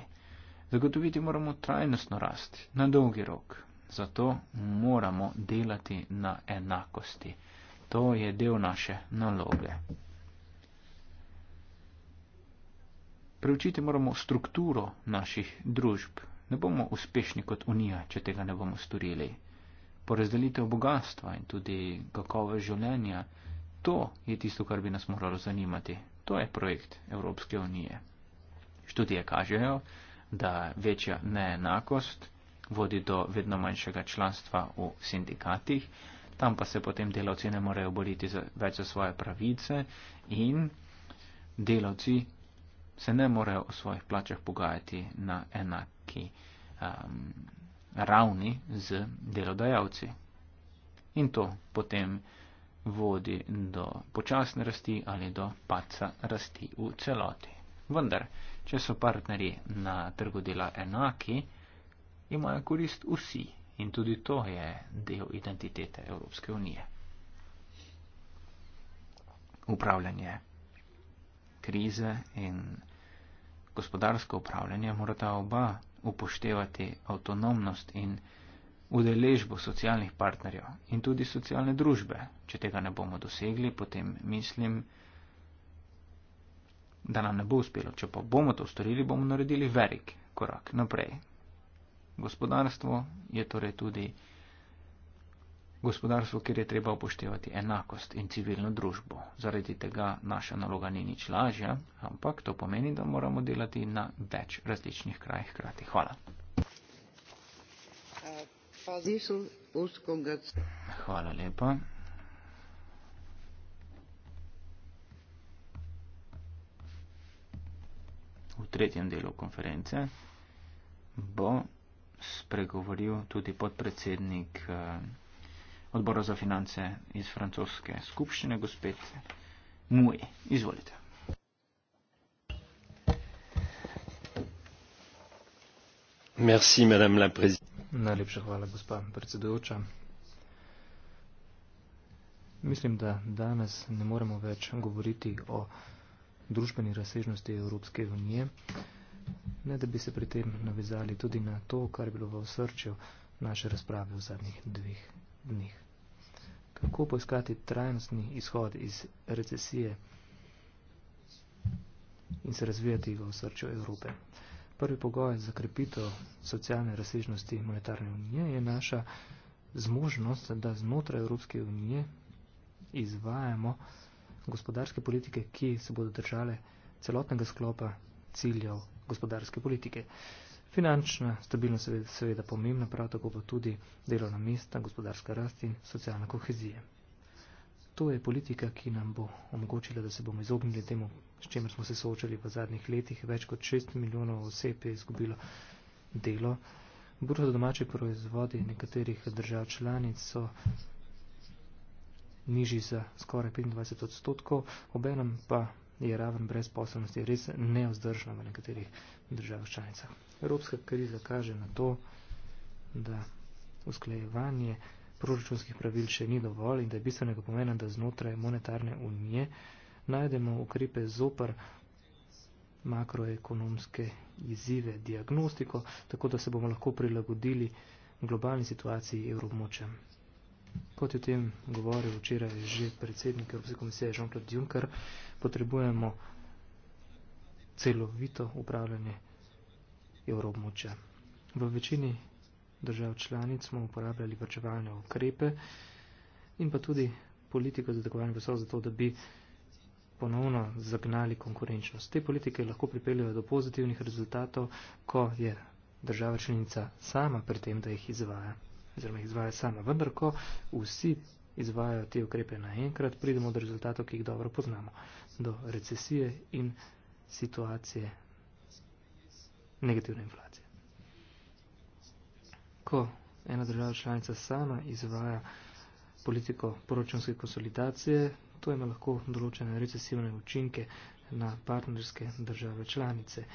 Zagotoviti moramo trajnostno rast na dolgi rok, Zato moramo delati na enakosti. To je del naše naloge. Preučiti moramo strukturo naših družb. Ne bomo uspešni kot Unija, če tega ne bomo storili. Porazdelitev bogatstva in tudi kakove življenja, to je tisto, kar bi nas moralo zanimati. To je projekt Evropske unije. Študije kažejo, da večja neenakost vodi do vedno manjšega članstva v sindikatih, tam pa se potem delavci ne morejo boriti za, več za svoje pravice in delavci se ne morejo o svojih plačah pogajati na enaki um, ravni z delodajalci. In to potem vodi do počasne rasti ali do paca rasti v celoti. Vendar, če so partnerji na trgu dela enaki, imajo korist vsi in tudi to je del identitete Evropske unije. Upravljanje krize in gospodarsko upravljanje morata oba upoštevati avtonomnost in udeležbo socialnih partnerjev in tudi socialne družbe. Če tega ne bomo dosegli, potem mislim, da nam ne bo uspelo. Če pa bomo to storili, bomo naredili verik korak naprej gospodarstvo, je torej tudi gospodarstvo, kjer je treba upoštevati enakost in civilno družbo. Zaradi tega naša naloga ni nič lažja, ampak to pomeni, da moramo delati na več različnih krajih hkrati. Hvala. Hvala lepa. V tretjem delu konference bo spregovoril tudi podpredsednik eh, odbora za finance iz francoske skupščine, gospod Muj. Izvolite. Merci, la Najlepša hvala, gospa predsedujoča. Mislim, da danes ne moremo več govoriti o družbeni razsežnosti Evropske unije. Uh, ne da bi se pri tem navizali tudi na to, kar je bilo v osrčju naše razprave v zadnjih dveh dneh. Kako poiskati trajnostni izhod iz recesije in se razvijati v osrčju Evrope? Prvi pogoj za krepitev socialne razsežnosti monetarne unije je naša zmožnost, da znotraj Evropske unije izvajamo gospodarske politike, ki se bodo držale celotnega sklopa ciljev gospodarske politike. Finančna stabilnost je seveda pomembna, prav tako pa tudi delovna mesta, gospodarska rast in socialna kohezija. To je politika, ki nam bo omogočila, da se bomo izognili temu, s čemer smo se soočali v zadnjih letih. Več kot 6 milijonov oseb je izgubilo delo. Bruto domači proizvodi nekaterih držav članic so nižji za skoraj 25 odstotkov, obenem pa je raven brezposobnosti res neozdržna v nekaterih državah članicah. Evropska kriza kaže na to, da usklejevanje proračunskih pravil še ni dovolj in da je bistvenega pomena, da znotraj monetarne unije najdemo ukrepe zopr makroekonomske izzive diagnostiko, tako da se bomo lahko prilagodili globalni situaciji evromočem. Kot je o tem govoril včeraj že predsednik Evropske komisije Jean-Claude Juncker, potrebujemo celovito upravljanje evroobmočja. V večini držav članic smo uporabljali vrčevalne ukrepe in pa tudi politiko zadekovanja vesel za to, da bi ponovno zagnali konkurenčnost. Te politike lahko pripeljajo do pozitivnih rezultatov, ko je država članica sama pri tem, da jih izvaja oziroma jih izvaja sama. Vendar, ko vsi izvajajo te ukrepe naenkrat, pridemo do rezultatov, ki jih dobro poznamo, do recesije in situacije negativne inflacije. Ko ena država članica sama izvaja politiko poročunske konsolidacije, to ima lahko določene recesivne učinke na partnerske države članice.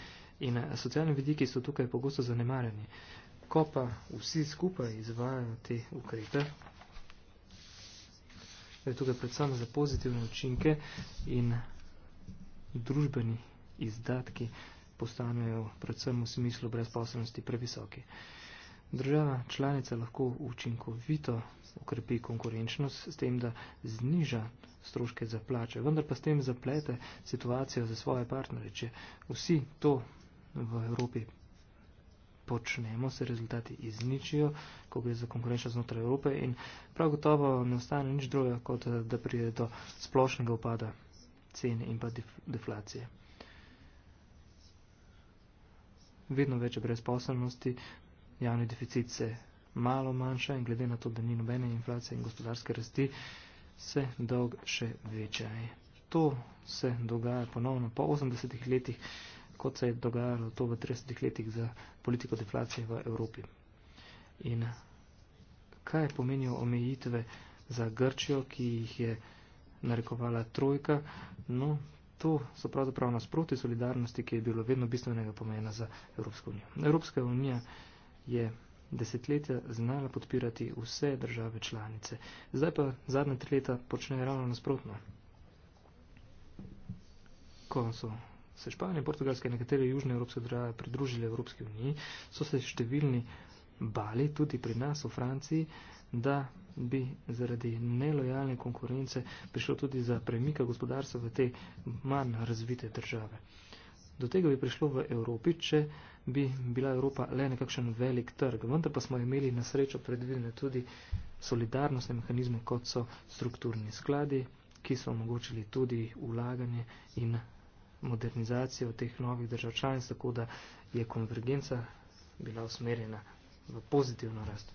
In eh, socialni vidiki so tukaj pogosto zanemarjeni. Uh, ko pa vsi skupaj izvajajo te ukrepe, je tukaj predvsem za pozitivne učinke in družbeni izdatki postanejo predvsem v smislu brezposobnosti previsoki. Država članica lahko učinkovito ukrepi konkurenčnost s tem, da zniža stroške za plače, vendar pa s tem zaplete situacijo za svoje partnere, če vsi to v Evropi počnemo, se rezultati izničijo, ko gre za konkurenčnost znotraj Evrope in prav gotovo ne ostane nič drugega, kot da pride do splošnega upada cen in pa def deflacije. Vedno več je brezposobnosti, javni deficit se malo manjša in glede na to, da ni nobene inflacije in gospodarske rasti, se dolg še večaje. To se dogaja ponovno po 80 letih kot se je dogajalo to v 30 letih za politiko deflacije v Evropi. In kaj je pomenil omejitve za Grčijo, ki jih je narekovala trojka? No, to so pravzaprav nasproti solidarnosti, ki je bilo vedno bistvenega pomena za Evropsko unijo. Evropska unija je desetletja znala podpirati vse države članice. Zdaj pa zadnje tri leta počne ravno nasprotno. Ko so se Španija, Portugalska in nekatere južne evropske države pridružile Evropski uniji, so se številni bali, tudi pri nas v Franciji, da bi zaradi nelojalne konkurence prišlo tudi za premika gospodarstva v te manj razvite države. Do tega bi prišlo v Evropi, če bi bila Evropa le nekakšen velik trg, vendar pa smo imeli na srečo predvidene tudi solidarnostne mehanizme, kot so strukturni skladi, ki so omogočili tudi ulaganje in modernizacijo teh novih držav članic, tako da je konvergenca bila usmerjena v pozitivno rast.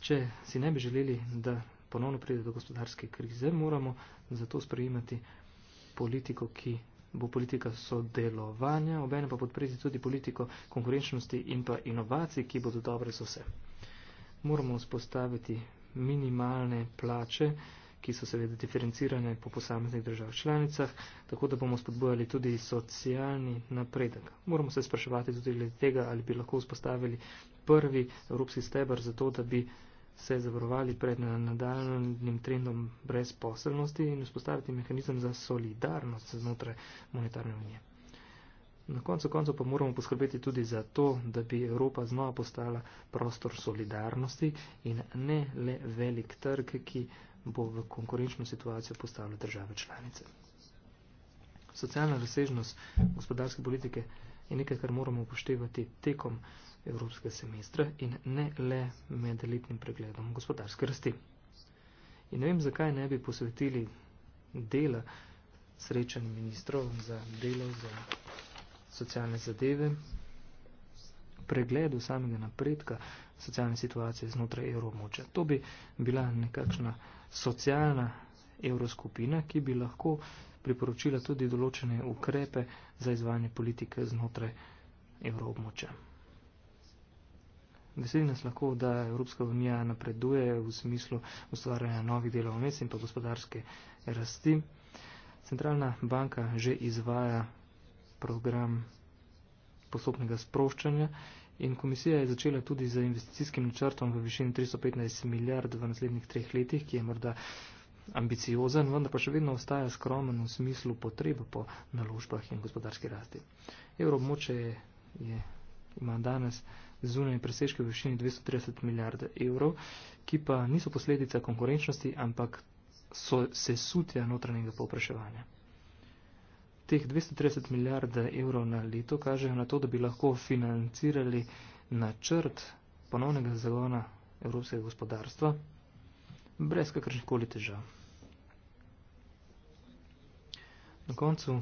Če si ne bi želeli, da ponovno pride do gospodarske krize, moramo zato sprejemati politiko, ki bo politika sodelovanja, obene pa podpreti tudi politiko konkurenčnosti in pa inovacij, ki bodo dobre za vse. Moramo vzpostaviti minimalne plače, ki so seveda diferencirane po posameznih državah članicah, tako da bomo spodbojali tudi socialni napredek. Moramo se spraševati tudi glede tega, ali bi lahko vzpostavili prvi evropski stebr za to, da bi se zavarovali pred nadaljnim trendom brezposelnosti in vzpostaviti mehanizem za solidarnost znotraj monetarne unije. Na koncu koncu pa moramo poskrbeti tudi za to, da bi Evropa znova postala prostor solidarnosti in ne le velik trg, ki bo v konkurenčno situacijo postavila države članice. Socialna razsežnost gospodarske politike je nekaj, kar moramo upoštevati tekom evropskega semestra in ne le med letnim pregledom gospodarske rasti. In ne vem, zakaj ne bi posvetili dela srečanj ministrov za delo za socialne zadeve pregledu samega napredka socialne situacije znotraj evroobmočja. To bi bila nekakšna socialna evroskupina, ki bi lahko priporočila tudi določene ukrepe za izvajanje politike znotraj evroobmočja. Veseli nas lahko, da Evropska unija napreduje v smislu ustvarjanja novih delov mest in pa gospodarske rasti. Centralna banka že izvaja program sposobnega sproščanja in komisija je začela tudi z investicijskim načrtom v višini 315 milijard v naslednjih treh letih, ki je morda ambiciozen, vendar pa še vedno ostaja skromen v smislu potreb po naložbah in gospodarski rasti. Evroobmoče je, je, ima danes zunanje presežke v višini 230 milijard evrov, ki pa niso posledica konkurenčnosti, ampak so sesutja notranjega popraševanja teh 230 milijard evrov na leto kažejo na to, da bi lahko financirali načrt ponovnega zagona evropskega gospodarstva brez kakršnih koli težav. Na koncu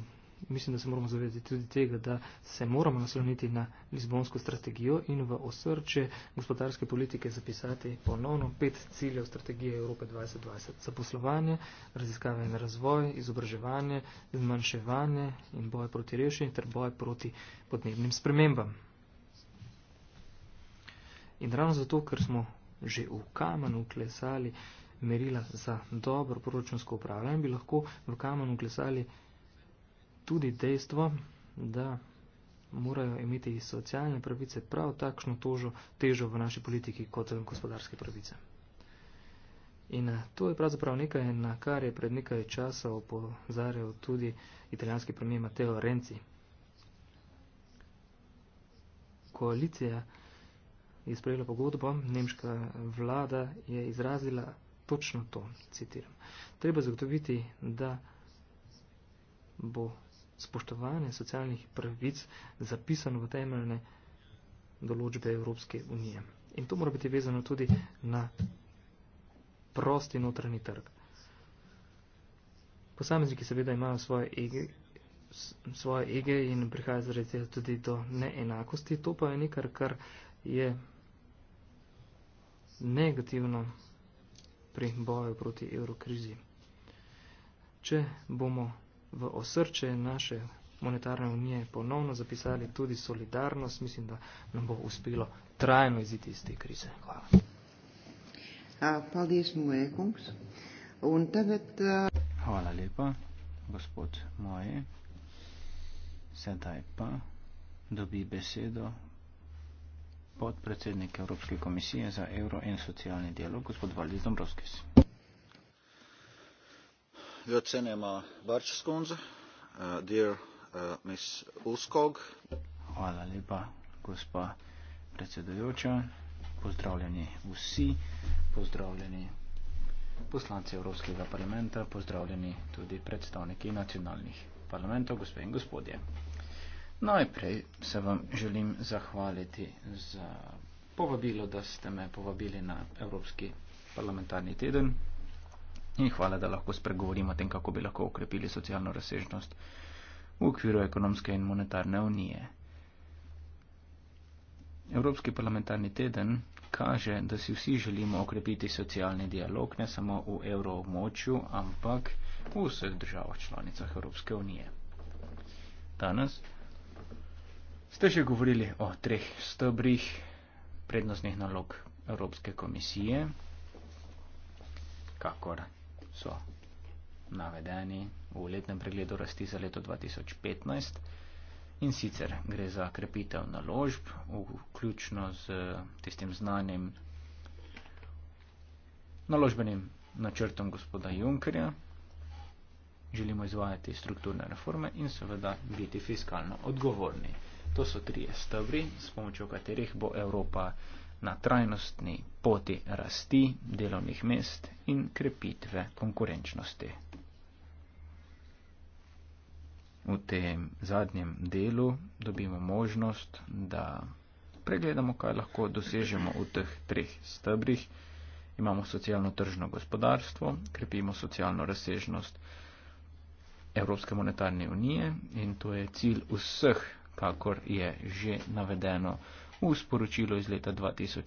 mislim, da se moramo zavedati tudi tega, da se moramo nasloniti na Lizbonsko strategijo in v osrče gospodarske politike zapisati ponovno pet ciljev strategije Evrope 2020. Zaposlovanje, raziskave in razvoj, izobraževanje, zmanjševanje in boje proti rešenju ter boje proti podnebnim spremembam. In ravno zato, ker smo že v kamenu klesali merila za dobro proračunsko upravljanje, bi lahko v kamenu klesali merila tudi dejstvo, da morajo imeti socialne pravice prav takšno tožo, težo v naši politiki kot gospodarske pravice. In eh, to je pravzaprav nekaj, na kar je pred nekaj časa opozarjal tudi italijanski premijer Matteo Renzi. Koalicija je sprejela pogodbo, nemška vlada je izrazila točno to, citiram. Treba zagotoviti, da bo spoštovanje socialnih pravic zapisano v temeljne določbe Evropske unije. In to mora biti vezano tudi na prosti notranji trg. Posamezniki seveda imajo svoje ege, svoje ege in prihaja zaradi tega tudi do neenakosti. To pa je nekaj, kar je negativno pri boju proti evrokrizi. Če bomo v osrče naše monetarne unije ponovno zapisali tudi solidarnost. Mislim, da nam bo uspelo trajno iziti iz te krize. Hvala. Paldies, Mojekungs. Un tagad... Hvala lepa, gospod Moje. Sedaj pa dobi besedo podpredsednik Evropske komisije za euro in socialni dialog, gospod Valdis Dombrovskis sehr geehrte frau barczykowska sehr geehrte frau präsidentin liebe kolleginnen und kollegen najprej se vam želim zahvaliti za povabilo da ste me povabili na evropski parlamentarni teden in hvala, da lahko spregovorimo o tem, kako bi lahko ukrepili socialno razsežnost v okviru ekonomske in monetarne unije. Evropski parlamentarni teden kaže, da si vsi želimo okrepiti socialni dialog ne samo v evroobmočju, ampak v vseh državah članicah Evropske unije. Danes ste že govorili o treh stebrih prednostnih nalog Evropske komisije, kakor so navedeni v letnem pregledu rasti za leto 2015. In sicer gre za krepitev naložb, vključno z tistim znanim naložbenim načrtom gospoda Junkerja. Želimo izvajati strukturne reforme in seveda biti fiskalno odgovorni. To so trije stavri, s pomočjo katerih bo Evropa na trajnostni poti rasti delovnih mest in krepitve konkurenčnosti. V tem zadnjem delu dobimo možnost, da pregledamo, kaj lahko dosežemo v teh treh stebrih. Imamo socialno tržno gospodarstvo, krepimo socialno razsežnost Evropske monetarne unije in to je cilj vseh, kakor je že navedeno v sporočilu iz leta 2013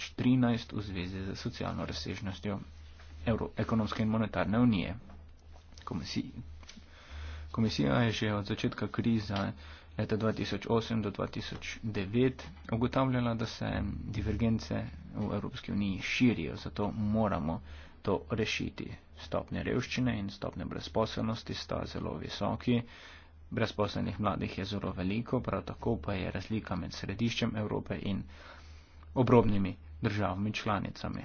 v zvezi z socialno razsežnostjo Evro ekonomske in monetarne unije. Komisija. Komisija je že od začetka kriza leta 2008 do 2009 ugotavljala, da se divergence v Evropski uniji širijo, zato moramo to rešiti. Stopne revščine in stopne brezposobnosti sta zelo visoki brezposlenih mladih je zelo veliko, prav tako pa je razlika med središčem Evrope in obrobnimi državami članicami.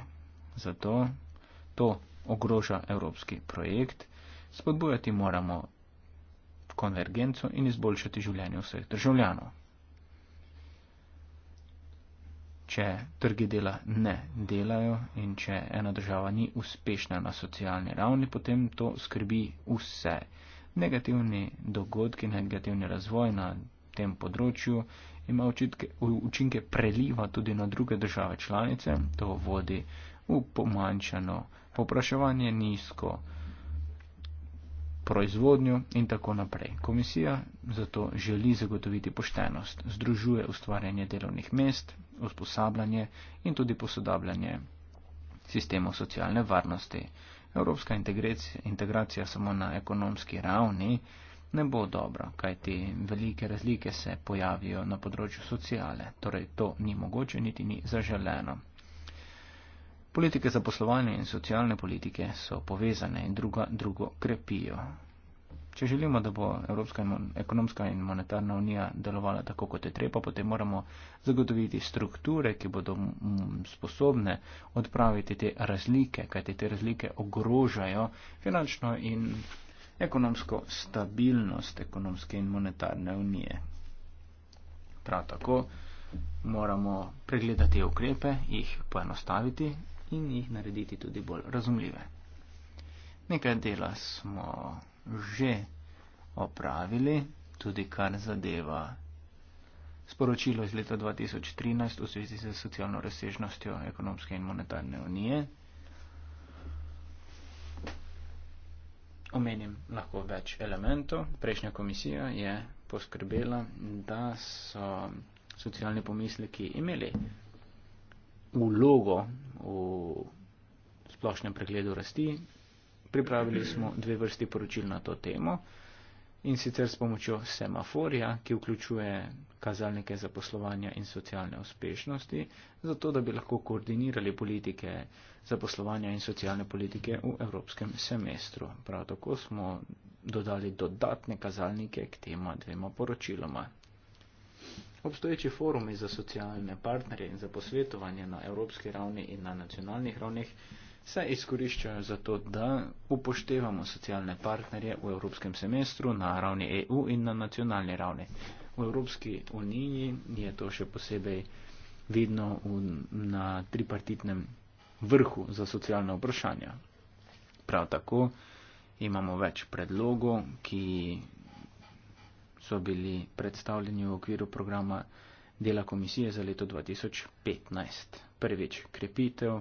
Zato to ogroža evropski projekt, spodbujati moramo konvergenco in izboljšati življenje vseh državljanov. Če trgi dela ne delajo in če ena država ni uspešna na socialni ravni, potem to skrbi vse negativni dogodki, negativni razvoj na tem področju ima učitke, učinke preliva tudi na druge države članice. To vodi v pomanjšano popraševanje, nizko proizvodnjo in tako naprej. Komisija zato želi zagotoviti poštenost, združuje ustvarjanje delovnih mest, usposabljanje in tudi posodabljanje sistemov socialne varnosti evropska integracija samo na ekonomski ravni ne bo dobra, kajti velike razlike se pojavijo na področju sociale, torej to ni mogoče niti ni zaželeno. Politike zaposlovanja in socialne politike so povezane in druga drugo krepijo. Če želimo, da bo Evropska ekonomska in monetarna unija delovala tako, kot je treba, potem moramo zagotoviti strukture, ki bodo mm, sposobne odpraviti te razlike, kajte te razlike ogrožajo finančno in ekonomsko stabilnost ekonomske in monetarne unije. Prav tako moramo pregledati ukrepe, jih poenostaviti in jih narediti tudi bolj razumljive. Nekaj dela smo že opravili, tudi kar zadeva sporočilo iz leta 2013 v zvezi z socialno razsežnostjo ekonomske in monetarne unije. Omenim lahko več elementov. Prejšnja komisija je poskrbela, da so socialni pomisleki imeli ulogo v splošnem pregledu rasti pripravili smo dve vrsti poročil na to temo in sicer s pomočjo semaforja, ki vključuje kazalnike zaposlovanja in socialne uspešnosti, zato da bi lahko koordinirali politike zaposlovanja in socialne politike v evropskem semestru. Prav tako smo dodali dodatne kazalnike k tema dvema poročiloma. Obstoječi forumi za socialne partnerje in za posvetovanje na evropski ravni in na nacionalnih ravnih se izkoriščajo zato, da upoštevamo socialne partnerje v evropskem semestru na ravni EU in na nacionalni ravni. V Evropski uniji je to še posebej vidno v, na tripartitnem vrhu za socialne vprašanja. Prav tako imamo več predlogov, ki so bili predstavljeni v okviru programa dela komisije za leto 2015. Prvič, krepitev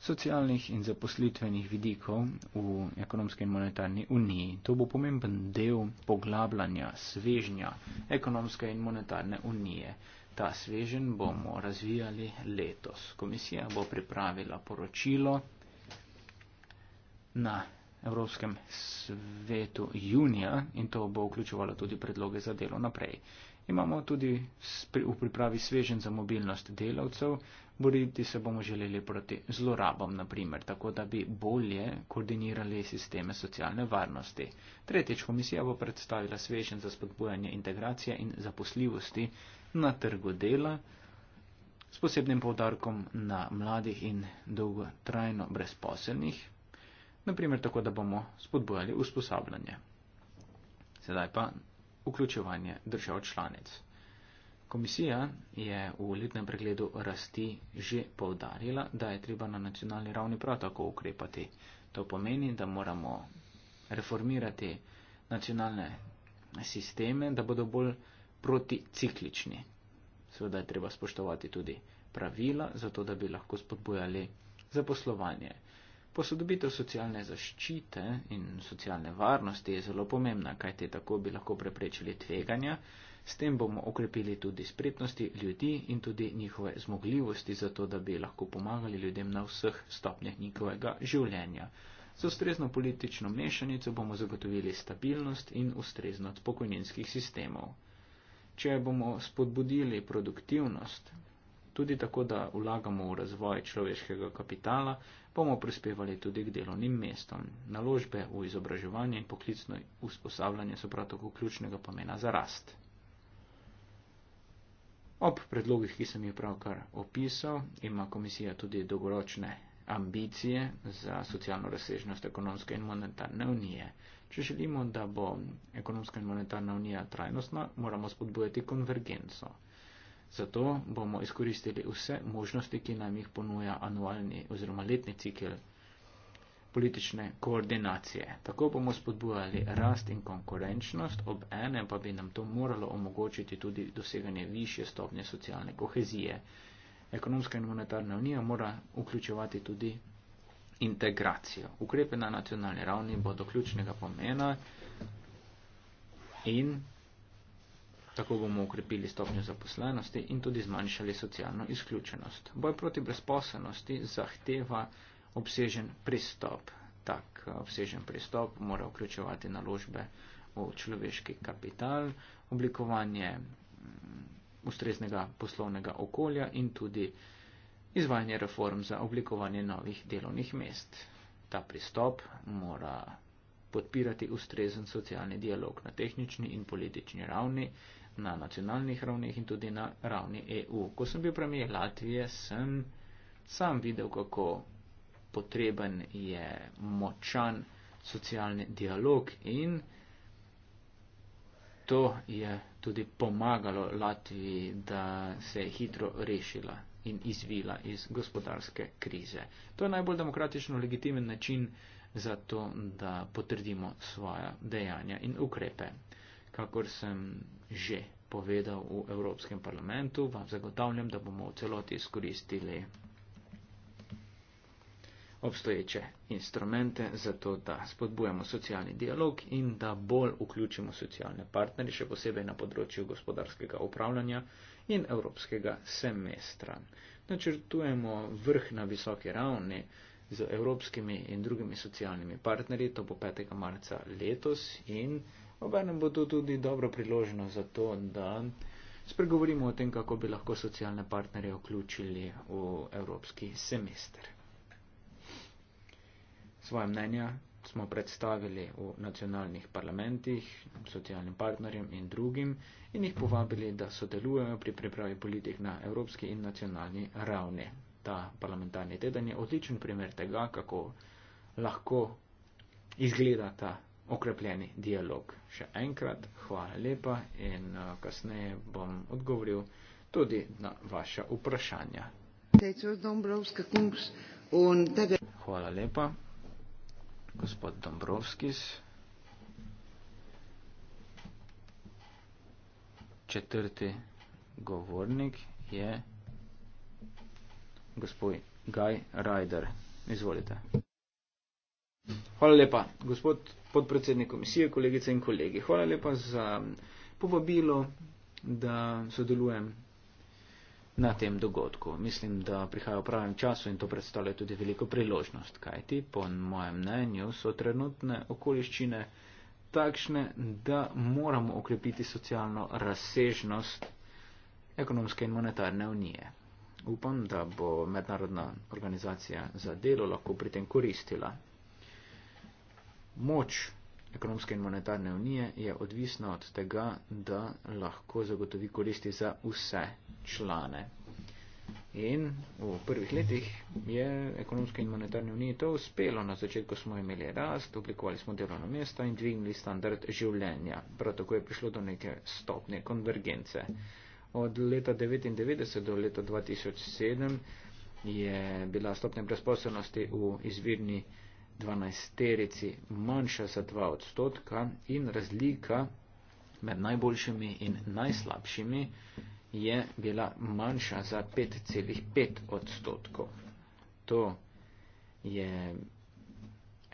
socialnih in zaposlitvenih vidikov v ekonomske in monetarni uniji. To bo pomemben del poglabljanja, svežnja ekonomske in monetarne unije. Ta svežen bomo razvijali letos. Komisija bo pripravila poročilo na Evropskem svetu junija in to bo vključovalo tudi predloge za delo naprej. Imamo tudi v pripravi svežen za mobilnost delavcev, Boriti se bomo želeli proti zlorabam, naprimer, tako da bi bolje koordinirali sisteme socialne varnosti. Tretjič, komisija bo predstavila svežen za spodbujanje integracije in zaposljivosti na trgu dela s posebnim povdarkom na mladih in dolgotrajno brezposelnih, naprimer tako, da bomo spodbujali usposabljanje. Sedaj pa vključevanje držav članic. Komisija je v letnem pregledu rasti že povdarjala, da je treba na nacionalni ravni prav tako ukrepati. To pomeni, da moramo reformirati nacionalne sisteme, da bodo bolj proticiklični. Seveda je treba spoštovati tudi pravila, zato da bi lahko spodbujali zaposlovanje. Posodobitev socialne zaščite in socialne varnosti je zelo pomembna, kajte tako bi lahko preprečili tveganja, S tem bomo okrepili tudi spretnosti ljudi in tudi njihove zmogljivosti za to, da bi lahko pomagali ljudem na vseh stopnjah njihovega življenja. Z ustrezno politično mešanico bomo zagotovili stabilnost in ustreznost pokojninskih sistemov. Če bomo spodbudili produktivnost, tudi tako, da vlagamo v razvoj človeškega kapitala, bomo prispevali tudi k delovnim mestom. Naložbe v izobraževanje in poklicno usposabljanje so prav tako ključnega pomena za rast. Ob predlogih, ki sem jih pravkar opisal, ima komisija tudi dolgoročne ambicije za socialno razsežnost ekonomske in monetarne unije. Če želimo, da bo ekonomska in monetarna unija trajnostna, moramo spodbujati konvergenco. Zato bomo izkoristili vse možnosti, ki nam jih ponuja anualni oziroma letni cikl politične koordinacije. Tako bomo spodbujali rast in konkurenčnost, ob enem pa bi nam to moralo omogočiti tudi doseganje više stopnje socialne kohezije. Ekonomska in monetarna unija mora vključevati tudi integracijo. Ukrepe na nacionalni ravni bodo ključnega pomena in tako bomo ukrepili stopnjo zaposlenosti in tudi zmanjšali socialno izključenost. Boj proti brezposobnosti zahteva obsežen pristop. Tak eh, obsežen pristop mora vključevati naložbe v človeški kapital, oblikovanje mm, ustreznega poslovnega okolja in tudi izvajanje reform za oblikovanje novih delovnih mest. Ta pristop mora podpirati ustrezen socialni dialog na tehnični in politični ravni, na nacionalnih ravneh in tudi na ravni EU. Ko sem bil premijer Latvije, sem sam videl, kako potreben je močan socialni dialog in to je tudi pomagalo Latviji, da se je hitro rešila in izvila iz gospodarske krize. To je najbolj demokratično legitimen način za to, da potrdimo svoja dejanja in ukrepe. Kakor sem že povedal v Evropskem parlamentu, vam zagotavljam, da bomo v celoti izkoristili obstoječe instrumente, zato da spodbujamo socialni dialog in da bolj vključimo socialne partnerje, še posebej na področju gospodarskega upravljanja in evropskega semestra. Načrtujemo vrh na visoki ravni z evropskimi in drugimi socialnimi partnerji, to bo 5. marca letos in obenem bo to tudi dobro priloženo za to, da spregovorimo o tem, kako bi lahko socialne partnerje vključili v evropski semester. Svoje mnenja smo predstavili v nacionalnih parlamentih, socialnim partnerjem in drugim in jih povabili, da sodelujejo pri pripravi politik na evropski in nacionalni ravni. Ta parlamentarni teden je odličen primer tega, kako lahko izgleda ta okrepljeni dialog. Še enkrat hvala lepa in eh, kasneje bom odgovoril tudi na vaša vprašanja. Hvala lepa gospod Dombrovskis. Četrti govornik je gospod Gaj Rajder. Izvolite. Hvala lepa, gospod podpredsednik komisije, kolegice in kolegi. Hvala lepa za povabilo, da sodelujem na tem dogodku. Mislim, da prihaja v pravem času in to predstavlja tudi veliko priložnost, kajti po mojem mnenju so trenutne okoliščine takšne, da moramo okrepiti socialno razsežnost ekonomske in monetarne unije. Upam, da bo mednarodna organizacija za delo lahko pri tem koristila. Moč ekonomske in monetarne unije je odvisna od tega, da lahko zagotovi koristi za vse člane. In v prvih letih je ekonomske in monetarne unije to uspelo. Na začetku smo imeli rast, oblikovali smo delovno mesto in dvignili standard življenja. Prav tako je prišlo do neke stopne konvergence. Od leta 1999 do leta 2007 je bila stopnja brezposobnosti v izvirni dvanajsterici manjša za dva odstotka in razlika med najboljšimi in najslabšimi je bila manjša za 5,5 odstotkov. To je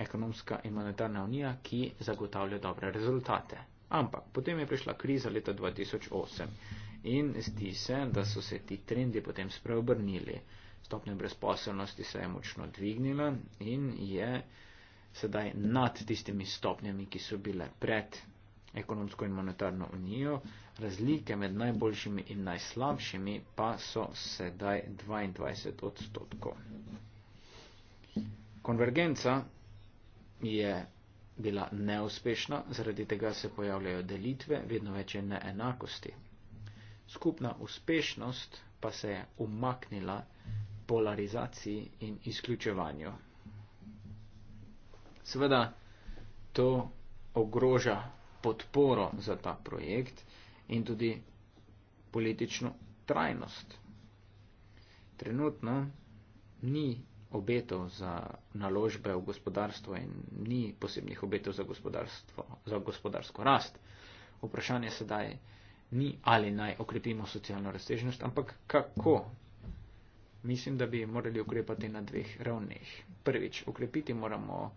ekonomska in monetarna unija, ki zagotavlja dobre rezultate. Ampak potem je prišla kriza leta 2008 in zdi se, da so se ti trendi potem spreobrnili stopnja brezposelnosti se je močno dvignila in je sedaj nad tistimi stopnjami, ki so bile pred ekonomsko in monetarno unijo. Razlike med najboljšimi in najslabšimi pa so sedaj 22 odstotkov. Konvergenca je bila neuspešna, zaradi tega se pojavljajo delitve, vedno več je neenakosti. Skupna uspešnost pa se je umaknila polarizaciji in izključevanju. Seveda to ogroža podporo za ta projekt in tudi politično trajnost. Trenutno ni obetov za naložbe v gospodarstvo in ni posebnih obetov za, za gospodarsko rast. Vprašanje sedaj ni, ali naj okrepimo socialno razsežnost, ampak kako mislim, da bi morali ukrepati na dveh ravneh. Prvič, ukrepiti moramo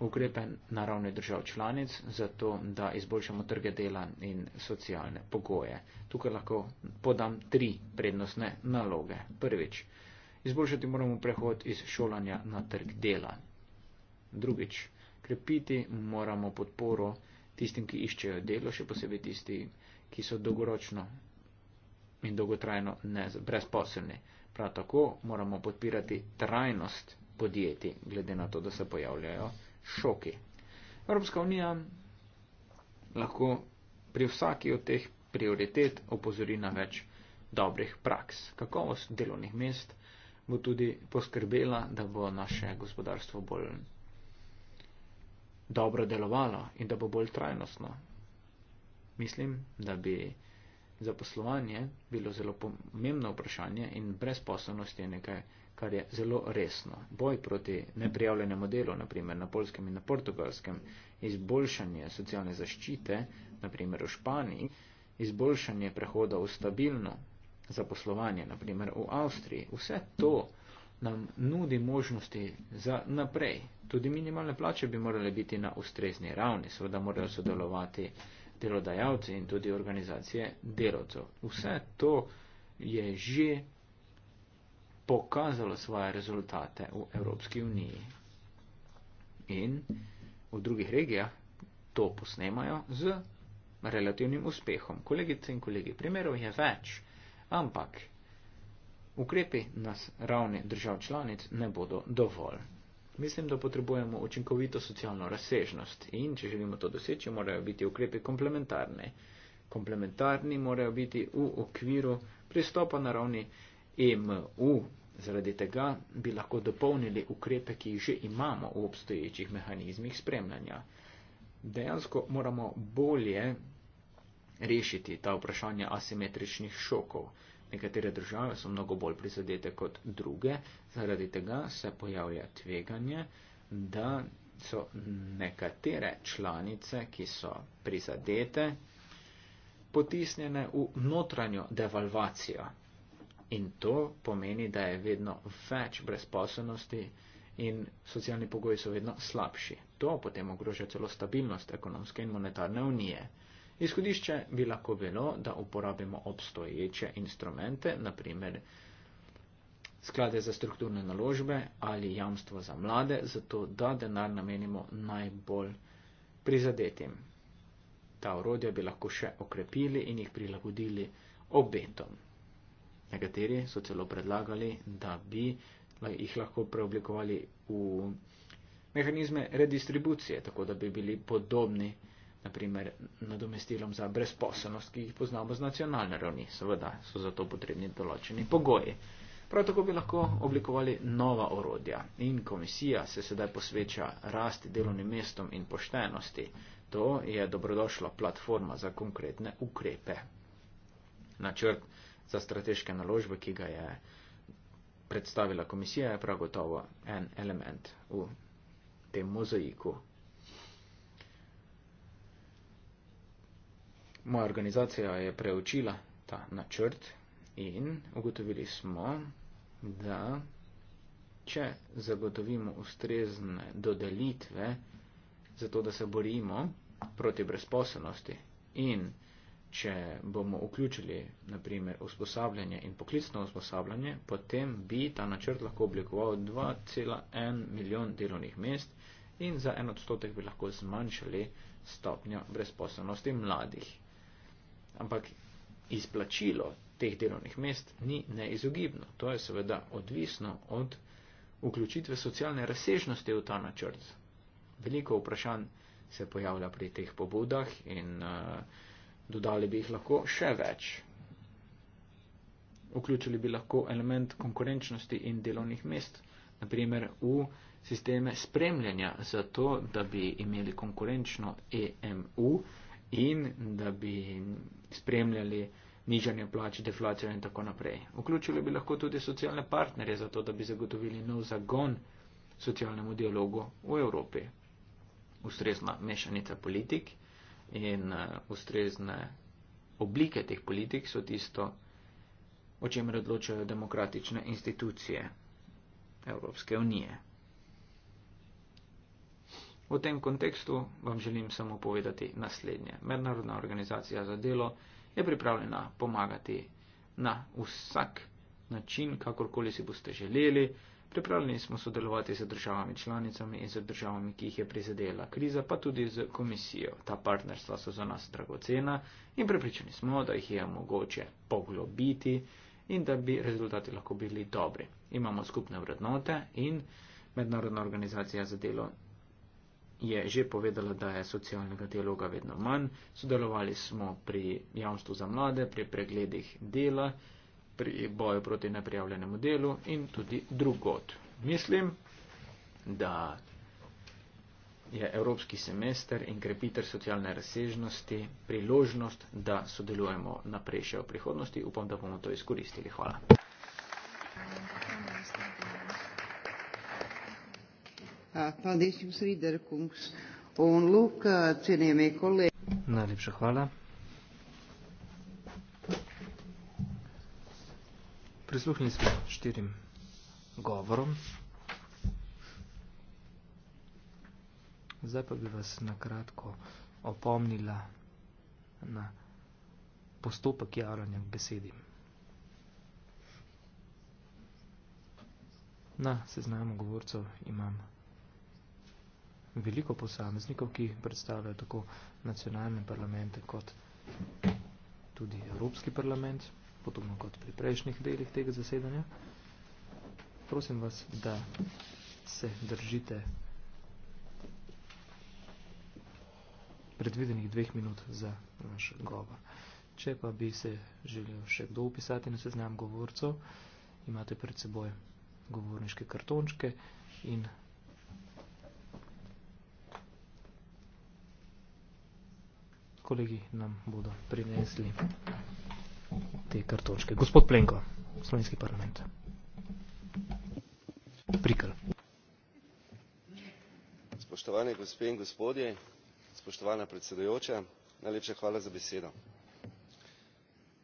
ukrepe na ravni držav članic, zato da izboljšamo trge dela in socialne pogoje. Tukaj lahko podam tri prednostne naloge. Prvič, izboljšati moramo prehod iz šolanja na trg dela. Drugič, krepiti moramo podporo tistim, ki iščejo delo, še posebej tisti, ki so dolgoročno in dolgotrajno brezposelni. Prav tako moramo podpirati trajnost podjetij, glede na to, da se pojavljajo šoki. Evropska unija lahko pri vsaki od teh prioritet opozori na več dobrih praks. Kakovost delovnih mest bo tudi poskrbela, da bo naše gospodarstvo bolj dobro delovalo in da bo bolj trajnostno. Mislim, da bi zaposlovanje bilo zelo pomembno vprašanje in brezposobnost je nekaj, kar je zelo resno. Boj proti neprijavljenemu delu, naprimer na polskem in na portugalskem, izboljšanje socialne zaščite, naprimer v Španiji, izboljšanje prehoda v stabilno zaposlovanje, naprimer v Avstriji, vse to nam nudi možnosti za naprej. Tudi minimalne plače bi morale biti na ustrezni ravni, seveda morajo sodelovati delodajalce in tudi organizacije delovcev. Vse to je že pokazalo svoje rezultate v Evropski uniji. In v drugih regijah to posnemajo z relativnim uspehom. Kolegice in kolegi, primerov je več, ampak ukrepi na ravni držav članic ne bodo dovolj. Mislim, da potrebujemo učinkovito socialno razsežnost in, če želimo to doseči, morajo biti ukrepi komplementarni. Komplementarni morajo biti v okviru pristopa na ravni EMU. Zaradi tega bi lahko dopolnili ukrepe, ki jih že imamo v obstoječih mehanizmih spremljanja. Dejansko moramo bolje rešiti ta vprašanja asimetričnih šokov. Nekatere države so mnogo bolj prizadete kot druge, zaradi tega se pojavlja tveganje, da so nekatere članice, ki so prizadete, potisnjene v notranjo devalvacijo. In to pomeni, da je vedno več brezposobnosti in socialni pogoji so vedno slabši. To potem ogroža celo stabilnost ekonomske in monetarne unije. Izhodišče bi lahko bilo, da uporabimo obstoječe instrumente, naprimer sklade za strukturne naložbe ali jamstvo za mlade, zato da denar namenimo najbolj prizadetim. Ta orodja bi lahko še okrepili in jih prilagodili obetom. Nekateri so celo predlagali, da bi jih lahko preoblikovali v mehanizme redistribucije, tako da bi bili podobni naprimer nadomestilom za brezposobnost, ki jih poznamo z nacionalne ravni. Seveda so za to potrebni določeni pogoji. Prav tako bi lahko oblikovali nova orodja in komisija se sedaj posveča rasti delovnim mestom in poštenosti. To je dobrodošla platforma za konkretne ukrepe. Načrt za strateške naložbe, ki ga je predstavila komisija, je prav gotovo en element v tem mozaiku. moja organizacija je preučila ta načrt in ugotovili smo, da če zagotovimo ustrezne dodelitve za to, da se borimo proti brezposobnosti in če bomo vključili naprimer usposabljanje in poklicno usposabljanje, potem bi ta načrt lahko oblikoval 2,1 milijon delovnih mest in za en odstotek bi lahko zmanjšali stopnjo brezposobnosti mladih ampak izplačilo teh delovnih mest ni neizogibno. To je seveda odvisno od vključitve socialne razsežnosti v ta načrt. Veliko vprašanj se pojavlja pri teh pobudah in uh, dodali bi jih lahko še več. Vključili bi lahko element konkurenčnosti in delovnih mest, naprimer v sisteme spremljanja, zato da bi imeli konkurenčno EMU, in da bi spremljali nižanje plač, deflacijo in tako naprej. Vključili bi lahko tudi socialne partnerje za to, da bi zagotovili nov zagon socialnemu dialogu v Evropi. Ustrezna mešanica politik in eh, ustrezne oblike teh politik so tisto, o čemer odločajo demokratične institucije Evropske unije. V tem kontekstu vam želim samo povedati naslednje. Mednarodna organizacija za delo je pripravljena pomagati na vsak način, kakorkoli si boste želeli. Pripravljeni smo sodelovati z državami članicami in z državami, ki jih je prizadela kriza, pa tudi z komisijo. Ta partnerstva so za nas dragocena in prepričani smo, da jih je mogoče poglobiti in da bi rezultati lahko bili dobri. Imamo skupne vrednote in mednarodna organizacija za delo je že povedala, da je socialnega dialoga vedno manj. Sodelovali smo pri javnstvu za mlade, pri pregledih dela, pri boju proti neprijavljenemu delu in tudi drugot. Mislim, da je evropski semester in krepitev socialne razsežnosti priložnost, da sodelujemo naprej še v prihodnosti. Upam, da bomo to izkoristili. Hvala. Thank you. Foundation Friedrichs und Luca Ceneme Kollegen. Najlepša hvala. Prisluhnili smo štirim govorom. Zdaj pa bi vas nakratko opomnila na postopek javljanja k besedi. Na seznamu govorcev imam veliko posameznikov, ki predstavljajo tako nacionalne parlamente kot tudi Evropski parlament, podobno kot pri prejšnjih delih tega zasedanja. Prosim vas, da se držite predvidenih dveh minut za naš govor. Če pa bi se želel še kdo upisati na seznam govorcev, imate pred seboj govorniške kartončke in kolegi nam bodo prinesli te kartočke. Gospod Plenko, Slovenski parlament. Prikr. Spoštovane gospe in gospodje, spoštovana predsedojoča, najlepša hvala za besedo.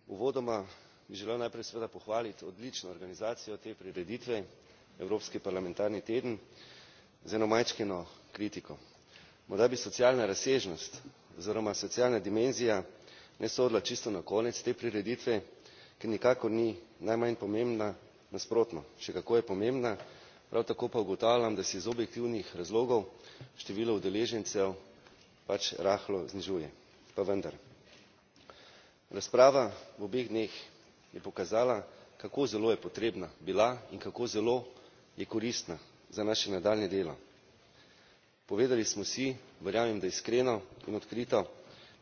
Uvodoma bi želel najprej seveda pohvaliti odlično organizacijo te prireditve, Evropski parlamentarni teden, z eno majčkeno kritiko. Morda bi socialna razsežnost oziroma socialna dimenzija ne sodila čisto na konec te prireditve ki nikakor ni najmanj pomembna nasprotno še kako je pomembna prav tako pa ugotavljam da se iz objektivnih razlogov število udeležencev pač rahlo znižuje pa vendar. razprava v obeh dneh je pokazala kako zelo je potrebna bila in kako zelo je koristna za naše nadaljnje delo povedali smo si verjamem da iskreno in odkrito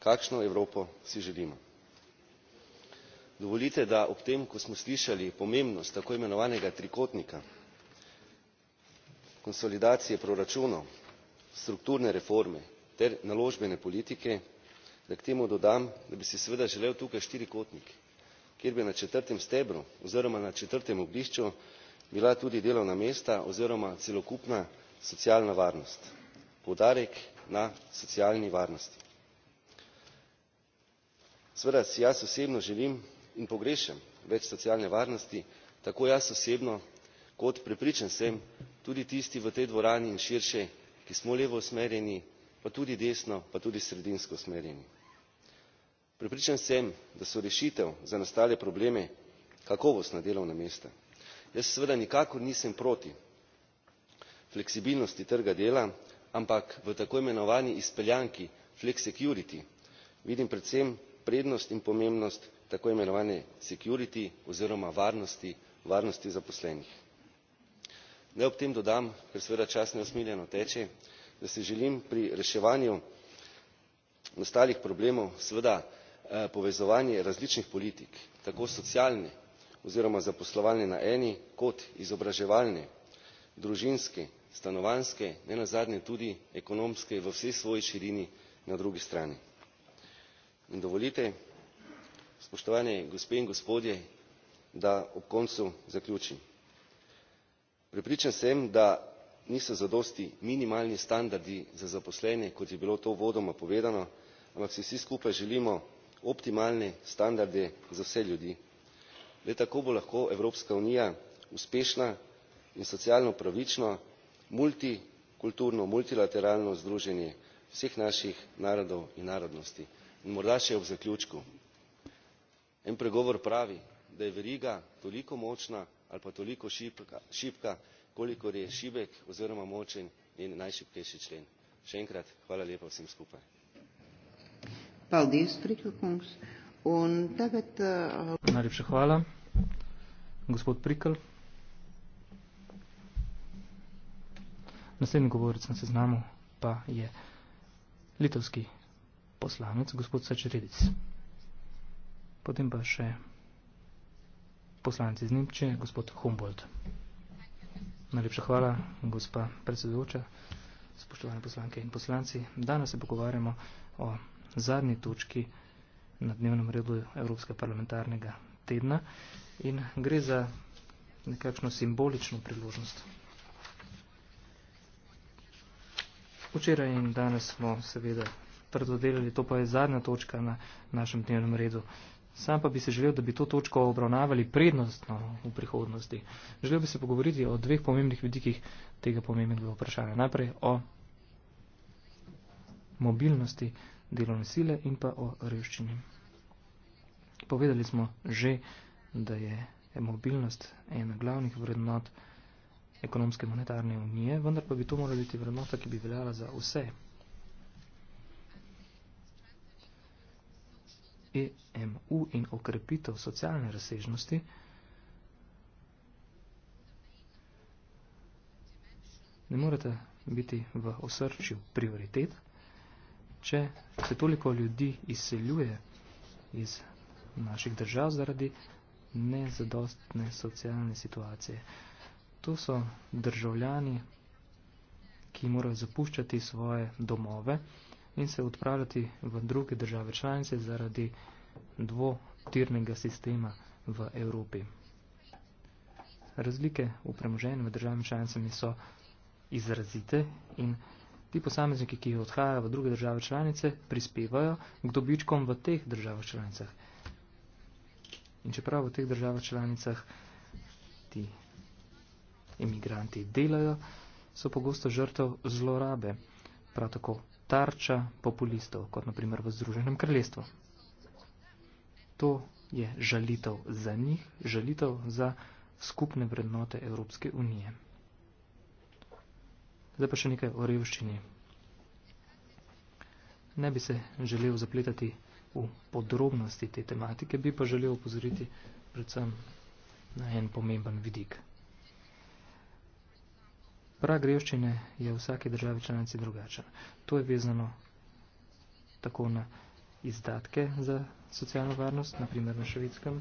kakšno evropo si želimo. dovolite da ob tem ko smo slišali pomembnost tako imenovanega trikotnika konsolidacije proračunov strukturne reforme ter naložbene politike da k temu dodam da bi si seveda želel tukaj štirikotnik kjer bi na četrtem stebru oziroma na četrtem oglišču bila tudi delovna mesta oziroma celokupna socialna varnost poudarek na socialni varnosti. seveda si jaz osebno želim in pogrešam več socialne varnosti tako jaz osebno kot prepričan sem tudi tisti v tej dvorani in širše ki smo levo usmerjeni pa tudi desno pa tudi sredinsko usmerjeni. prepričan sem da so rešitev za nastale probleme kakovostna delovna mesta. jaz seveda nikakor nisem proti fleksibilnosti trga dela ampak v tako imenovani izpeljanki flexicurity vidim predvsem prednost in pomembnost tako imenovane security oziroma varnosti varnosti zaposlenih. naj ob tem dodam ker seveda čas neusmiljeno teče da si želim pri reševanju nastalih problemov seveda eh, povezovanje različnih politik tako socialne oziroma zaposlovalne na eni kot izobraževalne družinske stanovanjske ne nazadnje tudi ekonomske v vsej svoji širini na drugi strani. in dovolite spoštovane gospe in gospodje da ob koncu zaključim. prepričan sem da niso zadosti minimalni standardi za zaposlene kot je bilo to uvodoma povedano ampak si vsi skupaj želimo optimalne standarde za vse ljudi. le tako bo lahko evropska unija uspešna in socialno pravična multikulturno multilateralno združenje vseh naših narodov in narodnosti. in morda še ob zaključku en pregovor pravi da je veriga toliko močna ali pa toliko šibka kolikor je šibek oziroma močen njen najšibkejši člen. še enkrat hvala lepa vsem skupaj. Eh, najlepša hvala. gospod prikl. Naslednji govorec na seznamu pa je litovski poslanec, gospod Sačredic. Potem pa še poslanec iz Nemčije, gospod Humboldt. Najlepša hvala, gospa predsedujoča, spoštovane poslanke in poslanci. Danes se pogovarjamo o zadnji točki na dnevnem redu Evropske parlamentarnega tedna in gre za nekakšno simbolično priložnost. Včeraj in danes smo seveda trdo delali, to pa je zadnja točka na našem dnevnem redu. Sam pa bi se želel, da bi to točko obravnavali prednostno v prihodnosti. Želel bi se pogovoriti o dveh pomembnih vidikih tega pomembnega vprašanja. Najprej o mobilnosti delovne sile in pa o revščini. Povedali smo že, da je mobilnost ena glavnih vrednot ekonomske monetarne unije, vendar pa bi to morala biti vrednota, ki bi veljala za vse. EMU in okrepitev socialne razsežnosti ne morete biti v osrčju prioritet, če se toliko ljudi izseljuje iz naših držav zaradi nezadostne socialne situacije. To so državljani, ki morajo zapuščati svoje domove in se odpravljati v druge države članice zaradi dvotirnega sistema v Evropi. Razlike v premoženju med državami članicami so izrazite in ti posamezniki, ki odhajajo v druge države članice, prispevajo k dobičkom v teh državah članicah. In čeprav v teh državah članicah ti emigranti delajo, so pogosto žrtev zlorabe, prav tako tarča populistov, kot naprimer v Združenem kraljestvu. To je žalitev za njih, žalitev za skupne vrednote Evropske unije. Zdaj pa še nekaj o revščini. Ne bi se želel zapletati v podrobnosti te tematike, bi pa želel opozoriti predvsem na en pomemben vidik. Prag revščine je v vsaki državi članici drugačen. To je vezano tako na izdatke za socialno varnost, naprimer na Švedskem,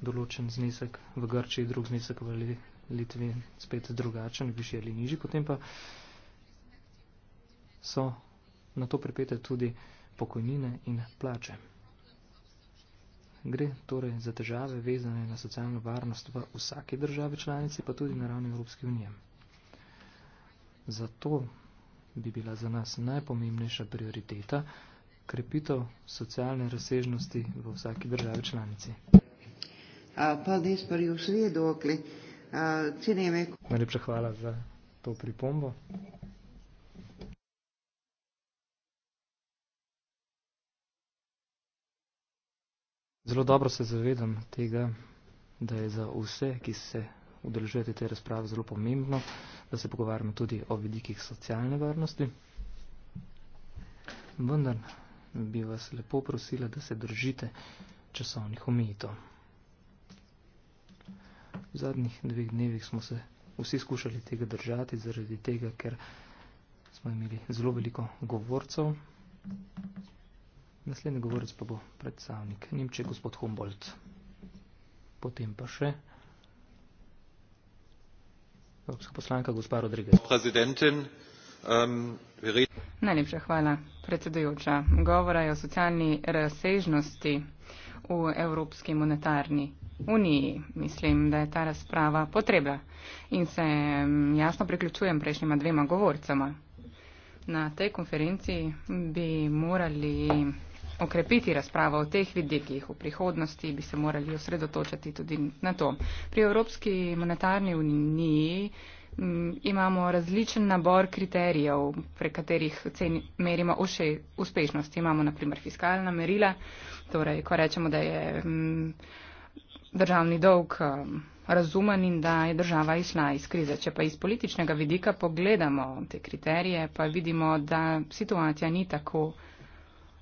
določen znesek v Grčiji, drug znesek v Litvi, spet drugačen, višji ali nižji, potem pa so na to pripete tudi pokojnine in plače. Gre torej za težave vezane na socialno varnost v vsaki državi članici, pa tudi na ravni Evropske unije. Zato bi bila za nas najpomembnejša prioriteta krepitev socialne razsežnosti v vsaki državi članici. Paldies par jūsu viedokli. Cienījamie. Man ir prahvala za to pripombo. Zelo dobro se zavedam tega, da je za vse, ki se udeležujete te razprave, zelo pomembno, da se pogovarjamo tudi o vidikih socialne varnosti. Vendar bi vas lepo prosila, da se držite časovnih omejitev. V zadnjih dveh dnevih smo se vsi skušali tega držati, zaradi tega, ker smo imeli zelo veliko govorcev. Naslednji govorec pa bo predstavnik Nemče, gospod Humboldt. Potem pa še Evropska poslanka, gospa Rodriguez. Najlepša hvala, predsedujoča. Govora je o socialni razsežnosti v Evropski monetarni uniji. Mislim, da je ta razprava potreba in se jasno priključujem prejšnjima dvema govorcama. Na tej konferenci bi morali okrepiti razpravo o teh vidikih v prihodnosti, bi se morali osredotočati tudi na to. Pri Evropski monetarni uniji m, mm, imamo različen nabor kriterijev, pre katerih ceni, merimo vše uspešnost. Imamo naprimer fiskalna merila, torej ko rečemo, da je m, mm, državni dolg m, mm, razumen in da je država išla iz krize. Če pa iz političnega vidika pogledamo te kriterije, pa vidimo, da situacija ni tako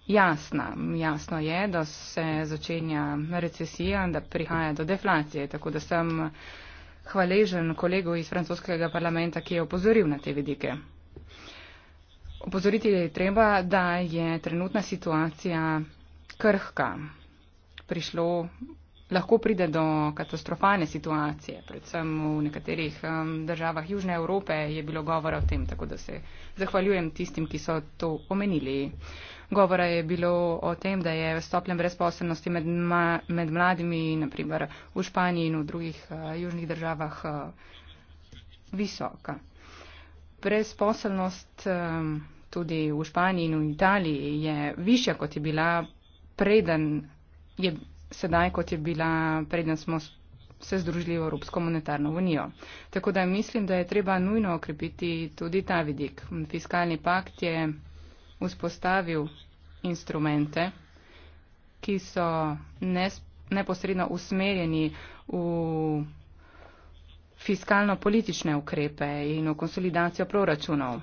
jasna. Jasno je, da se začenja recesija, da prihaja do deflacije, tako da sem hvaležen kolegu iz francoskega parlamenta, ki je opozoril na te vidike. Opozoriti je treba, da je trenutna situacija krhka. Prišlo, lahko pride do katastrofane situacije, predvsem v nekaterih um, državah Južne Evrope je bilo govora o tem, tako da se zahvaljujem tistim, ki so to omenili. Govora je bilo o tem, da je stopnja brezposobnosti med, ma, med mladimi, naprimer v Španiji in v drugih uh, južnih državah, uh, visoka. Brezposobnost um, eh, tudi v Španiji in v Italiji je višja, kot je bila preden, je sedaj, kot je bila preden smo se združili v Evropsko monetarno unijo. Tako da mislim, da je treba nujno okrepiti tudi ta vidik. Fiskalni pakt je vzpostavil instrumente, ki so neposredno usmerjeni v fiskalno-politične ukrepe in v konsolidacijo proračunov.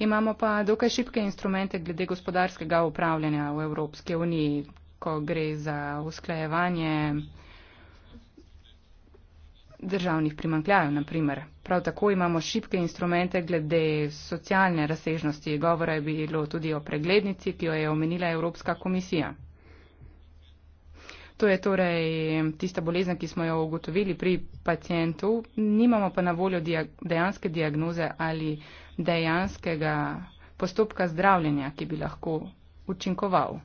Imamo pa dokaj šibke instrumente glede gospodarskega upravljanja v Evropske uniji, ko gre za usklajevanje državnih primankljajev, naprimer. Prav tako imamo šibke instrumente glede socialne razsežnosti. Govora je bilo tudi o preglednici, ki jo je omenila Evropska komisija. To je torej tista bolezen, ki smo jo ugotovili pri pacijentu, nimamo pa na voljo diag dejanske diagnoze ali dejanskega postopka zdravljenja, ki bi lahko učinkoval.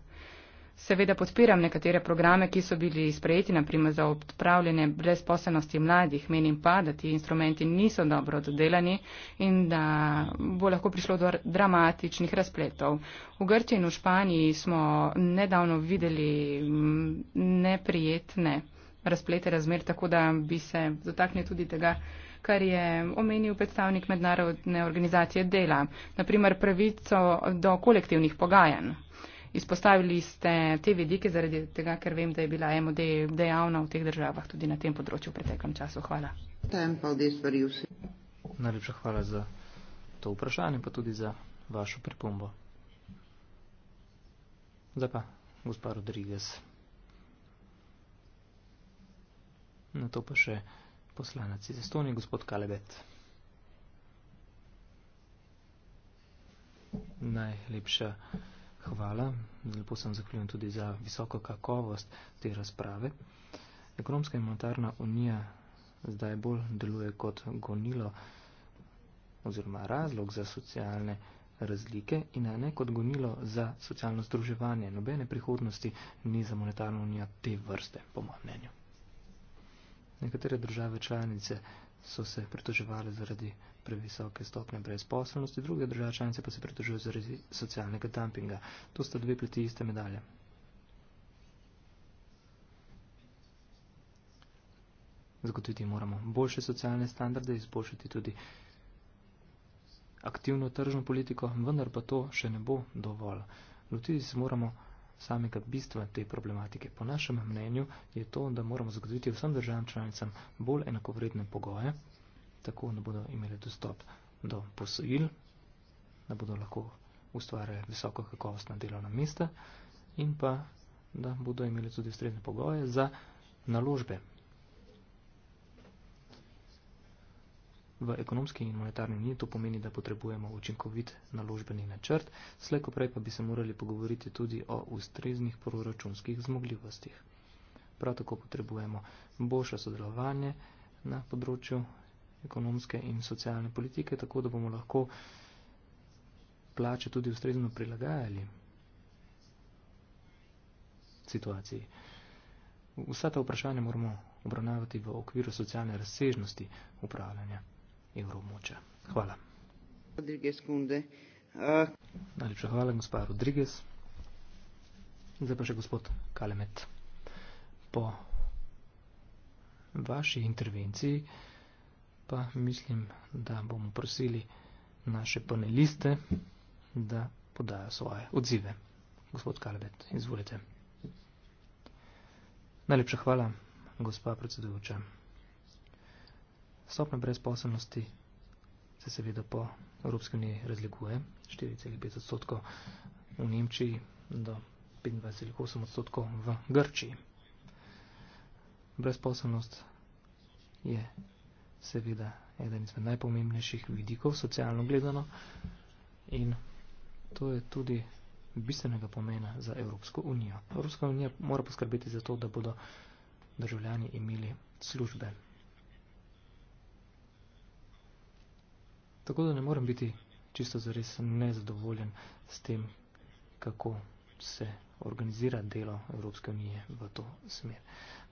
Seveda podpiram nekatere programe, ki so bili sprejeti, naprimer za odpravljene brezposelnosti mladih. Menim pa, da ti instrumenti niso dobro dodelani in da bo lahko prišlo do dramatičnih razpletov. V Grčiji in v Španiji smo nedavno videli mm, neprijetne razplete razmer, tako da bi se zataknil tudi tega kar je omenil predstavnik mednarodne organizacije dela, naprimer pravico do kolektivnih pogajanj. Izpostavili ste te vidike zaradi tega, ker vem, da je bila MOD dejavna v teh državah tudi na tem področju v preteklem času. Hvala. Najlepša hvala za to vprašanje, pa tudi za vašo pripombo. Zdaj pa, gospa Rodriguez. Na to pa še poslanec iz Estonije, gospod Kalebet. Najlepša hvala. Hvala. Lepo sem zahvaljujem tudi za visoko kakovost te razprave. Ekonomska in monetarna unija zdaj bolj deluje kot gonilo oziroma razlog za socialne razlike in ne kot gonilo za socialno združevanje. Nobene prihodnosti ni za monetarno unijo te vrste, po mojem mnenju. Nekatere države članice so se pritoževali zaradi previsoke stopnje brezposobnosti, druge države članice pa se pritožujo zaradi socialnega dumpinga. To sta dve pleti iste medalje. Zagotoviti moramo boljše socialne standarde, izboljšati tudi aktivno tržno politiko, vendar pa to še ne bo dovolj. Lotiti se moramo samega bistva te problematike. Po našem mnenju je to, da moramo zagotoviti vsem državam članicam bolj enakovredne pogoje, tako ne bodo imeli dostop do posojil, da bodo lahko ustvarjali visoko kakovostna delovna mesta in pa da bodo imeli tudi ustrezne pogoje za naložbe. V ekonomski in monetarni uniji to pomeni, da potrebujemo učinkovit naložbeni načrt, slejko prej pa bi se morali pogovoriti tudi o ustreznih proračunskih zmogljivostih. Prav tako potrebujemo boljše sodelovanje na področju ekonomske in socialne politike, tako da bomo lahko plače tudi ustrezno prilagajali situaciji. Vsa ta vprašanja moramo obravnavati v okviru socialne razsežnosti upravljanja evromoča. Hvala. Rodriguez Kunde. Uh. Najlepša hvala, gospa Rodriguez. Zdaj pa še gospod Kalemet. Po vaši intervenciji pa mislim, da bomo prosili naše paneliste, da podajo svoje odzive. Gospod Kalbet, izvolite. Najlepša hvala, gospa predsedujoča. Stopna brezposobnosti se seveda po Evropski uniji razlikuje, 4,5 odstotkov v Nemčiji do 25,8 odstotkov v Grčiji. Brezposobnost je seveda eden izmed najpomembnejših vidikov socialno gledano in to je tudi bistvenega pomena za Evropsko unijo. Evropska unija mora poskrbeti za to, da bodo državljani imeli službe. Tako da ne morem biti čisto zares nezadovoljen s tem, kako se organizira delo Evropske unije v to smer.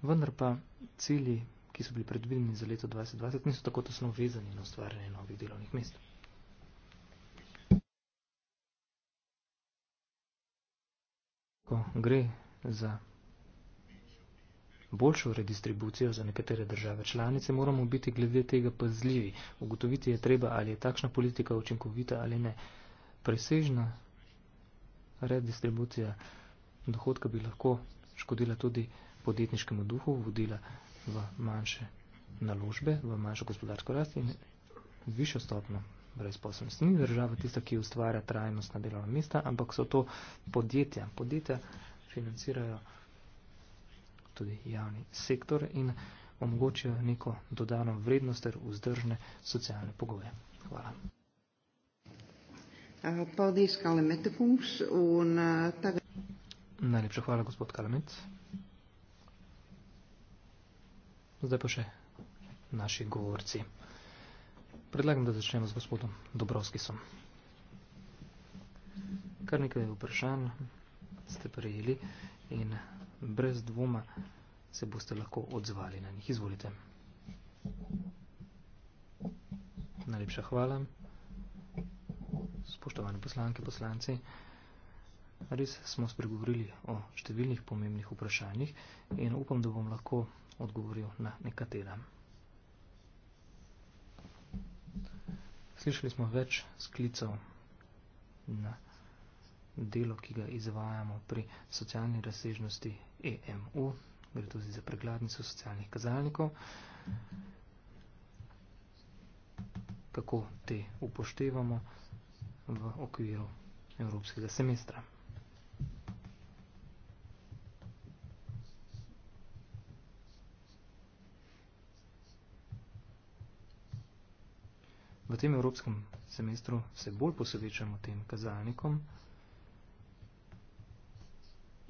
Vendar pa cilji ki so bili predvideni za leto 2020, niso tako tesno vezani na ustvarjanje novih delovnih mest. Ko gre za boljšo redistribucijo za nekatere države članice, moramo biti glede tega pazljivi. Ugotoviti je treba, ali je takšna politika učinkovita ali ne. Presežna redistribucija dohodka bi lahko škodila tudi podjetniškemu duhu, vodila v manjše naložbe, v manjšo gospodarsko rast in višjo stopno brezposobnosti. Ni država tista, ki ustvarja trajnost na delovna mesta, ampak so to podjetja. Podjetja financirajo tudi javni sektor in omogočajo neko dodano vrednost ter vzdržne socialne pogoje. Hvala. Eh, paldies, Kalemete Pungs. Eh, Tada... Najlepša hvala, gospod Kalemete. Zdaj pa še naši govorci. Predlagam, da začnemo z gospodom Dobrovskisom. Kar nekaj vprašanj ste prejeli in brez dvoma se boste lahko odzvali na njih. Izvolite. Najlepša hvala. Spoštovani poslanke, poslanci, res smo spregovorili o številnih pomembnih vprašanjih in upam, da bom lahko odgovoril na nekatera. Slišali smo več sklicov na delo, ki ga izvajamo pri socialni razsežnosti EMU, gre tudi za pregladnico socialnih kazalnikov, kako te upoštevamo v okviru evropskega semestra. V tem evropskem semestru se bolj posvečamo tem kazalnikom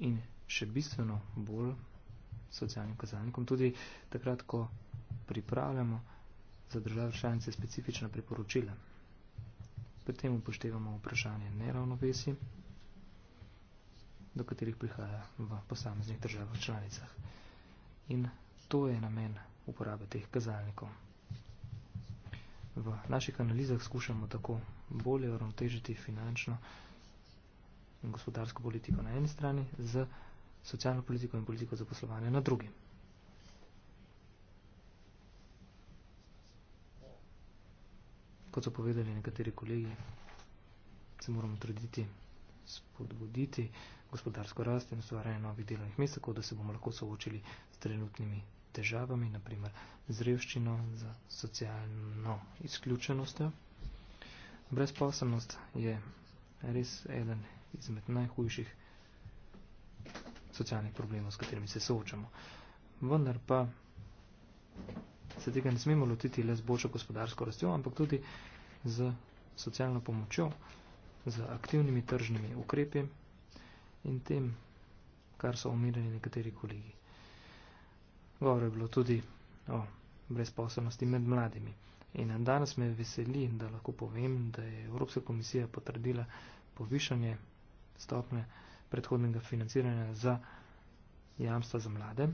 in še bistveno bolj socialnim kazalnikom, tudi takrat, ko pripravljamo za države članice specifična priporočila. Pri tem upoštevamo vprašanje neravnovesi, do katerih prihaja v posameznih državah članicah. In to je namen uporabe teh kazalnikov v naših analizah skušamo tako bolje uravnotežiti finančno in gospodarsko politiko na eni strani z socialno politiko in politiko zaposlovanja na drugi. Kot so povedali nekateri kolegi, se moramo truditi spodbuditi gospodarsko rast in ustvarjanje novih delovnih mest, tako da se bomo lahko soočili s trenutnimi težavami, naprimer z revščino, z socialno izključenostjo. Brezposobnost je res eden izmed najhujših socialnih problemov, s katerimi se soočamo. Vendar pa se tega ne smemo lotiti le z boljšo gospodarsko rastjo, ampak tudi z socialno pomočjo, z aktivnimi tržnimi ukrepi in tem, kar so omirali nekateri kolegi. Govor je bilo tudi o brezposobnosti med mladimi. In danes me veseli, da lahko povem, da je Evropska komisija potrdila povišanje stopne predhodnega financiranja za jamstva za mlade.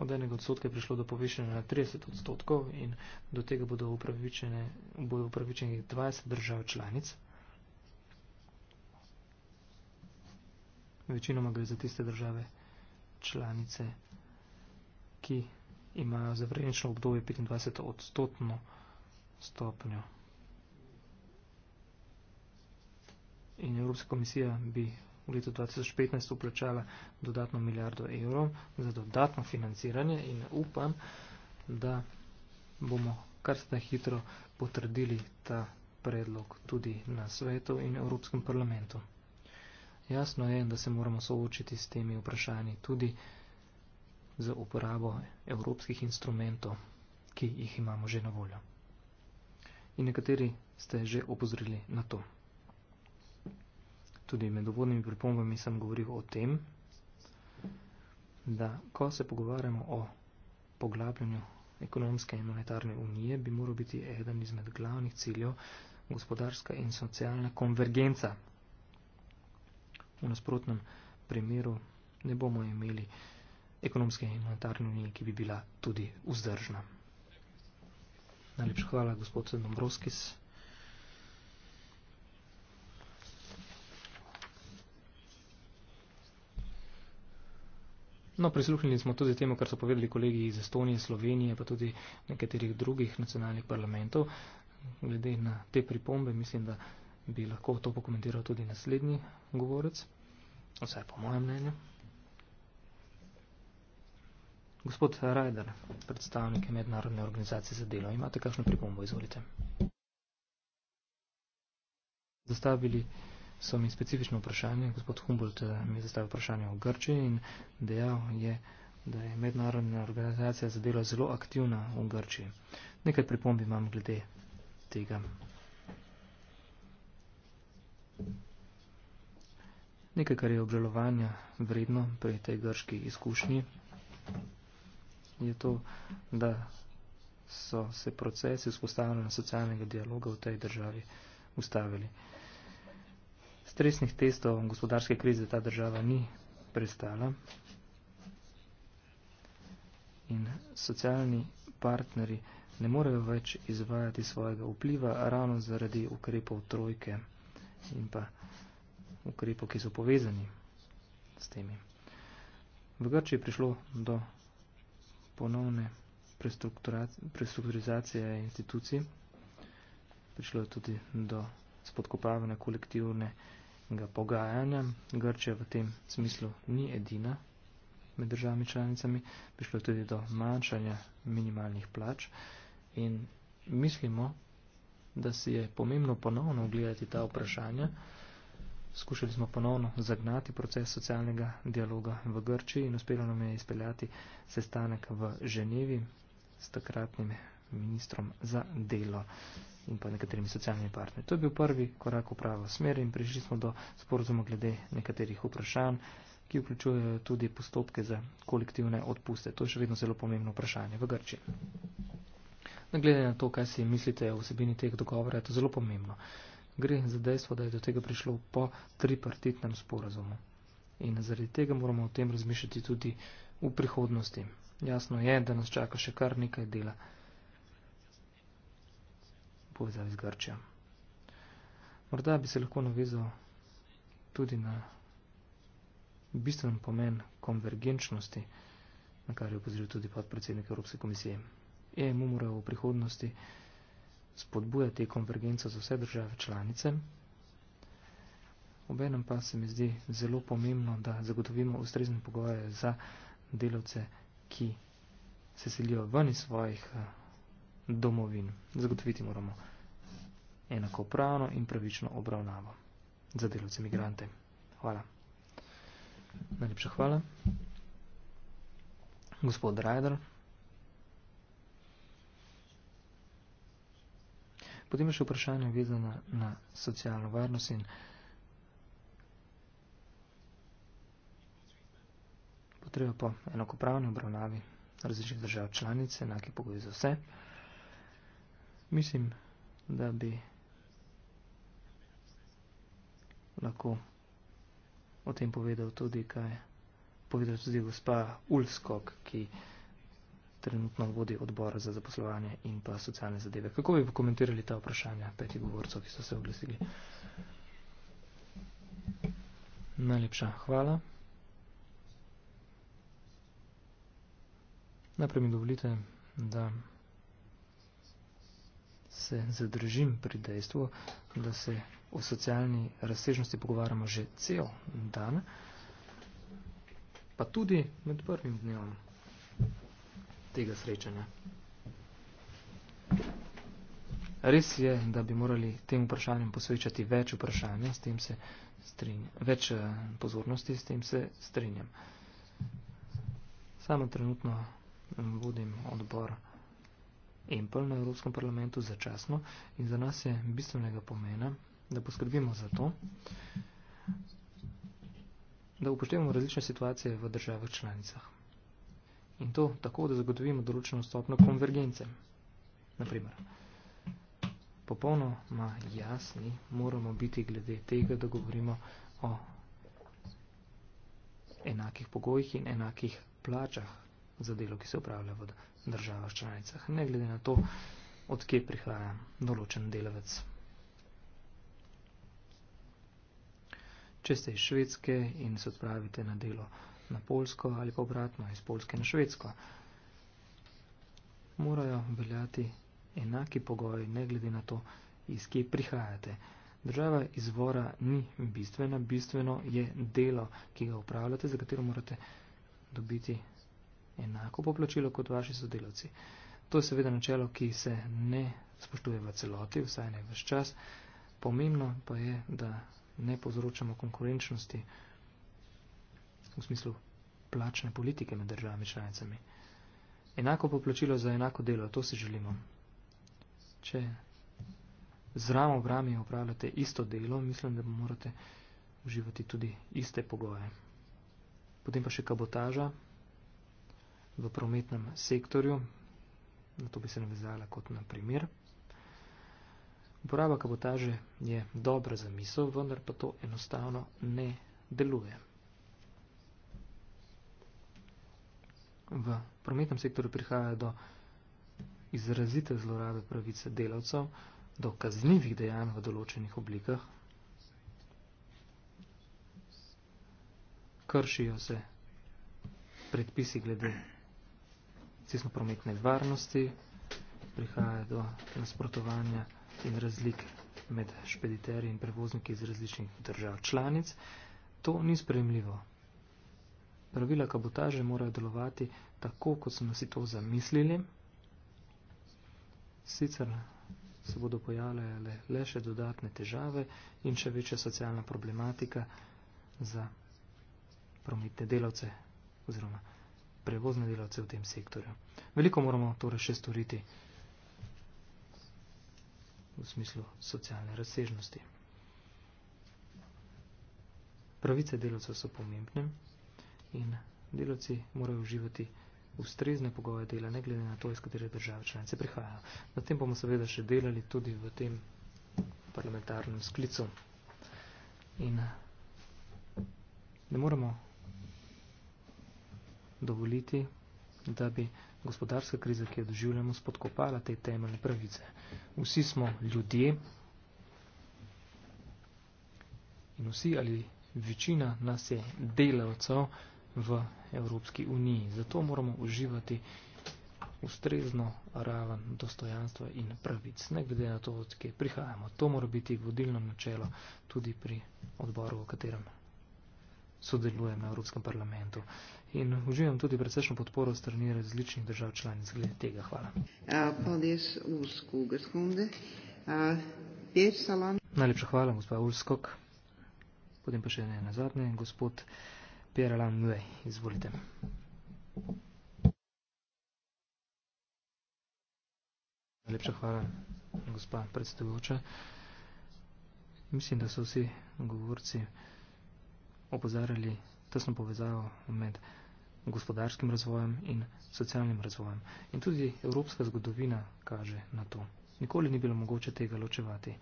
Od enega odstotka je prišlo do povišanja na 30 odstotkov in do tega bodo, bodo upravičeni 20 držav članic. Večinoma gre za tiste države, članice, ki imajo za vrednično obdobje 25 odstotno stopnjo. In Evropska komisija bi v letu 2015 uplačala dodatno milijardo evrov za dodatno financiranje in upam, da bomo kar se da hitro potrdili ta predlog tudi na svetu in Evropskem parlamentu. Jasno je, da se moramo soočiti s temi vprašanji tudi z uporabo evropskih instrumentov, ki jih imamo že na voljo. In nekateri ste že opozorili na to. Tudi med uvodnimi pripombami sem govoril o tem, da ko se pogovarjamo o poglabljanju ekonomske in monetarne unije, bi moral biti eden izmed glavnih ciljev gospodarska in socialna konvergenca. V nasprotnem primeru ne bomo imeli ekonomske in monetarne unije, ki bi bila tudi vzdržna. Najlepša hvala, gospod Dombrovskis. No, prisluhnili smo tudi temu, kar so povedali kolegi iz Estonije, Slovenije, pa tudi nekaterih drugih nacionalnih parlamentov. Glede na te pripombe, mislim, da bi lahko to pokomentiral tudi naslednji govorec, vsaj po mojem mnenju. Gospod Rajder, predstavnik Mednarodne organizacije za delo, imate kakšno pripombo, izvolite. Zastavili so mi specifično vprašanje, gospod Humboldt eh, mi je zastavil vprašanje o Grčiji in dejal je, da je Mednarodna organizacija za delo zelo aktivna v Grčiji. Nekaj pripombi imam glede tega Nekaj, kar je obžalovanja vredno pri tej grški izkušnji, je to, da so se procesi vzpostavljanja socialnega dialoga v tej državi ustavili. Stresnih testov gospodarske krize ta država ni prestala in socialni partneri ne morejo več izvajati svojega vpliva ravno zaradi ukrepov trojke in pa ukrepov, ki so povezani s temi. V Grči je prišlo do ponovne prestrukturizacije institucij, prišlo je tudi do spodkopavanja kolektivnega pogajanja. Grčija v tem smislu ni edina med državami članicami, prišlo je tudi do manjšanja minimalnih plač in mislimo, da si je pomembno ponovno ogledati ta vprašanja. Skušali smo ponovno zagnati proces socialnega dialoga v Grčiji in uspelo nam je izpeljati sestanek v Ženevi s takratnim ministrom za delo in pa nekaterimi socialnimi partnerji. To je bil prvi korak v pravo smer in prišli smo do sporozuma glede nekaterih vprašanj, ki vključujejo tudi postopke za kolektivne odpuste. To je še vedno zelo pomembno vprašanje v Grčiji ne glede na to, kaj si mislite o vsebini tega dogovora, je to zelo pomembno. Gre za dejstvo, da je do tega prišlo po tripartitnem sporazumu. In zaradi tega moramo o tem razmišljati tudi v prihodnosti. Jasno je, da nas čaka še kar nekaj dela povezavi z Grčijo. Morda bi se lahko navezal tudi na bistven pomen konvergenčnosti, na kar je upozoril tudi podpredsednik Evropske komisije. EMU mora v prihodnosti spodbujati konvergenco za vse države članice. Obenem pa se mi zdi zelo pomembno, da zagotovimo ustrezne pogoje za delavce, ki se selijo ven iz svojih eh, domovin. Zagotoviti moramo enakopravno in pravično obravnavo za delavce migrante. Hvala. Najlepša hvala. Gospod Rajder. Potem je še vprašanje vezano na socialno varnost in potrebo po enakopravni obravnavi različnih držav članic, enake pogoje za vse. Mislim, da bi lahko o tem povedal tudi, kaj povedal tudi gospa Ulskog, ki je trenutno vodi odbora za zaposlovanje in pa socialne zadeve. Kako bi komentirali ta vprašanja petih govorcev, ki so se oglasili? Najlepša hvala. Najprej mi dovolite, da se zadržim pri dejstvu, da se o socialni razsežnosti pogovarjamo že cel dan, pa tudi med prvim dnevom tega srečanja. Res je, da bi morali tem vprašanjem posvečati več vprašanja, s tem se strinjam, več eh, pozornosti, s tem se strinjam. Samo trenutno eh, vodim odbor EMPL na Evropskem parlamentu začasno in za nas je bistvenega pomena, da poskrbimo za to, da upoštevamo različne situacije v državah članicah. In to tako, da zagotovimo določeno stopno konvergence. Naprimer, popolnoma jasni moramo biti glede tega, da govorimo o enakih pogojih in enakih plačah za delo, ki se upravlja v državah članicah, ne glede na to, odkje prihaja določen delavec. Če ste iz Švedske in se odpravite na delo, na Polsko ali pa obratno iz Polske na Švedsko. Morajo veljati enaki pogoji, ne glede na to, iz kje prihajate. Država izvora ni bistvena, bistveno je delo, ki ga upravljate, za katero morate dobiti enako poplačilo kot vaši sodelavci. To je seveda načelo, ki se ne spoštuje v celoti, vsaj ne v vse čas. Pomembno pa je, da ne povzročamo konkurenčnosti v smislu plačne politike med državami članicami. Enako poplačilo za enako delo, to si želimo. Če z ramo v rami opravljate isto delo, mislim, da morate uživati tudi iste pogoje. Potem pa še kabotaža v prometnem sektorju, na to bi se navezala kot na primer. Uporaba kabotaže je dobra za misel, vendar pa to enostavno ne deluje. v prometnem sektorju prihaja do izrazite zlorabe pravice delavcev, do kaznivih dejanj v določenih oblikah. Kršijo se predpisi glede cestnoprometne varnosti, prihaja do nasprotovanja in razlik med špediterji in prevozniki iz različnih držav članic. To ni spremljivo pravila kabotaže morajo delovati tako, kot smo si to zamislili. Sicer se bodo pojavljale le še dodatne težave in še večja socialna problematika za prometne delavce oziroma prevozne delavce v tem sektorju. Veliko moramo torej še storiti v smislu socialne razsežnosti. Pravice delavcev so pomembne in delavci morajo uživati ustrezne pogoje dela, ne glede na to, iz katere države članice prihajajo. Na tem bomo seveda še delali tudi v tem parlamentarnem sklicu. In ne moremo dovoliti, da bi gospodarska kriza, ki jo doživljamo, spodkopala te temeljne pravice. Vsi smo ljudje in vsi ali večina nas je delavcev, v Evropski uniji. Zato moramo uživati ustrezno raven dostojanstva in pravic, ne glede na to, od kje prihajamo. To mora biti vodilno načelo tudi pri odboru, v katerem sodelujem na Evropskem parlamentu. In uživam tudi predsečno podporo strani različnih držav članic. Glede tega, hvala. Ja, ja, Najlepša hvala, gospod Ulskok. Potem pa še ne na zadnje, gospod. Pierre Mue, izvolite. Najlepša hvala, gospa predstavljuča. Mislim, da so vsi govorci opozarjali tesno povezavo med gospodarskim razvojem in socialnim razvojem. In tudi evropska zgodovina kaže na to. Nikoli ni bilo mogoče tega ločevati.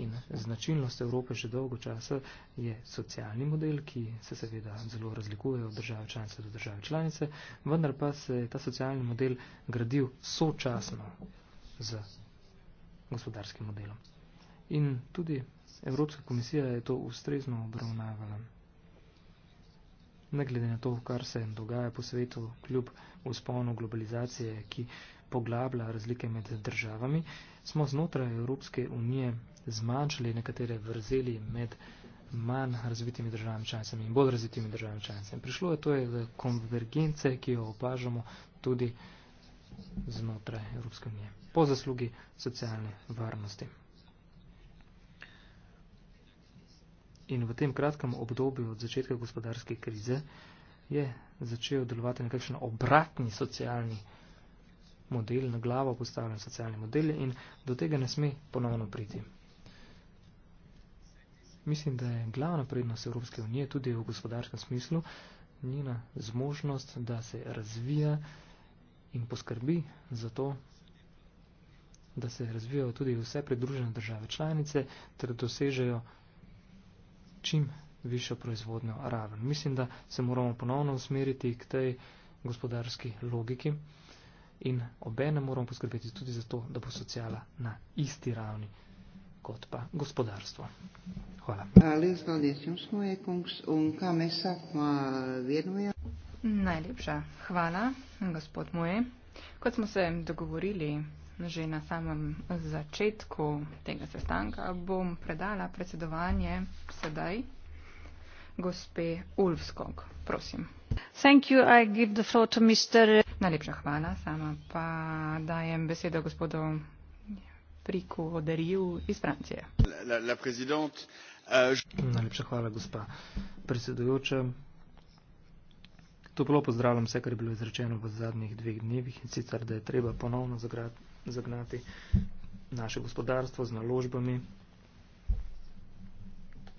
In značilnost Evrope že dolgo časa je socialni model, ki se seveda zelo razlikuje od države članice do države članice, vendar pa se je ta socialni model gradil sočasno z gospodarskim modelom. In tudi Evropska komisija je to ustrezno obravnavala. Ne glede na to, kar se dogaja po svetu, kljub usponu globalizacije, ki poglablja razlike med državami, smo znotraj Evropske unije zmanjšali nekatere vrzeli med manj razvitimi državami članicami in bolj razvitimi državami članicami. Prišlo je to torej je v konvergence, ki jo opažamo tudi znotraj Evropske unije, po zaslugi socialne varnosti. In v tem kratkem obdobju od začetka gospodarske krize je začel delovati nekakšen obratni socialni model, na glavo postavljen socialni model in do tega ne sme ponovno priti. Mislim, da je glavna prednost Evropske unije tudi v gospodarskem smislu njena zmožnost, da se razvija in poskrbi za to, da se razvijajo tudi vse pridružene države članice ter dosežejo čim višjo proizvodno raven. Mislim, da se moramo ponovno usmeriti k tej gospodarski logiki in obene moramo poskrbeti tudi za to, da bo socijala na isti ravni kot pa gospodarstvo. Hvala. Najlepša hvala, gospod Moje. Kot smo se dogovorili že na samem začetku tega sestanka, bom predala predsedovanje sedaj gospe Ulfskog. Prosim. Thank you. I give the floor to Mr. Najlepša hvala, sama pa dajem besedo gospodu Frico Deriu iz Francije. La, la, la uh, Najlepša hvala, gospa predsedujoča. Toplo pozdravljam vse, kar je bilo izrečeno v zadnjih dveh dnevih in sicer, da je treba ponovno zagnati naše gospodarstvo z naložbami,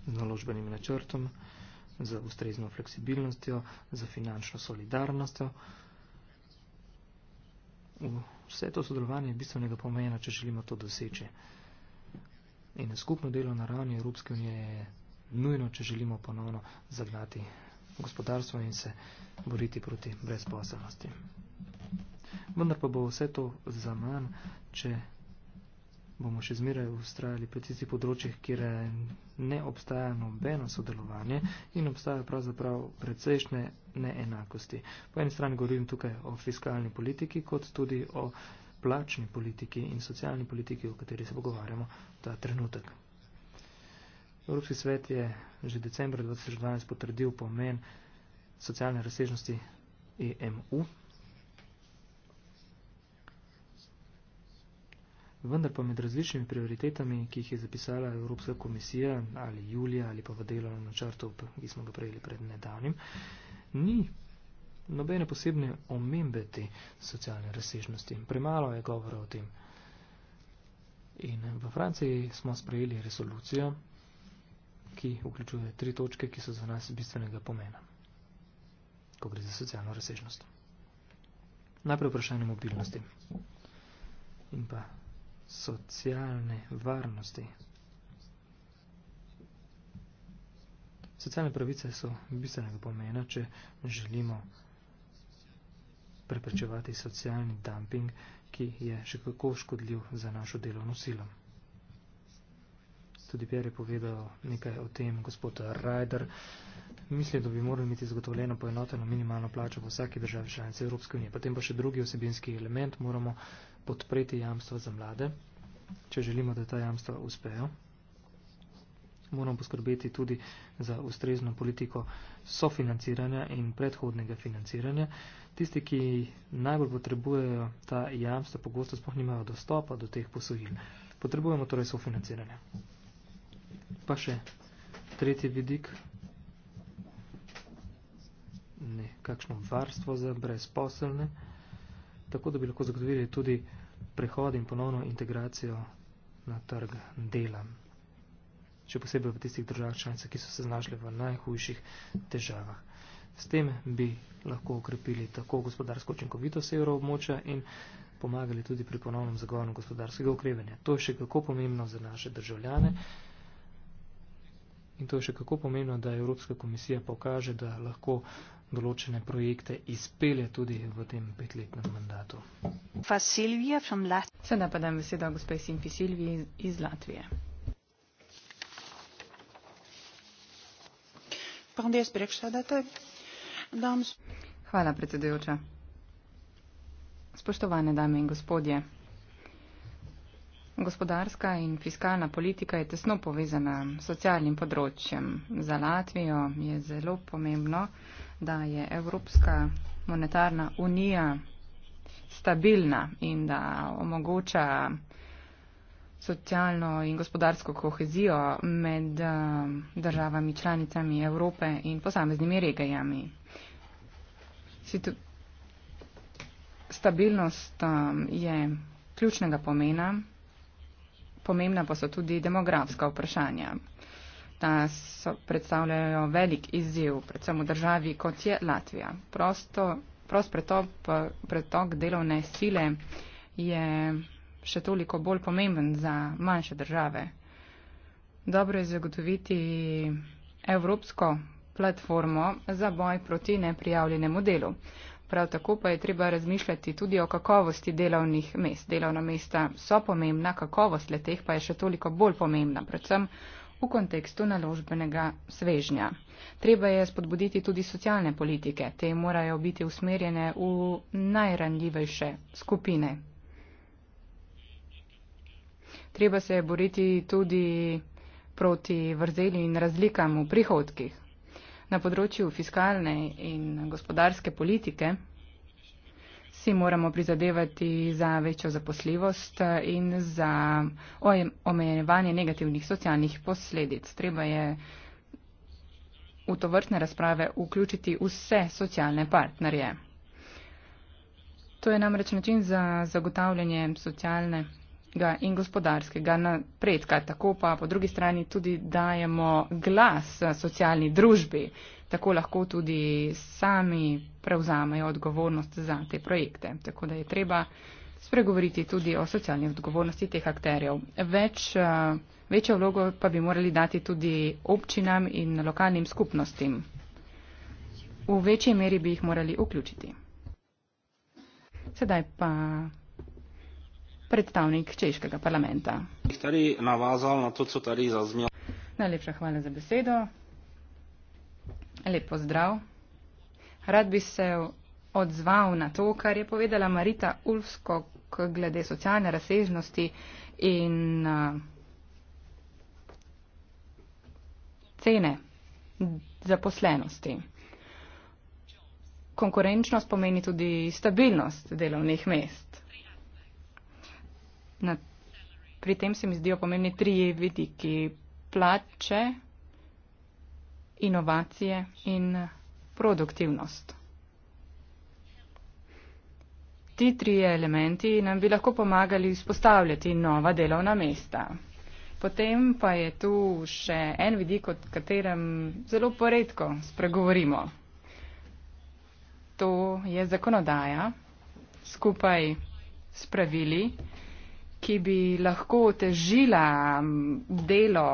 z naložbenim načrtom, z ustrezno fleksibilnostjo, z finančno solidarnostjo. Vse to sodelovanje je bistvenega pomena, če želimo to doseči. In skupno delo na ravni Evropske unije je nujno, če želimo ponovno zagnati gospodarstvo in se boriti proti brezposelnosti. Vendar pa bo vse to zaman, če bomo še zmeraj ustrajali pri tistih področjih, kjer ne obstaja nobeno sodelovanje in obstajajo pravzaprav precejšne neenakosti. Po eni strani govorim tukaj o fiskalni politiki, kot tudi o plačni politiki in socialni politiki, o kateri se pogovarjamo ta trenutek. Evropski svet je že decembra 2012 potrdil pomen socialne razsežnosti EMU, vendar pa med različnimi prioritetami, ki jih je zapisala Evropska komisija ali Julija ali pa v delovnem načrtu, ki smo ga prejeli pred nedavnim, ni nobene posebne omembe te socialne razsežnosti. Premalo je govora o tem. In v Franciji smo sprejeli resolucijo, ki vključuje tri točke, ki so za nas bistvenega pomena, ko gre za socialno razsežnost. Najprej vprašanje mobilnosti in pa socialne varnosti. Socialne pravice so bistvenega pomena, če želimo preprečevati socialni dumping, ki je še kako škodljiv za našo delovno silo. Tudi Pierre je povedal nekaj o tem, gospod Ryder. Mislim, da bi morali imeti zagotovljeno poenoteno minimalno plačo v vsaki državi članice Evropske unije. Potem pa še drugi osebinski element moramo podpreti jamstva za mlade, če želimo, da ta jamstva uspejo. Moramo poskrbeti tudi za ustrezno politiko sofinanciranja in predhodnega financiranja. Tisti, ki najbolj potrebujejo ta jamstva, pogosto sploh nimajo dostopa do teh posojil. Potrebujemo torej sofinanciranje. Pa še tretji vidik. Ne, kakšno varstvo za brezposelne tako da bi lahko zagotovili tudi prehod in ponovno integracijo na trg dela. Še posebej v tistih državah članicah, ki so se znašli v najhujših težavah. S tem bi lahko ukrepili tako gospodarsko učinkovitost evroobmoča in pomagali tudi pri ponovnem zagonu gospodarskega okrevanja. To je še kako pomembno za naše državljane in to je še kako pomembno, da Evropska komisija pokaže, da lahko določene projekte izpelje tudi v tem petletnem mandatu. Sedaj pa dam besedo gospe Simfi Silviji iz Latvije. Hvala, predsedujoča. Spoštovane dame in gospodje. Gospodarska in fiskalna politika je tesno povezana s socialnim področjem. Za Latvijo je zelo pomembno, da je Evropska monetarna unija stabilna in da omogoča socialno in gospodarsko kohezijo med eh, državami članicami Evrope in posameznimi regijami. Stabilnost eh, je ključnega pomena, pomembna pa so tudi demografska vprašanja mesta so, predstavljajo velik izziv, predvsem v državi kot je Latvija. Prosto, prost pretop, pretok delovne sile je še toliko bolj pomemben za manjše države. Dobro je zagotoviti evropsko platformo za boj proti neprijavljenemu delu. Prav tako pa je treba razmišljati tudi o kakovosti delovnih mest. Delovna mesta so pomembna, kakovost le teh pa je še toliko bolj pomembna, predvsem v kontekstu naložbenega svežnja. Treba je spodbuditi tudi socialne politike, te morajo biti usmerjene v najranljivejše skupine. Treba se je boriti tudi proti vrzeli in razlikam v prihodkih. Na področju fiskalne in gospodarske politike si moramo prizadevati za večjo zaposljivost in za omejevanje negativnih socialnih posledic. Treba je v to vrtne razprave vključiti vse socialne partnerje. To je namreč način za zagotavljanje socialne in gospodarskega napredka. Tako pa po drugi strani tudi dajemo glas socialni družbi tako lahko tudi sami prevzamejo odgovornost za te projekte. Tako da je treba spregovoriti tudi o socialni odgovornosti teh akterjev. Več, eh, večjo vlogo pa bi morali dati tudi občinam in lokalnim skupnostim. V večji meri bi jih morali vključiti. Sedaj pa predstavnik češkega parlamenta. Najlepša hvala za besedo. Lepo zdrav. Rad bi se odzval na to, kar je povedala Marita Ulfsko glede socialne razsežnosti in uh, cene zaposlenosti. Konkurenčnost pomeni tudi stabilnost delovnih mest. Na, pri tem se mi zdijo pomembni tri vidiki. Plače, inovacije in produktivnost. Ti trije elementi nam bi lahko pomagali vzpostavljati nova delovna mesta. Potem pa je tu še en vidik, o katerem zelo poredko spregovorimo. To je zakonodaja skupaj s pravili, ki bi lahko otežila delo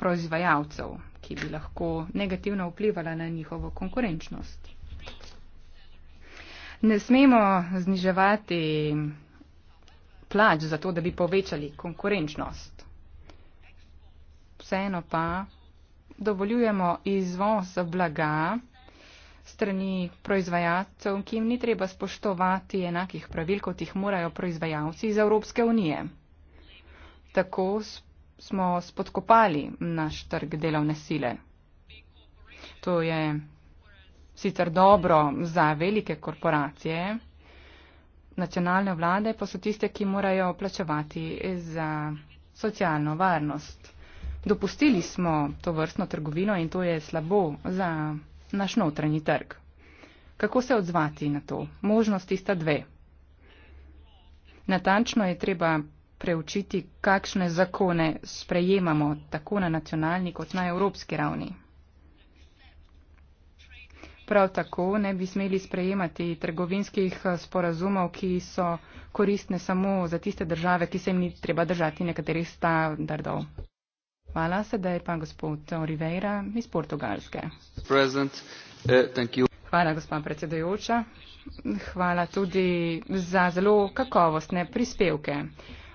proizvajalcev, ki bi lahko negativno vplivala na njihovo konkurenčnost. Ne smemo zniževati plač za to, da bi povečali konkurenčnost. Vseeno pa dovoljujemo izvoz blaga strani proizvajalcev, ki jim ni treba spoštovati enakih pravil, kot jih morajo proizvajalci iz Evropske unije. Tako smo spodkopali naš trg delovne sile. To je sicer dobro za velike korporacije, nacionalne vlade pa so tiste, ki morajo plačevati za socialno varnost. Dopustili smo to vrstno trgovino in to je slabo za naš notranji trg. Kako se odzvati na to? Možnosti sta dve. Natančno je treba preučiti, kakšne zakone sprejemamo tako na nacionalni kot na evropski ravni. Prav tako ne bi smeli sprejemati trgovinskih eh, sporazumov, ki so koristne samo za tiste države, ki se jim ni treba držati nekaterih standardov. Hvala sedaj pa gospod Oliveira iz Portugalske. Eh, Hvala, gospod predsedujoča. Hvala tudi za zelo kakovostne prispevke.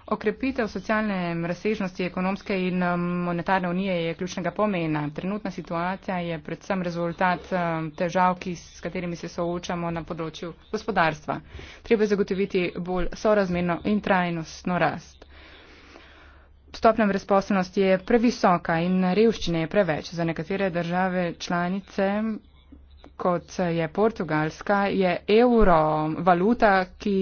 Okrepitev socialne razsežnosti ekonomske in um, monetarne unije je ključnega pomena. Trenutna situacija je predvsem rezultat um, težav, ki, s katerimi se soočamo na področju gospodarstva. Treba je zagotoviti bolj sorazmerno in trajnostno rast. Stopnja brezposelnosti je previsoka in revščine je preveč. Za nekatere države članice, kot je Portugalska, je evro valuta, ki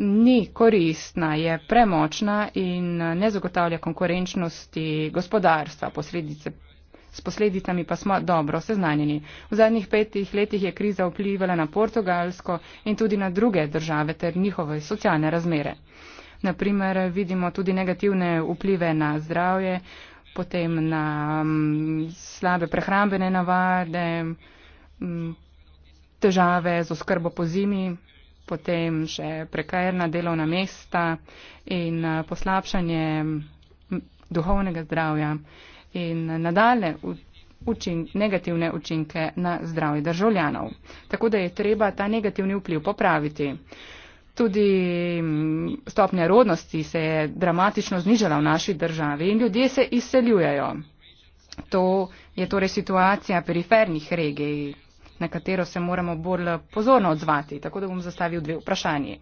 ni koristna, je premočna in eh, ne zagotavlja konkurenčnosti gospodarstva. Posledice, s posledicami pa smo dobro seznanjeni. V zadnjih petih letih je kriza vplivala na Portugalsko in tudi na druge države ter njihove socialne razmere. Naprimer vidimo tudi negativne vplive na zdravje, potem na mm, slabe prehrambene navade, mm, težave z oskrbo po zimi potem še prekajerna delovna mesta in eh, poslabšanje duhovnega zdravja in nadalje učin, negativne učinke na zdravje državljanov. Tako da je treba ta negativni vpliv popraviti. Tudi stopnja rodnosti se je dramatično znižala v naši državi in ljudje se izseljujejo. To je torej situacija perifernih regij, na katero se moramo bolj pozorno odzvati. Tako da bom zastavil dve vprašanje.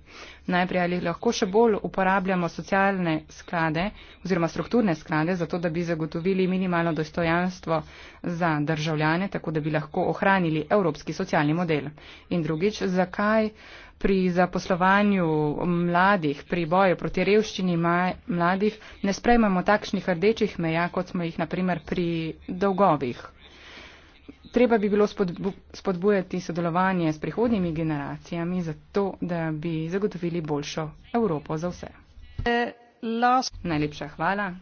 Najprej, ali lahko še bolj uporabljamo socialne sklade oziroma strukturne sklade, zato da bi zagotovili minimalno dostojanstvo za državljane, tako da bi lahko ohranili evropski socialni model. In drugič, zakaj pri zaposlovanju mladih, pri boju proti revščini mladih ne sprejmemo takšnih rdečih meja, kot smo jih naprimer pri dolgovih treba bi bilo spodbu spodbujati sodelovanje s prihodnjimi generacijami, zato da bi zagotovili boljšo Evropo za vse. Last. Najlepša hvala.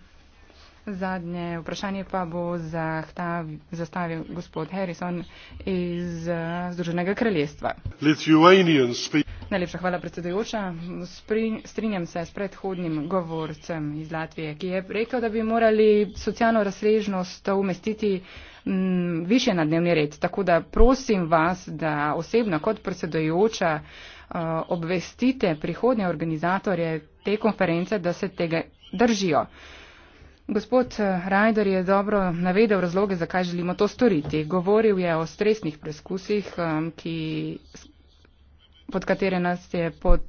Zadnje vprašanje pa bo zahtav, zastavil gospod Harrison iz Združenega kraljestva. Najlepša hvala, predsedujoča. Strinjam se s predhodnim govorcem iz Latvije, ki je rekel, da bi morali socialno razsežnost umestiti. Mm, više na dnevni red. Tako da prosim vas, da osebno kot predsedojoča eh, obvestite prihodnje organizatorje te konference, da se tega držijo. Gospod eh, Rajder je dobro navedel razloge, zakaj želimo to storiti. Govoril je o stresnih preskusih, eh, ki, pod katere nas je pod,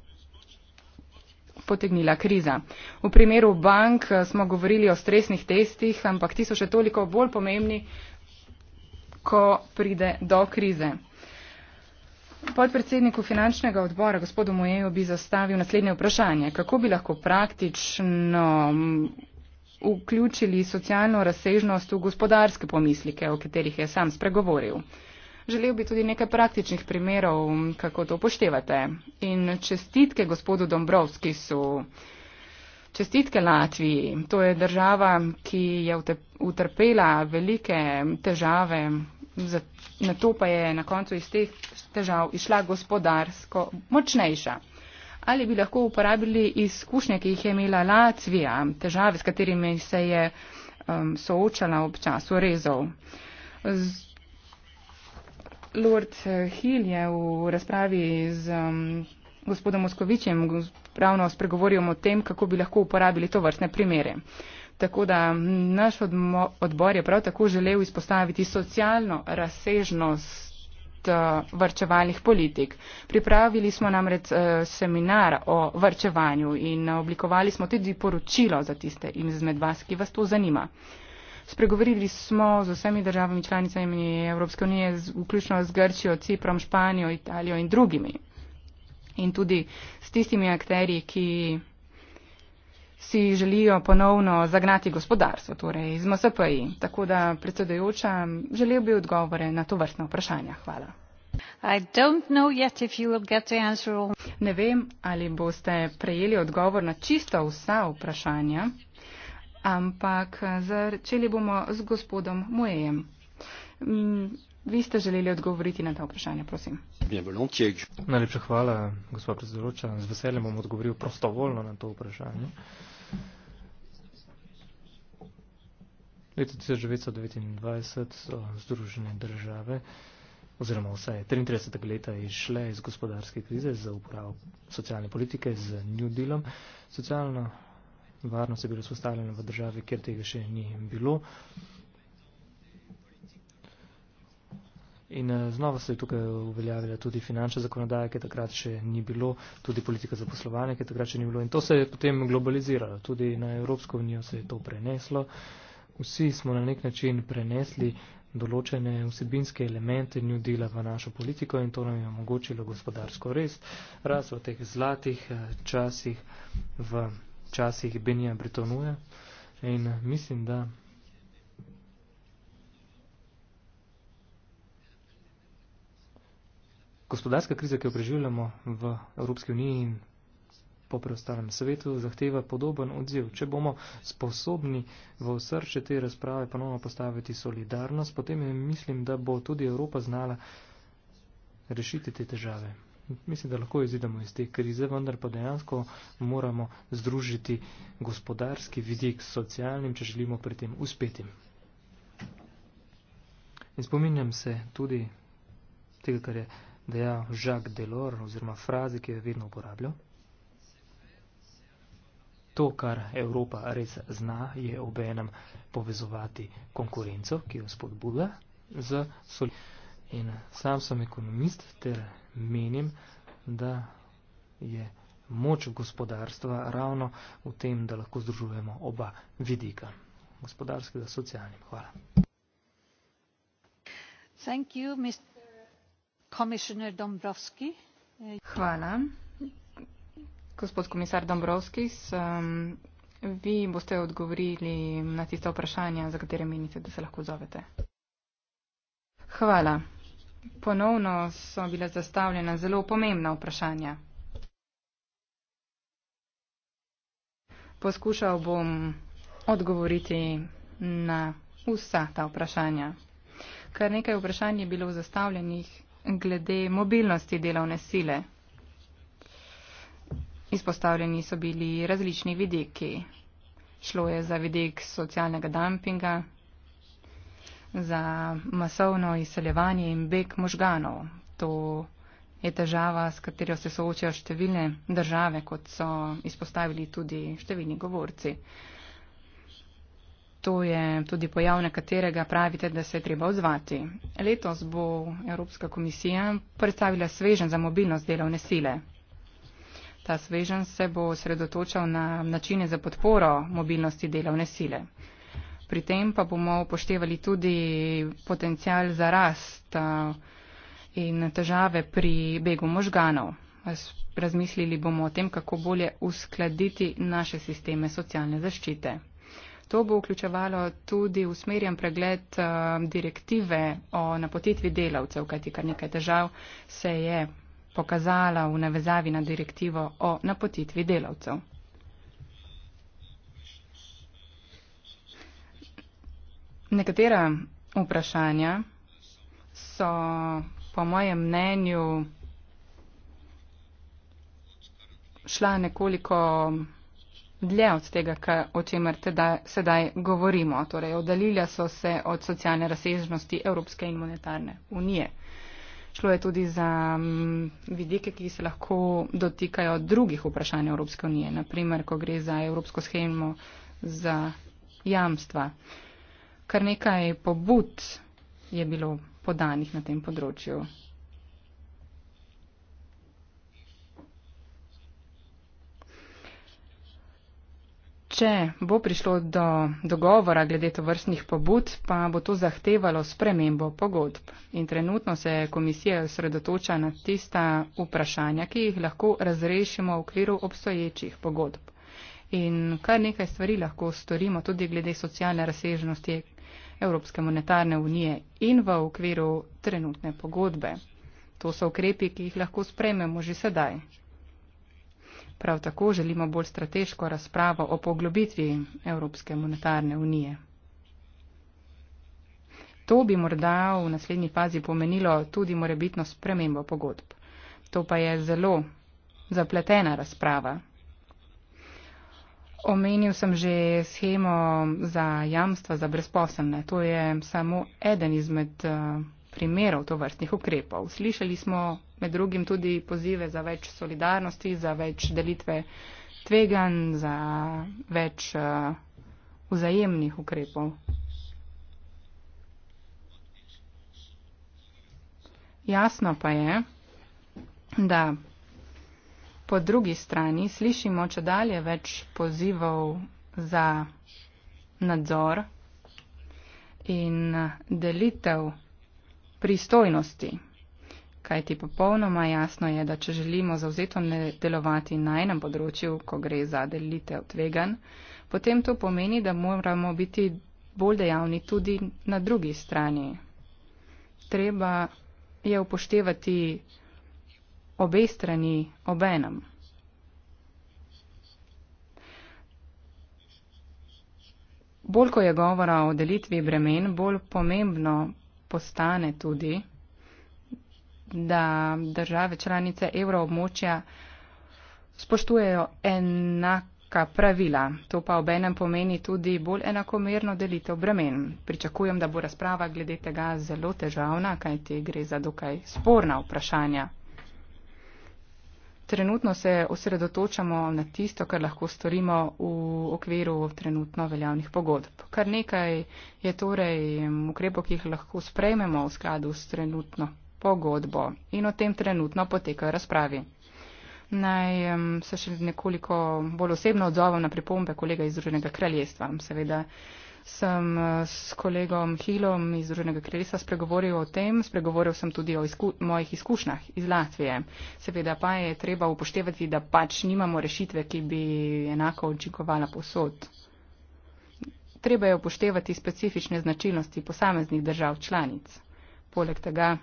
potegnila kriza. V primeru bank smo govorili o stresnih testih, ampak ti so še toliko bolj pomembni, ko pride do krize. Podpredsedniku finančnega odbora, gospodu Mojeju, bi zastavil naslednje vprašanje. Kako bi lahko praktično vključili socialno razsežnost v gospodarske pomislike, o katerih je sam spregovoril? Želel bi tudi nekaj praktičnih primerov, kako to upoštevate. In čestitke gospodu Dombrovski so. Čestitke Latviji. To je država, ki je utrpela velike težave na to pa je na koncu iz teh težav išla gospodarsko močnejša. Ali bi lahko uporabili izkušnje, ki jih je imela Latvija, težave, s katerimi se je um, soočala ob času rezov? Z Lord Hill je v razpravi z um, gospodom Moskovičem ravno spregovoril o tem, kako bi lahko uporabili to vrstne primere. Uh, Tako da naš odbor je prav tako želel izpostaviti socialno razsežnost eh, vrčevalnih politik. Pripravili smo namreč eh, seminar o vrčevanju in oblikovali smo tudi poročilo za tiste izmed vas, ki vas to zanima. Spregovorili smo z vsemi državami članicami Evropske unije, vključno z Grčijo, Ciprom, Španijo, Italijo in drugimi. In tudi s tistimi akteri, ki si želijo ponovno zagnati gospodarstvo, torej iz MSP-ji. Tako da, predsedojoča, želel bi odgovore na to vrstno vprašanje. Hvala. Ne vem, ali boste prejeli odgovor na čisto vsa vprašanja, ampak začeli bomo z gospodom Mojem. Mm, vi ste želeli odgovoriti na ta vprašanja, prosim. Najlepša hvala, gospod predsedujoča. Z veseljem bom odgovoril prostovoljno na to vprašanje. Uh, Leta 1929 so združene države, oziroma vsaj 33. leta, išle iz gospodarske krize za uporabo socialne politike z New Dealom. Socialno varnost je bilo spostavljeno v državi, kjer tega še ni bilo. In eh, znova se je tukaj uveljavila tudi finančna zakonodaja, ki takrat še ni bilo, tudi politika zaposlovanja, ki takrat še ni bilo. In to se je potem globaliziralo, tudi na Evropsko unijo se je to preneslo. Vsi smo na nek način prenesli določene vsebinske elemente New Deala v našo politiko in to nam je omogočilo gospodarsko res, raz v teh zlatih eh, časih, v časih Benija Britonuja. In eh, mislim, da. gospodarska kriza, ki jo preživljamo v Evropski uniji in po preostalem svetu, zahteva podoben odziv. Če bomo sposobni v srče te razprave ponovno postaviti solidarnost, potem mislim, da bo tudi Evropa znala rešiti te težave. Mislim, da lahko izidemo iz te krize, vendar pa dejansko moramo združiti gospodarski vidik s socialnim, če želimo pri tem uspeti. In spominjam se tudi tega, kar je dejal Jacques Delors oziroma frazi, ki jo je vedno uporabljal. To, kar Evropa res zna, je obenem povezovati konkurenco, ki jo spodbuda z solidarnostjo. In sam sem ekonomist ter menim, da je moč gospodarstva ravno v tem, da lahko združujemo oba vidika, gospodarskega in socialnega. Hvala. Thank you, Mr. Gospod komisar Dombrovskis, um, vi boste odgovorili na tiste vprašanja, za katere menite, da se lahko zovete. Hvala. Ponovno so bile zastavljena zelo pomembna vprašanja. Poskušal bom odgovoriti na vsa ta vprašanja. Kar nekaj vprašanj je bilo zastavljenih glede mobilnosti delovne sile. Izpostavljeni so bili različni vidiki. Šlo je za vidik socialnega dumpinga, za masovno izseljevanje in beg možganov. To je težava, s katero se soočajo številne države, kot so izpostavili tudi številni govorci. Uh, To je tudi pojav, na katerega pravite, da se je treba odzvati. Letos bo Evropska komisija predstavila svežen za mobilnost delovne sile. Ta svežen se bo sredotočal na načine za podporo mobilnosti delovne sile. Pri tem pa bomo upoštevali tudi potencial za rast in težave pri begu možganov. Razmislili bomo o tem, kako bolje uskladiti naše sisteme socialne zaščite. To bo vključevalo tudi usmerjen pregled eh, direktive o napotitvi delavcev, kajti kar nekaj težav se je pokazala v navezavi na direktivo o napotitvi delavcev. Nekatera vprašanja so po mojem mnenju šla nekoliko dlje od tega, kar, o čemer teda, sedaj govorimo. Torej, oddaljila so se od socialne razsežnosti Evropske in monetarne unije. Šlo je tudi za mm, vidike, ki se lahko dotikajo drugih vprašanj Evropske unije, naprimer, ko gre za Evropsko schemo za jamstva. Kar nekaj pobud je bilo podanih na tem področju. če bo prišlo do dogovora glede to vrstnih pobud, pa bo to zahtevalo spremembo pogodb. In trenutno se komisija osredotoča na tista vprašanja, ki jih lahko razrešimo v okviru obstoječih pogodb. In kar nekaj stvari lahko storimo tudi glede socialne razsežnosti Evropske monetarne unije in v okviru trenutne pogodbe. To so ukrepi, ki jih lahko sprememo že sedaj. Prav tako želimo bolj strateško razpravo o poglobitvi Evropske monetarne unije. To bi morda v naslednji fazi pomenilo tudi morebitno spremembo pogodb. To pa je zelo zapletena razprava. Omenil sem že schemo za jamstva za brezposelne. To je samo eden izmed eh, primerov to vrstnih ukrepov. Slišali smo med drugim tudi pozive za več solidarnosti, za več delitve tvegan, za več uh, vzajemnih ukrepov. Jasno pa je, da po drugi strani slišimo če dalje več pozivov za nadzor in eh, delitev pristojnosti kajti popolnoma jasno je, da če želimo zauzeto ne delovati na enem področju, ko gre za delitev tvegan, potem to pomeni, da moramo biti bolj dejavni tudi na drugi strani. Treba je upoštevati obe strani obenem. Bolj ko je govora o delitvi bremen, bolj pomembno postane tudi, da države članice evroobmočja spoštujejo enaka pravila. To pa obenem pomeni tudi bolj enakomerno delitev bremen. Pričakujem, da bo razprava glede tega zelo težavna, kajti gre za dokaj sporna vprašanja. Trenutno se osredotočamo na tisto, kar lahko storimo v okviru trenutno veljavnih pogodb. Kar nekaj je torej ukrepov, ki jih lahko sprejmemo v skladu s trenutno pogodbo in o tem trenutno potekajo razpravi. Naj se še nekoliko bolj osebno odzovem na pripombe kolega iz Združenega kraljestva. Seveda sem eh, s kolegom Hilom iz Združenega kraljestva spregovoril o tem, spregovoril sem tudi o izku mojih izkušnjah iz Latvije. Seveda pa je treba upoštevati, da pač nimamo rešitve, ki bi enako očinkovala posod. Treba je upoštevati specifične značilnosti posameznih držav članic. Poleg tega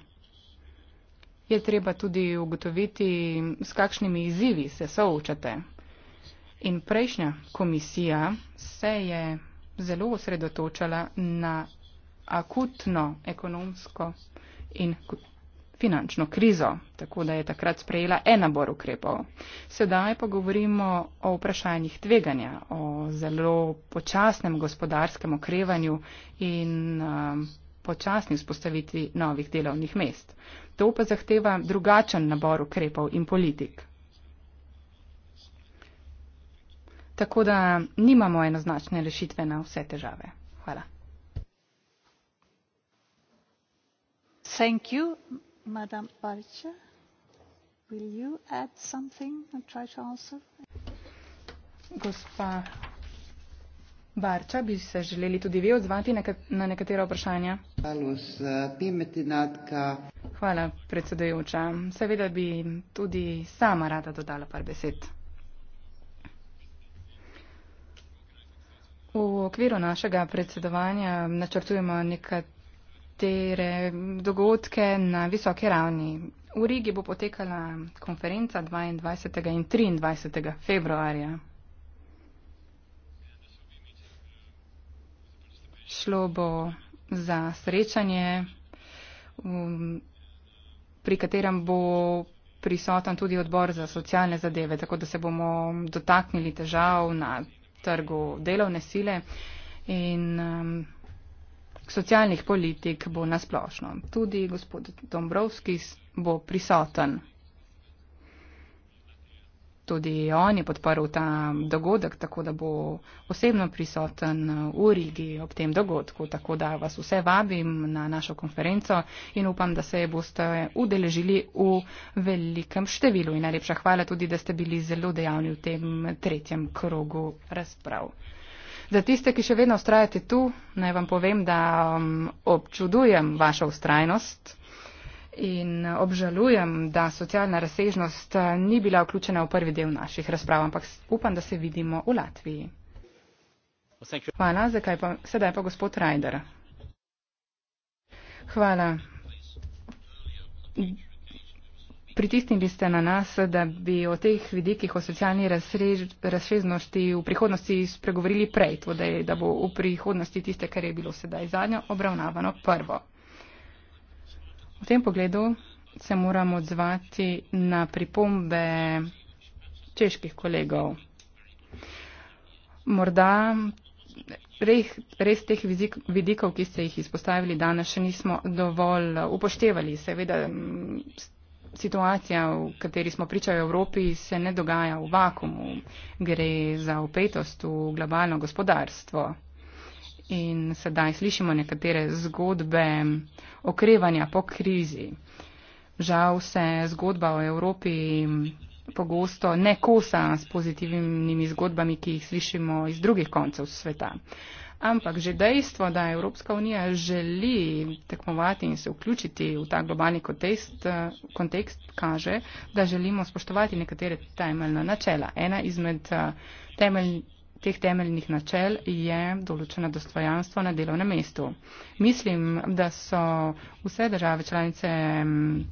je treba tudi ugotoviti, s kakšnimi izzivi se soočate. In prejšnja komisija se je zelo osredotočala na akutno ekonomsko in finančno krizo, tako da je takrat sprejela enabor ukrepov. Sedaj pa govorimo o vprašanjih tveganja, o zelo počasnem gospodarskem okrevanju in uh, počasni vzpostavitvi novih delovnih mest. To pa zahteva drugačen nabor ukrepov in politik. Tako da nimamo enoznačne rešitve na vse težave. Hvala. Thank you, Madam Barča. Will you add something and try to answer? Gospa Barča, bi se želeli tudi vi odzvati na nekatera vprašanja? Hvala, Hvala, predsedujoča. Seveda bi tudi sama rada dodala par besed. V okviru našega predsedovanja načrtujemo nekatere dogodke na visoke ravni. V Rigi bo potekala konferenca 22. in 23. februarja. Šlo bo za srečanje pri katerem bo prisoten tudi odbor za socialne zadeve, tako da se bomo dotaknili težav na trgu delovne sile in um, socialnih politik bo nasplošno. Tudi gospod Dombrovski bo prisoten tudi on je podprl ta dogodek, tako da bo osebno prisoten uh, v Rigi ob tem dogodku. Tako da vas vse vabim na našo konferenco in upam, da se boste udeležili v velikem številu. In najlepša hvala tudi, da ste bili zelo dejavni v tem tretjem krogu razprav. Za tiste, ki še vedno ustrajate tu, naj vam povem, da um, občudujem vašo ustrajnost in obžalujem, da socialna razsežnost eh, ni bila vključena v prvi del naših razprav, ampak upam, da se vidimo v Latviji. Hvala, zakaj pa sedaj pa gospod Rajder. Hvala. Pritisnili ste na nas, da bi o teh vidikih o socialni razsežnosti v prihodnosti spregovorili prej, tudi torej, da bo v prihodnosti tiste, kar je bilo sedaj zadnjo, obravnavano prvo. V tem pogledu se moram odzvati na pripombe čeških kolegov. Morda res, res teh vidikov, ki ste jih izpostavili danes, še nismo dovolj upoštevali. Seveda mm, situacija, v kateri smo pričali v Evropi, se ne dogaja v vakumu. Gre za upetost v globalno gospodarstvo in sedaj slišimo nekatere zgodbe okrevanja po krizi. Žal se zgodba o Evropi pogosto ne kosa s pozitivnimi zgodbami, ki jih slišimo iz drugih koncev sveta. Ampak že dejstvo, da Evropska unija želi tekmovati in se vključiti v ta globalni kontekst, kontekst kaže, da želimo spoštovati nekatere temeljna načela. Ena izmed eh, temelj, teh temeljnih načel je določena dostojanstvo na delovnem mestu. Mislim, da so vse države članice mm,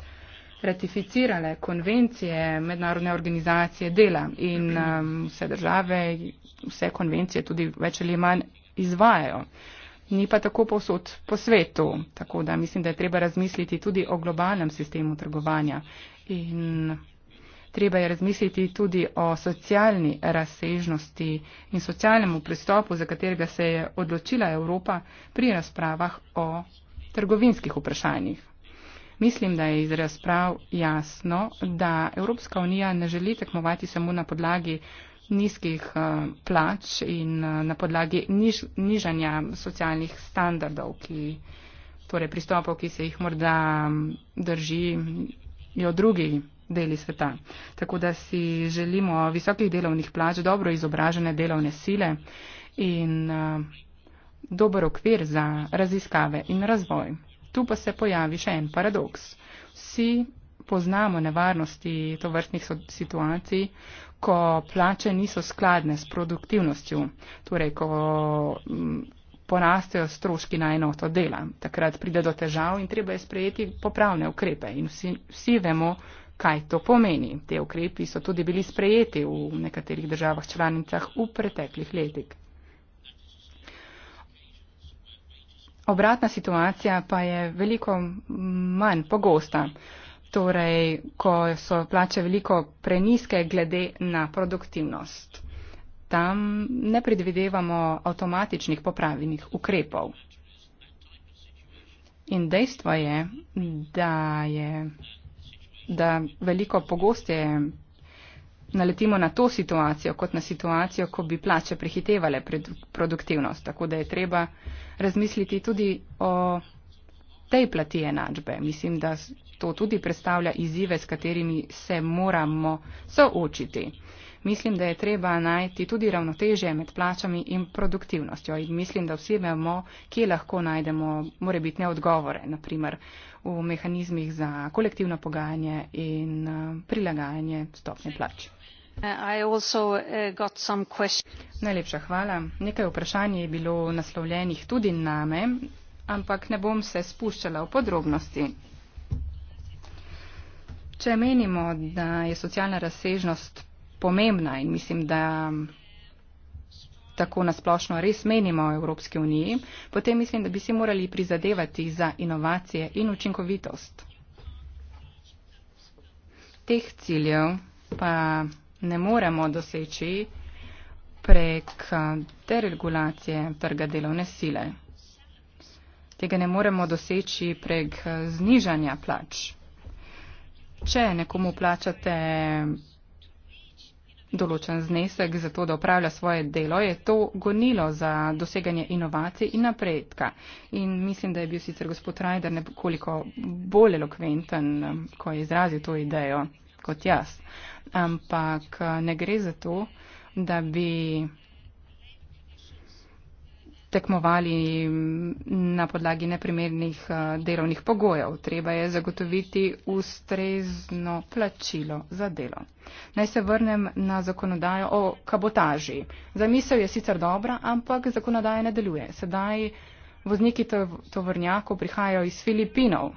ratificirale konvencije mednarodne organizacije dela in mm, vse države, vse konvencije tudi več ali manj izvajajo. Ni pa tako povsod po svetu, tako da mislim, da je treba razmisliti tudi o globalnem sistemu trgovanja. In Treba je razmisliti tudi o socialni razsežnosti in socialnemu pristopu, za katerega se je odločila Evropa pri razpravah o trgovinskih vprašanjih. Mislim, da je iz razprav jasno, da Evropska unija ne želi tekmovati samo na podlagi nizkih eh, plač in eh, na podlagi niž, nižanja socialnih standardov, ki, torej pristopov, ki se jih morda mm, držijo drugi deli sveta. Tako da si želimo visokih delovnih plač, dobro izobražene delovne sile in uh, dober okvir za raziskave in razvoj. Tu pa se pojavi še en paradoks. Vsi poznamo nevarnosti to vrstnih situacij, ko plače niso skladne s produktivnostjo, torej ko porastejo stroški na enoto dela. Takrat pride do težav in treba je sprejeti popravne ukrepe. In vsi, vsi vemo, kaj to pomeni. Te ukrepi so tudi bili sprejeti v nekaterih državah članicah v preteklih letih. Obratna situacija pa je veliko manj pogosta. Torej, ko so plače veliko preniske glede na produktivnost. Tam ne predvidevamo avtomatičnih popravljenih ukrepov. In dejstvo je, da je da veliko pogosteje naletimo na to situacijo, kot na situacijo, ko bi plače prehitevale produktivnost. Tako da je treba razmisliti tudi o tej plati enačbe. Mislim, da to tudi predstavlja izzive, s katerimi se moramo soočiti. Mislim, da je treba najti tudi ravnotežje med plačami in produktivnostjo. In mislim, da vsi vemo, kje lahko najdemo morebitne odgovore. Naprimer, v mehanizmih za kolektivno pogajanje in eh, prilagajanje stopnje plač. Eh, Najlepša hvala. Nekaj vprašanj je bilo naslovljenih tudi name, ampak ne bom se spuščala v podrobnosti. Če menimo, da je socialna razsežnost pomembna in mislim, da tako nasplošno res menimo o Evropski uniji, potem mislim, da bi si morali prizadevati za inovacije in učinkovitost. Teh ciljev pa ne moremo doseči prek deregulacije trga delovne sile. Tega ne moremo doseči prek znižanja plač. Če nekomu plačate določen znesek za to, da upravlja svoje delo, je to gonilo za doseganje inovacij in napredka. In mislim, da je bil sicer gospod Rajder nekoliko bolj elokventen, ko je izrazil to idejo kot jaz. Ampak eh, ne gre za to, da bi tekmovali na podlagi neprimernih eh, delovnih pogojev. Treba je zagotoviti ustrezno plačilo za delo. Naj se vrnem na zakonodajo o kabotaži. Zamisel je sicer dobra, ampak zakonodaja ne deluje. Sedaj vozniki tovrnjakov prihajajo iz Filipinov.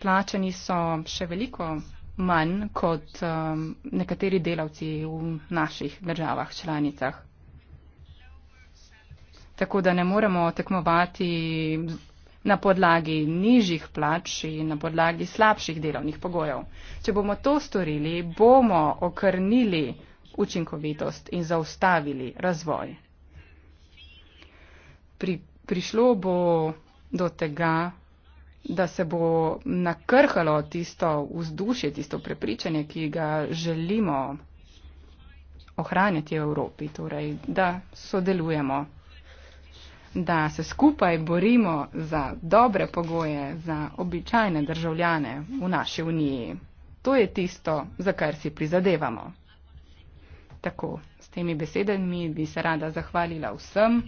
Plačeni so še veliko manj kot um, nekateri delavci v naših državah članicah tako da ne moremo tekmovati na podlagi nižjih plač in na podlagi slabših delovnih pogojev. Če bomo to storili, bomo okrnili učinkovitost in zaustavili razvoj. Pri, prišlo bo do tega, da se bo nakrhalo tisto vzdušje, tisto prepričanje, ki ga želimo ohranjati v Evropi, torej da sodelujemo da se skupaj borimo za dobre pogoje za običajne državljane v naši uniji. To je tisto, za kar si prizadevamo. Tako, s temi besedami bi se rada zahvalila vsem.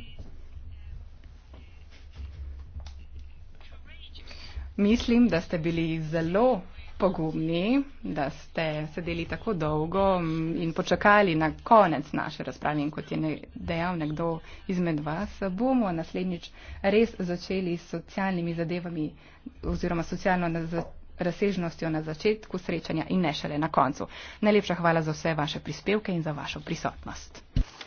Mislim, da ste bili zelo pogumni, da ste sedeli tako dolgo mm, in počakali na konec naše razprave. In kot je dejal nekdo izmed vas, bomo naslednjič res začeli s socialnimi zadevami oziroma socialno razsežnostjo na začetku srečanja in ne šele na koncu. Najlepša hvala za vse vaše prispevke in za vašo prisotnost.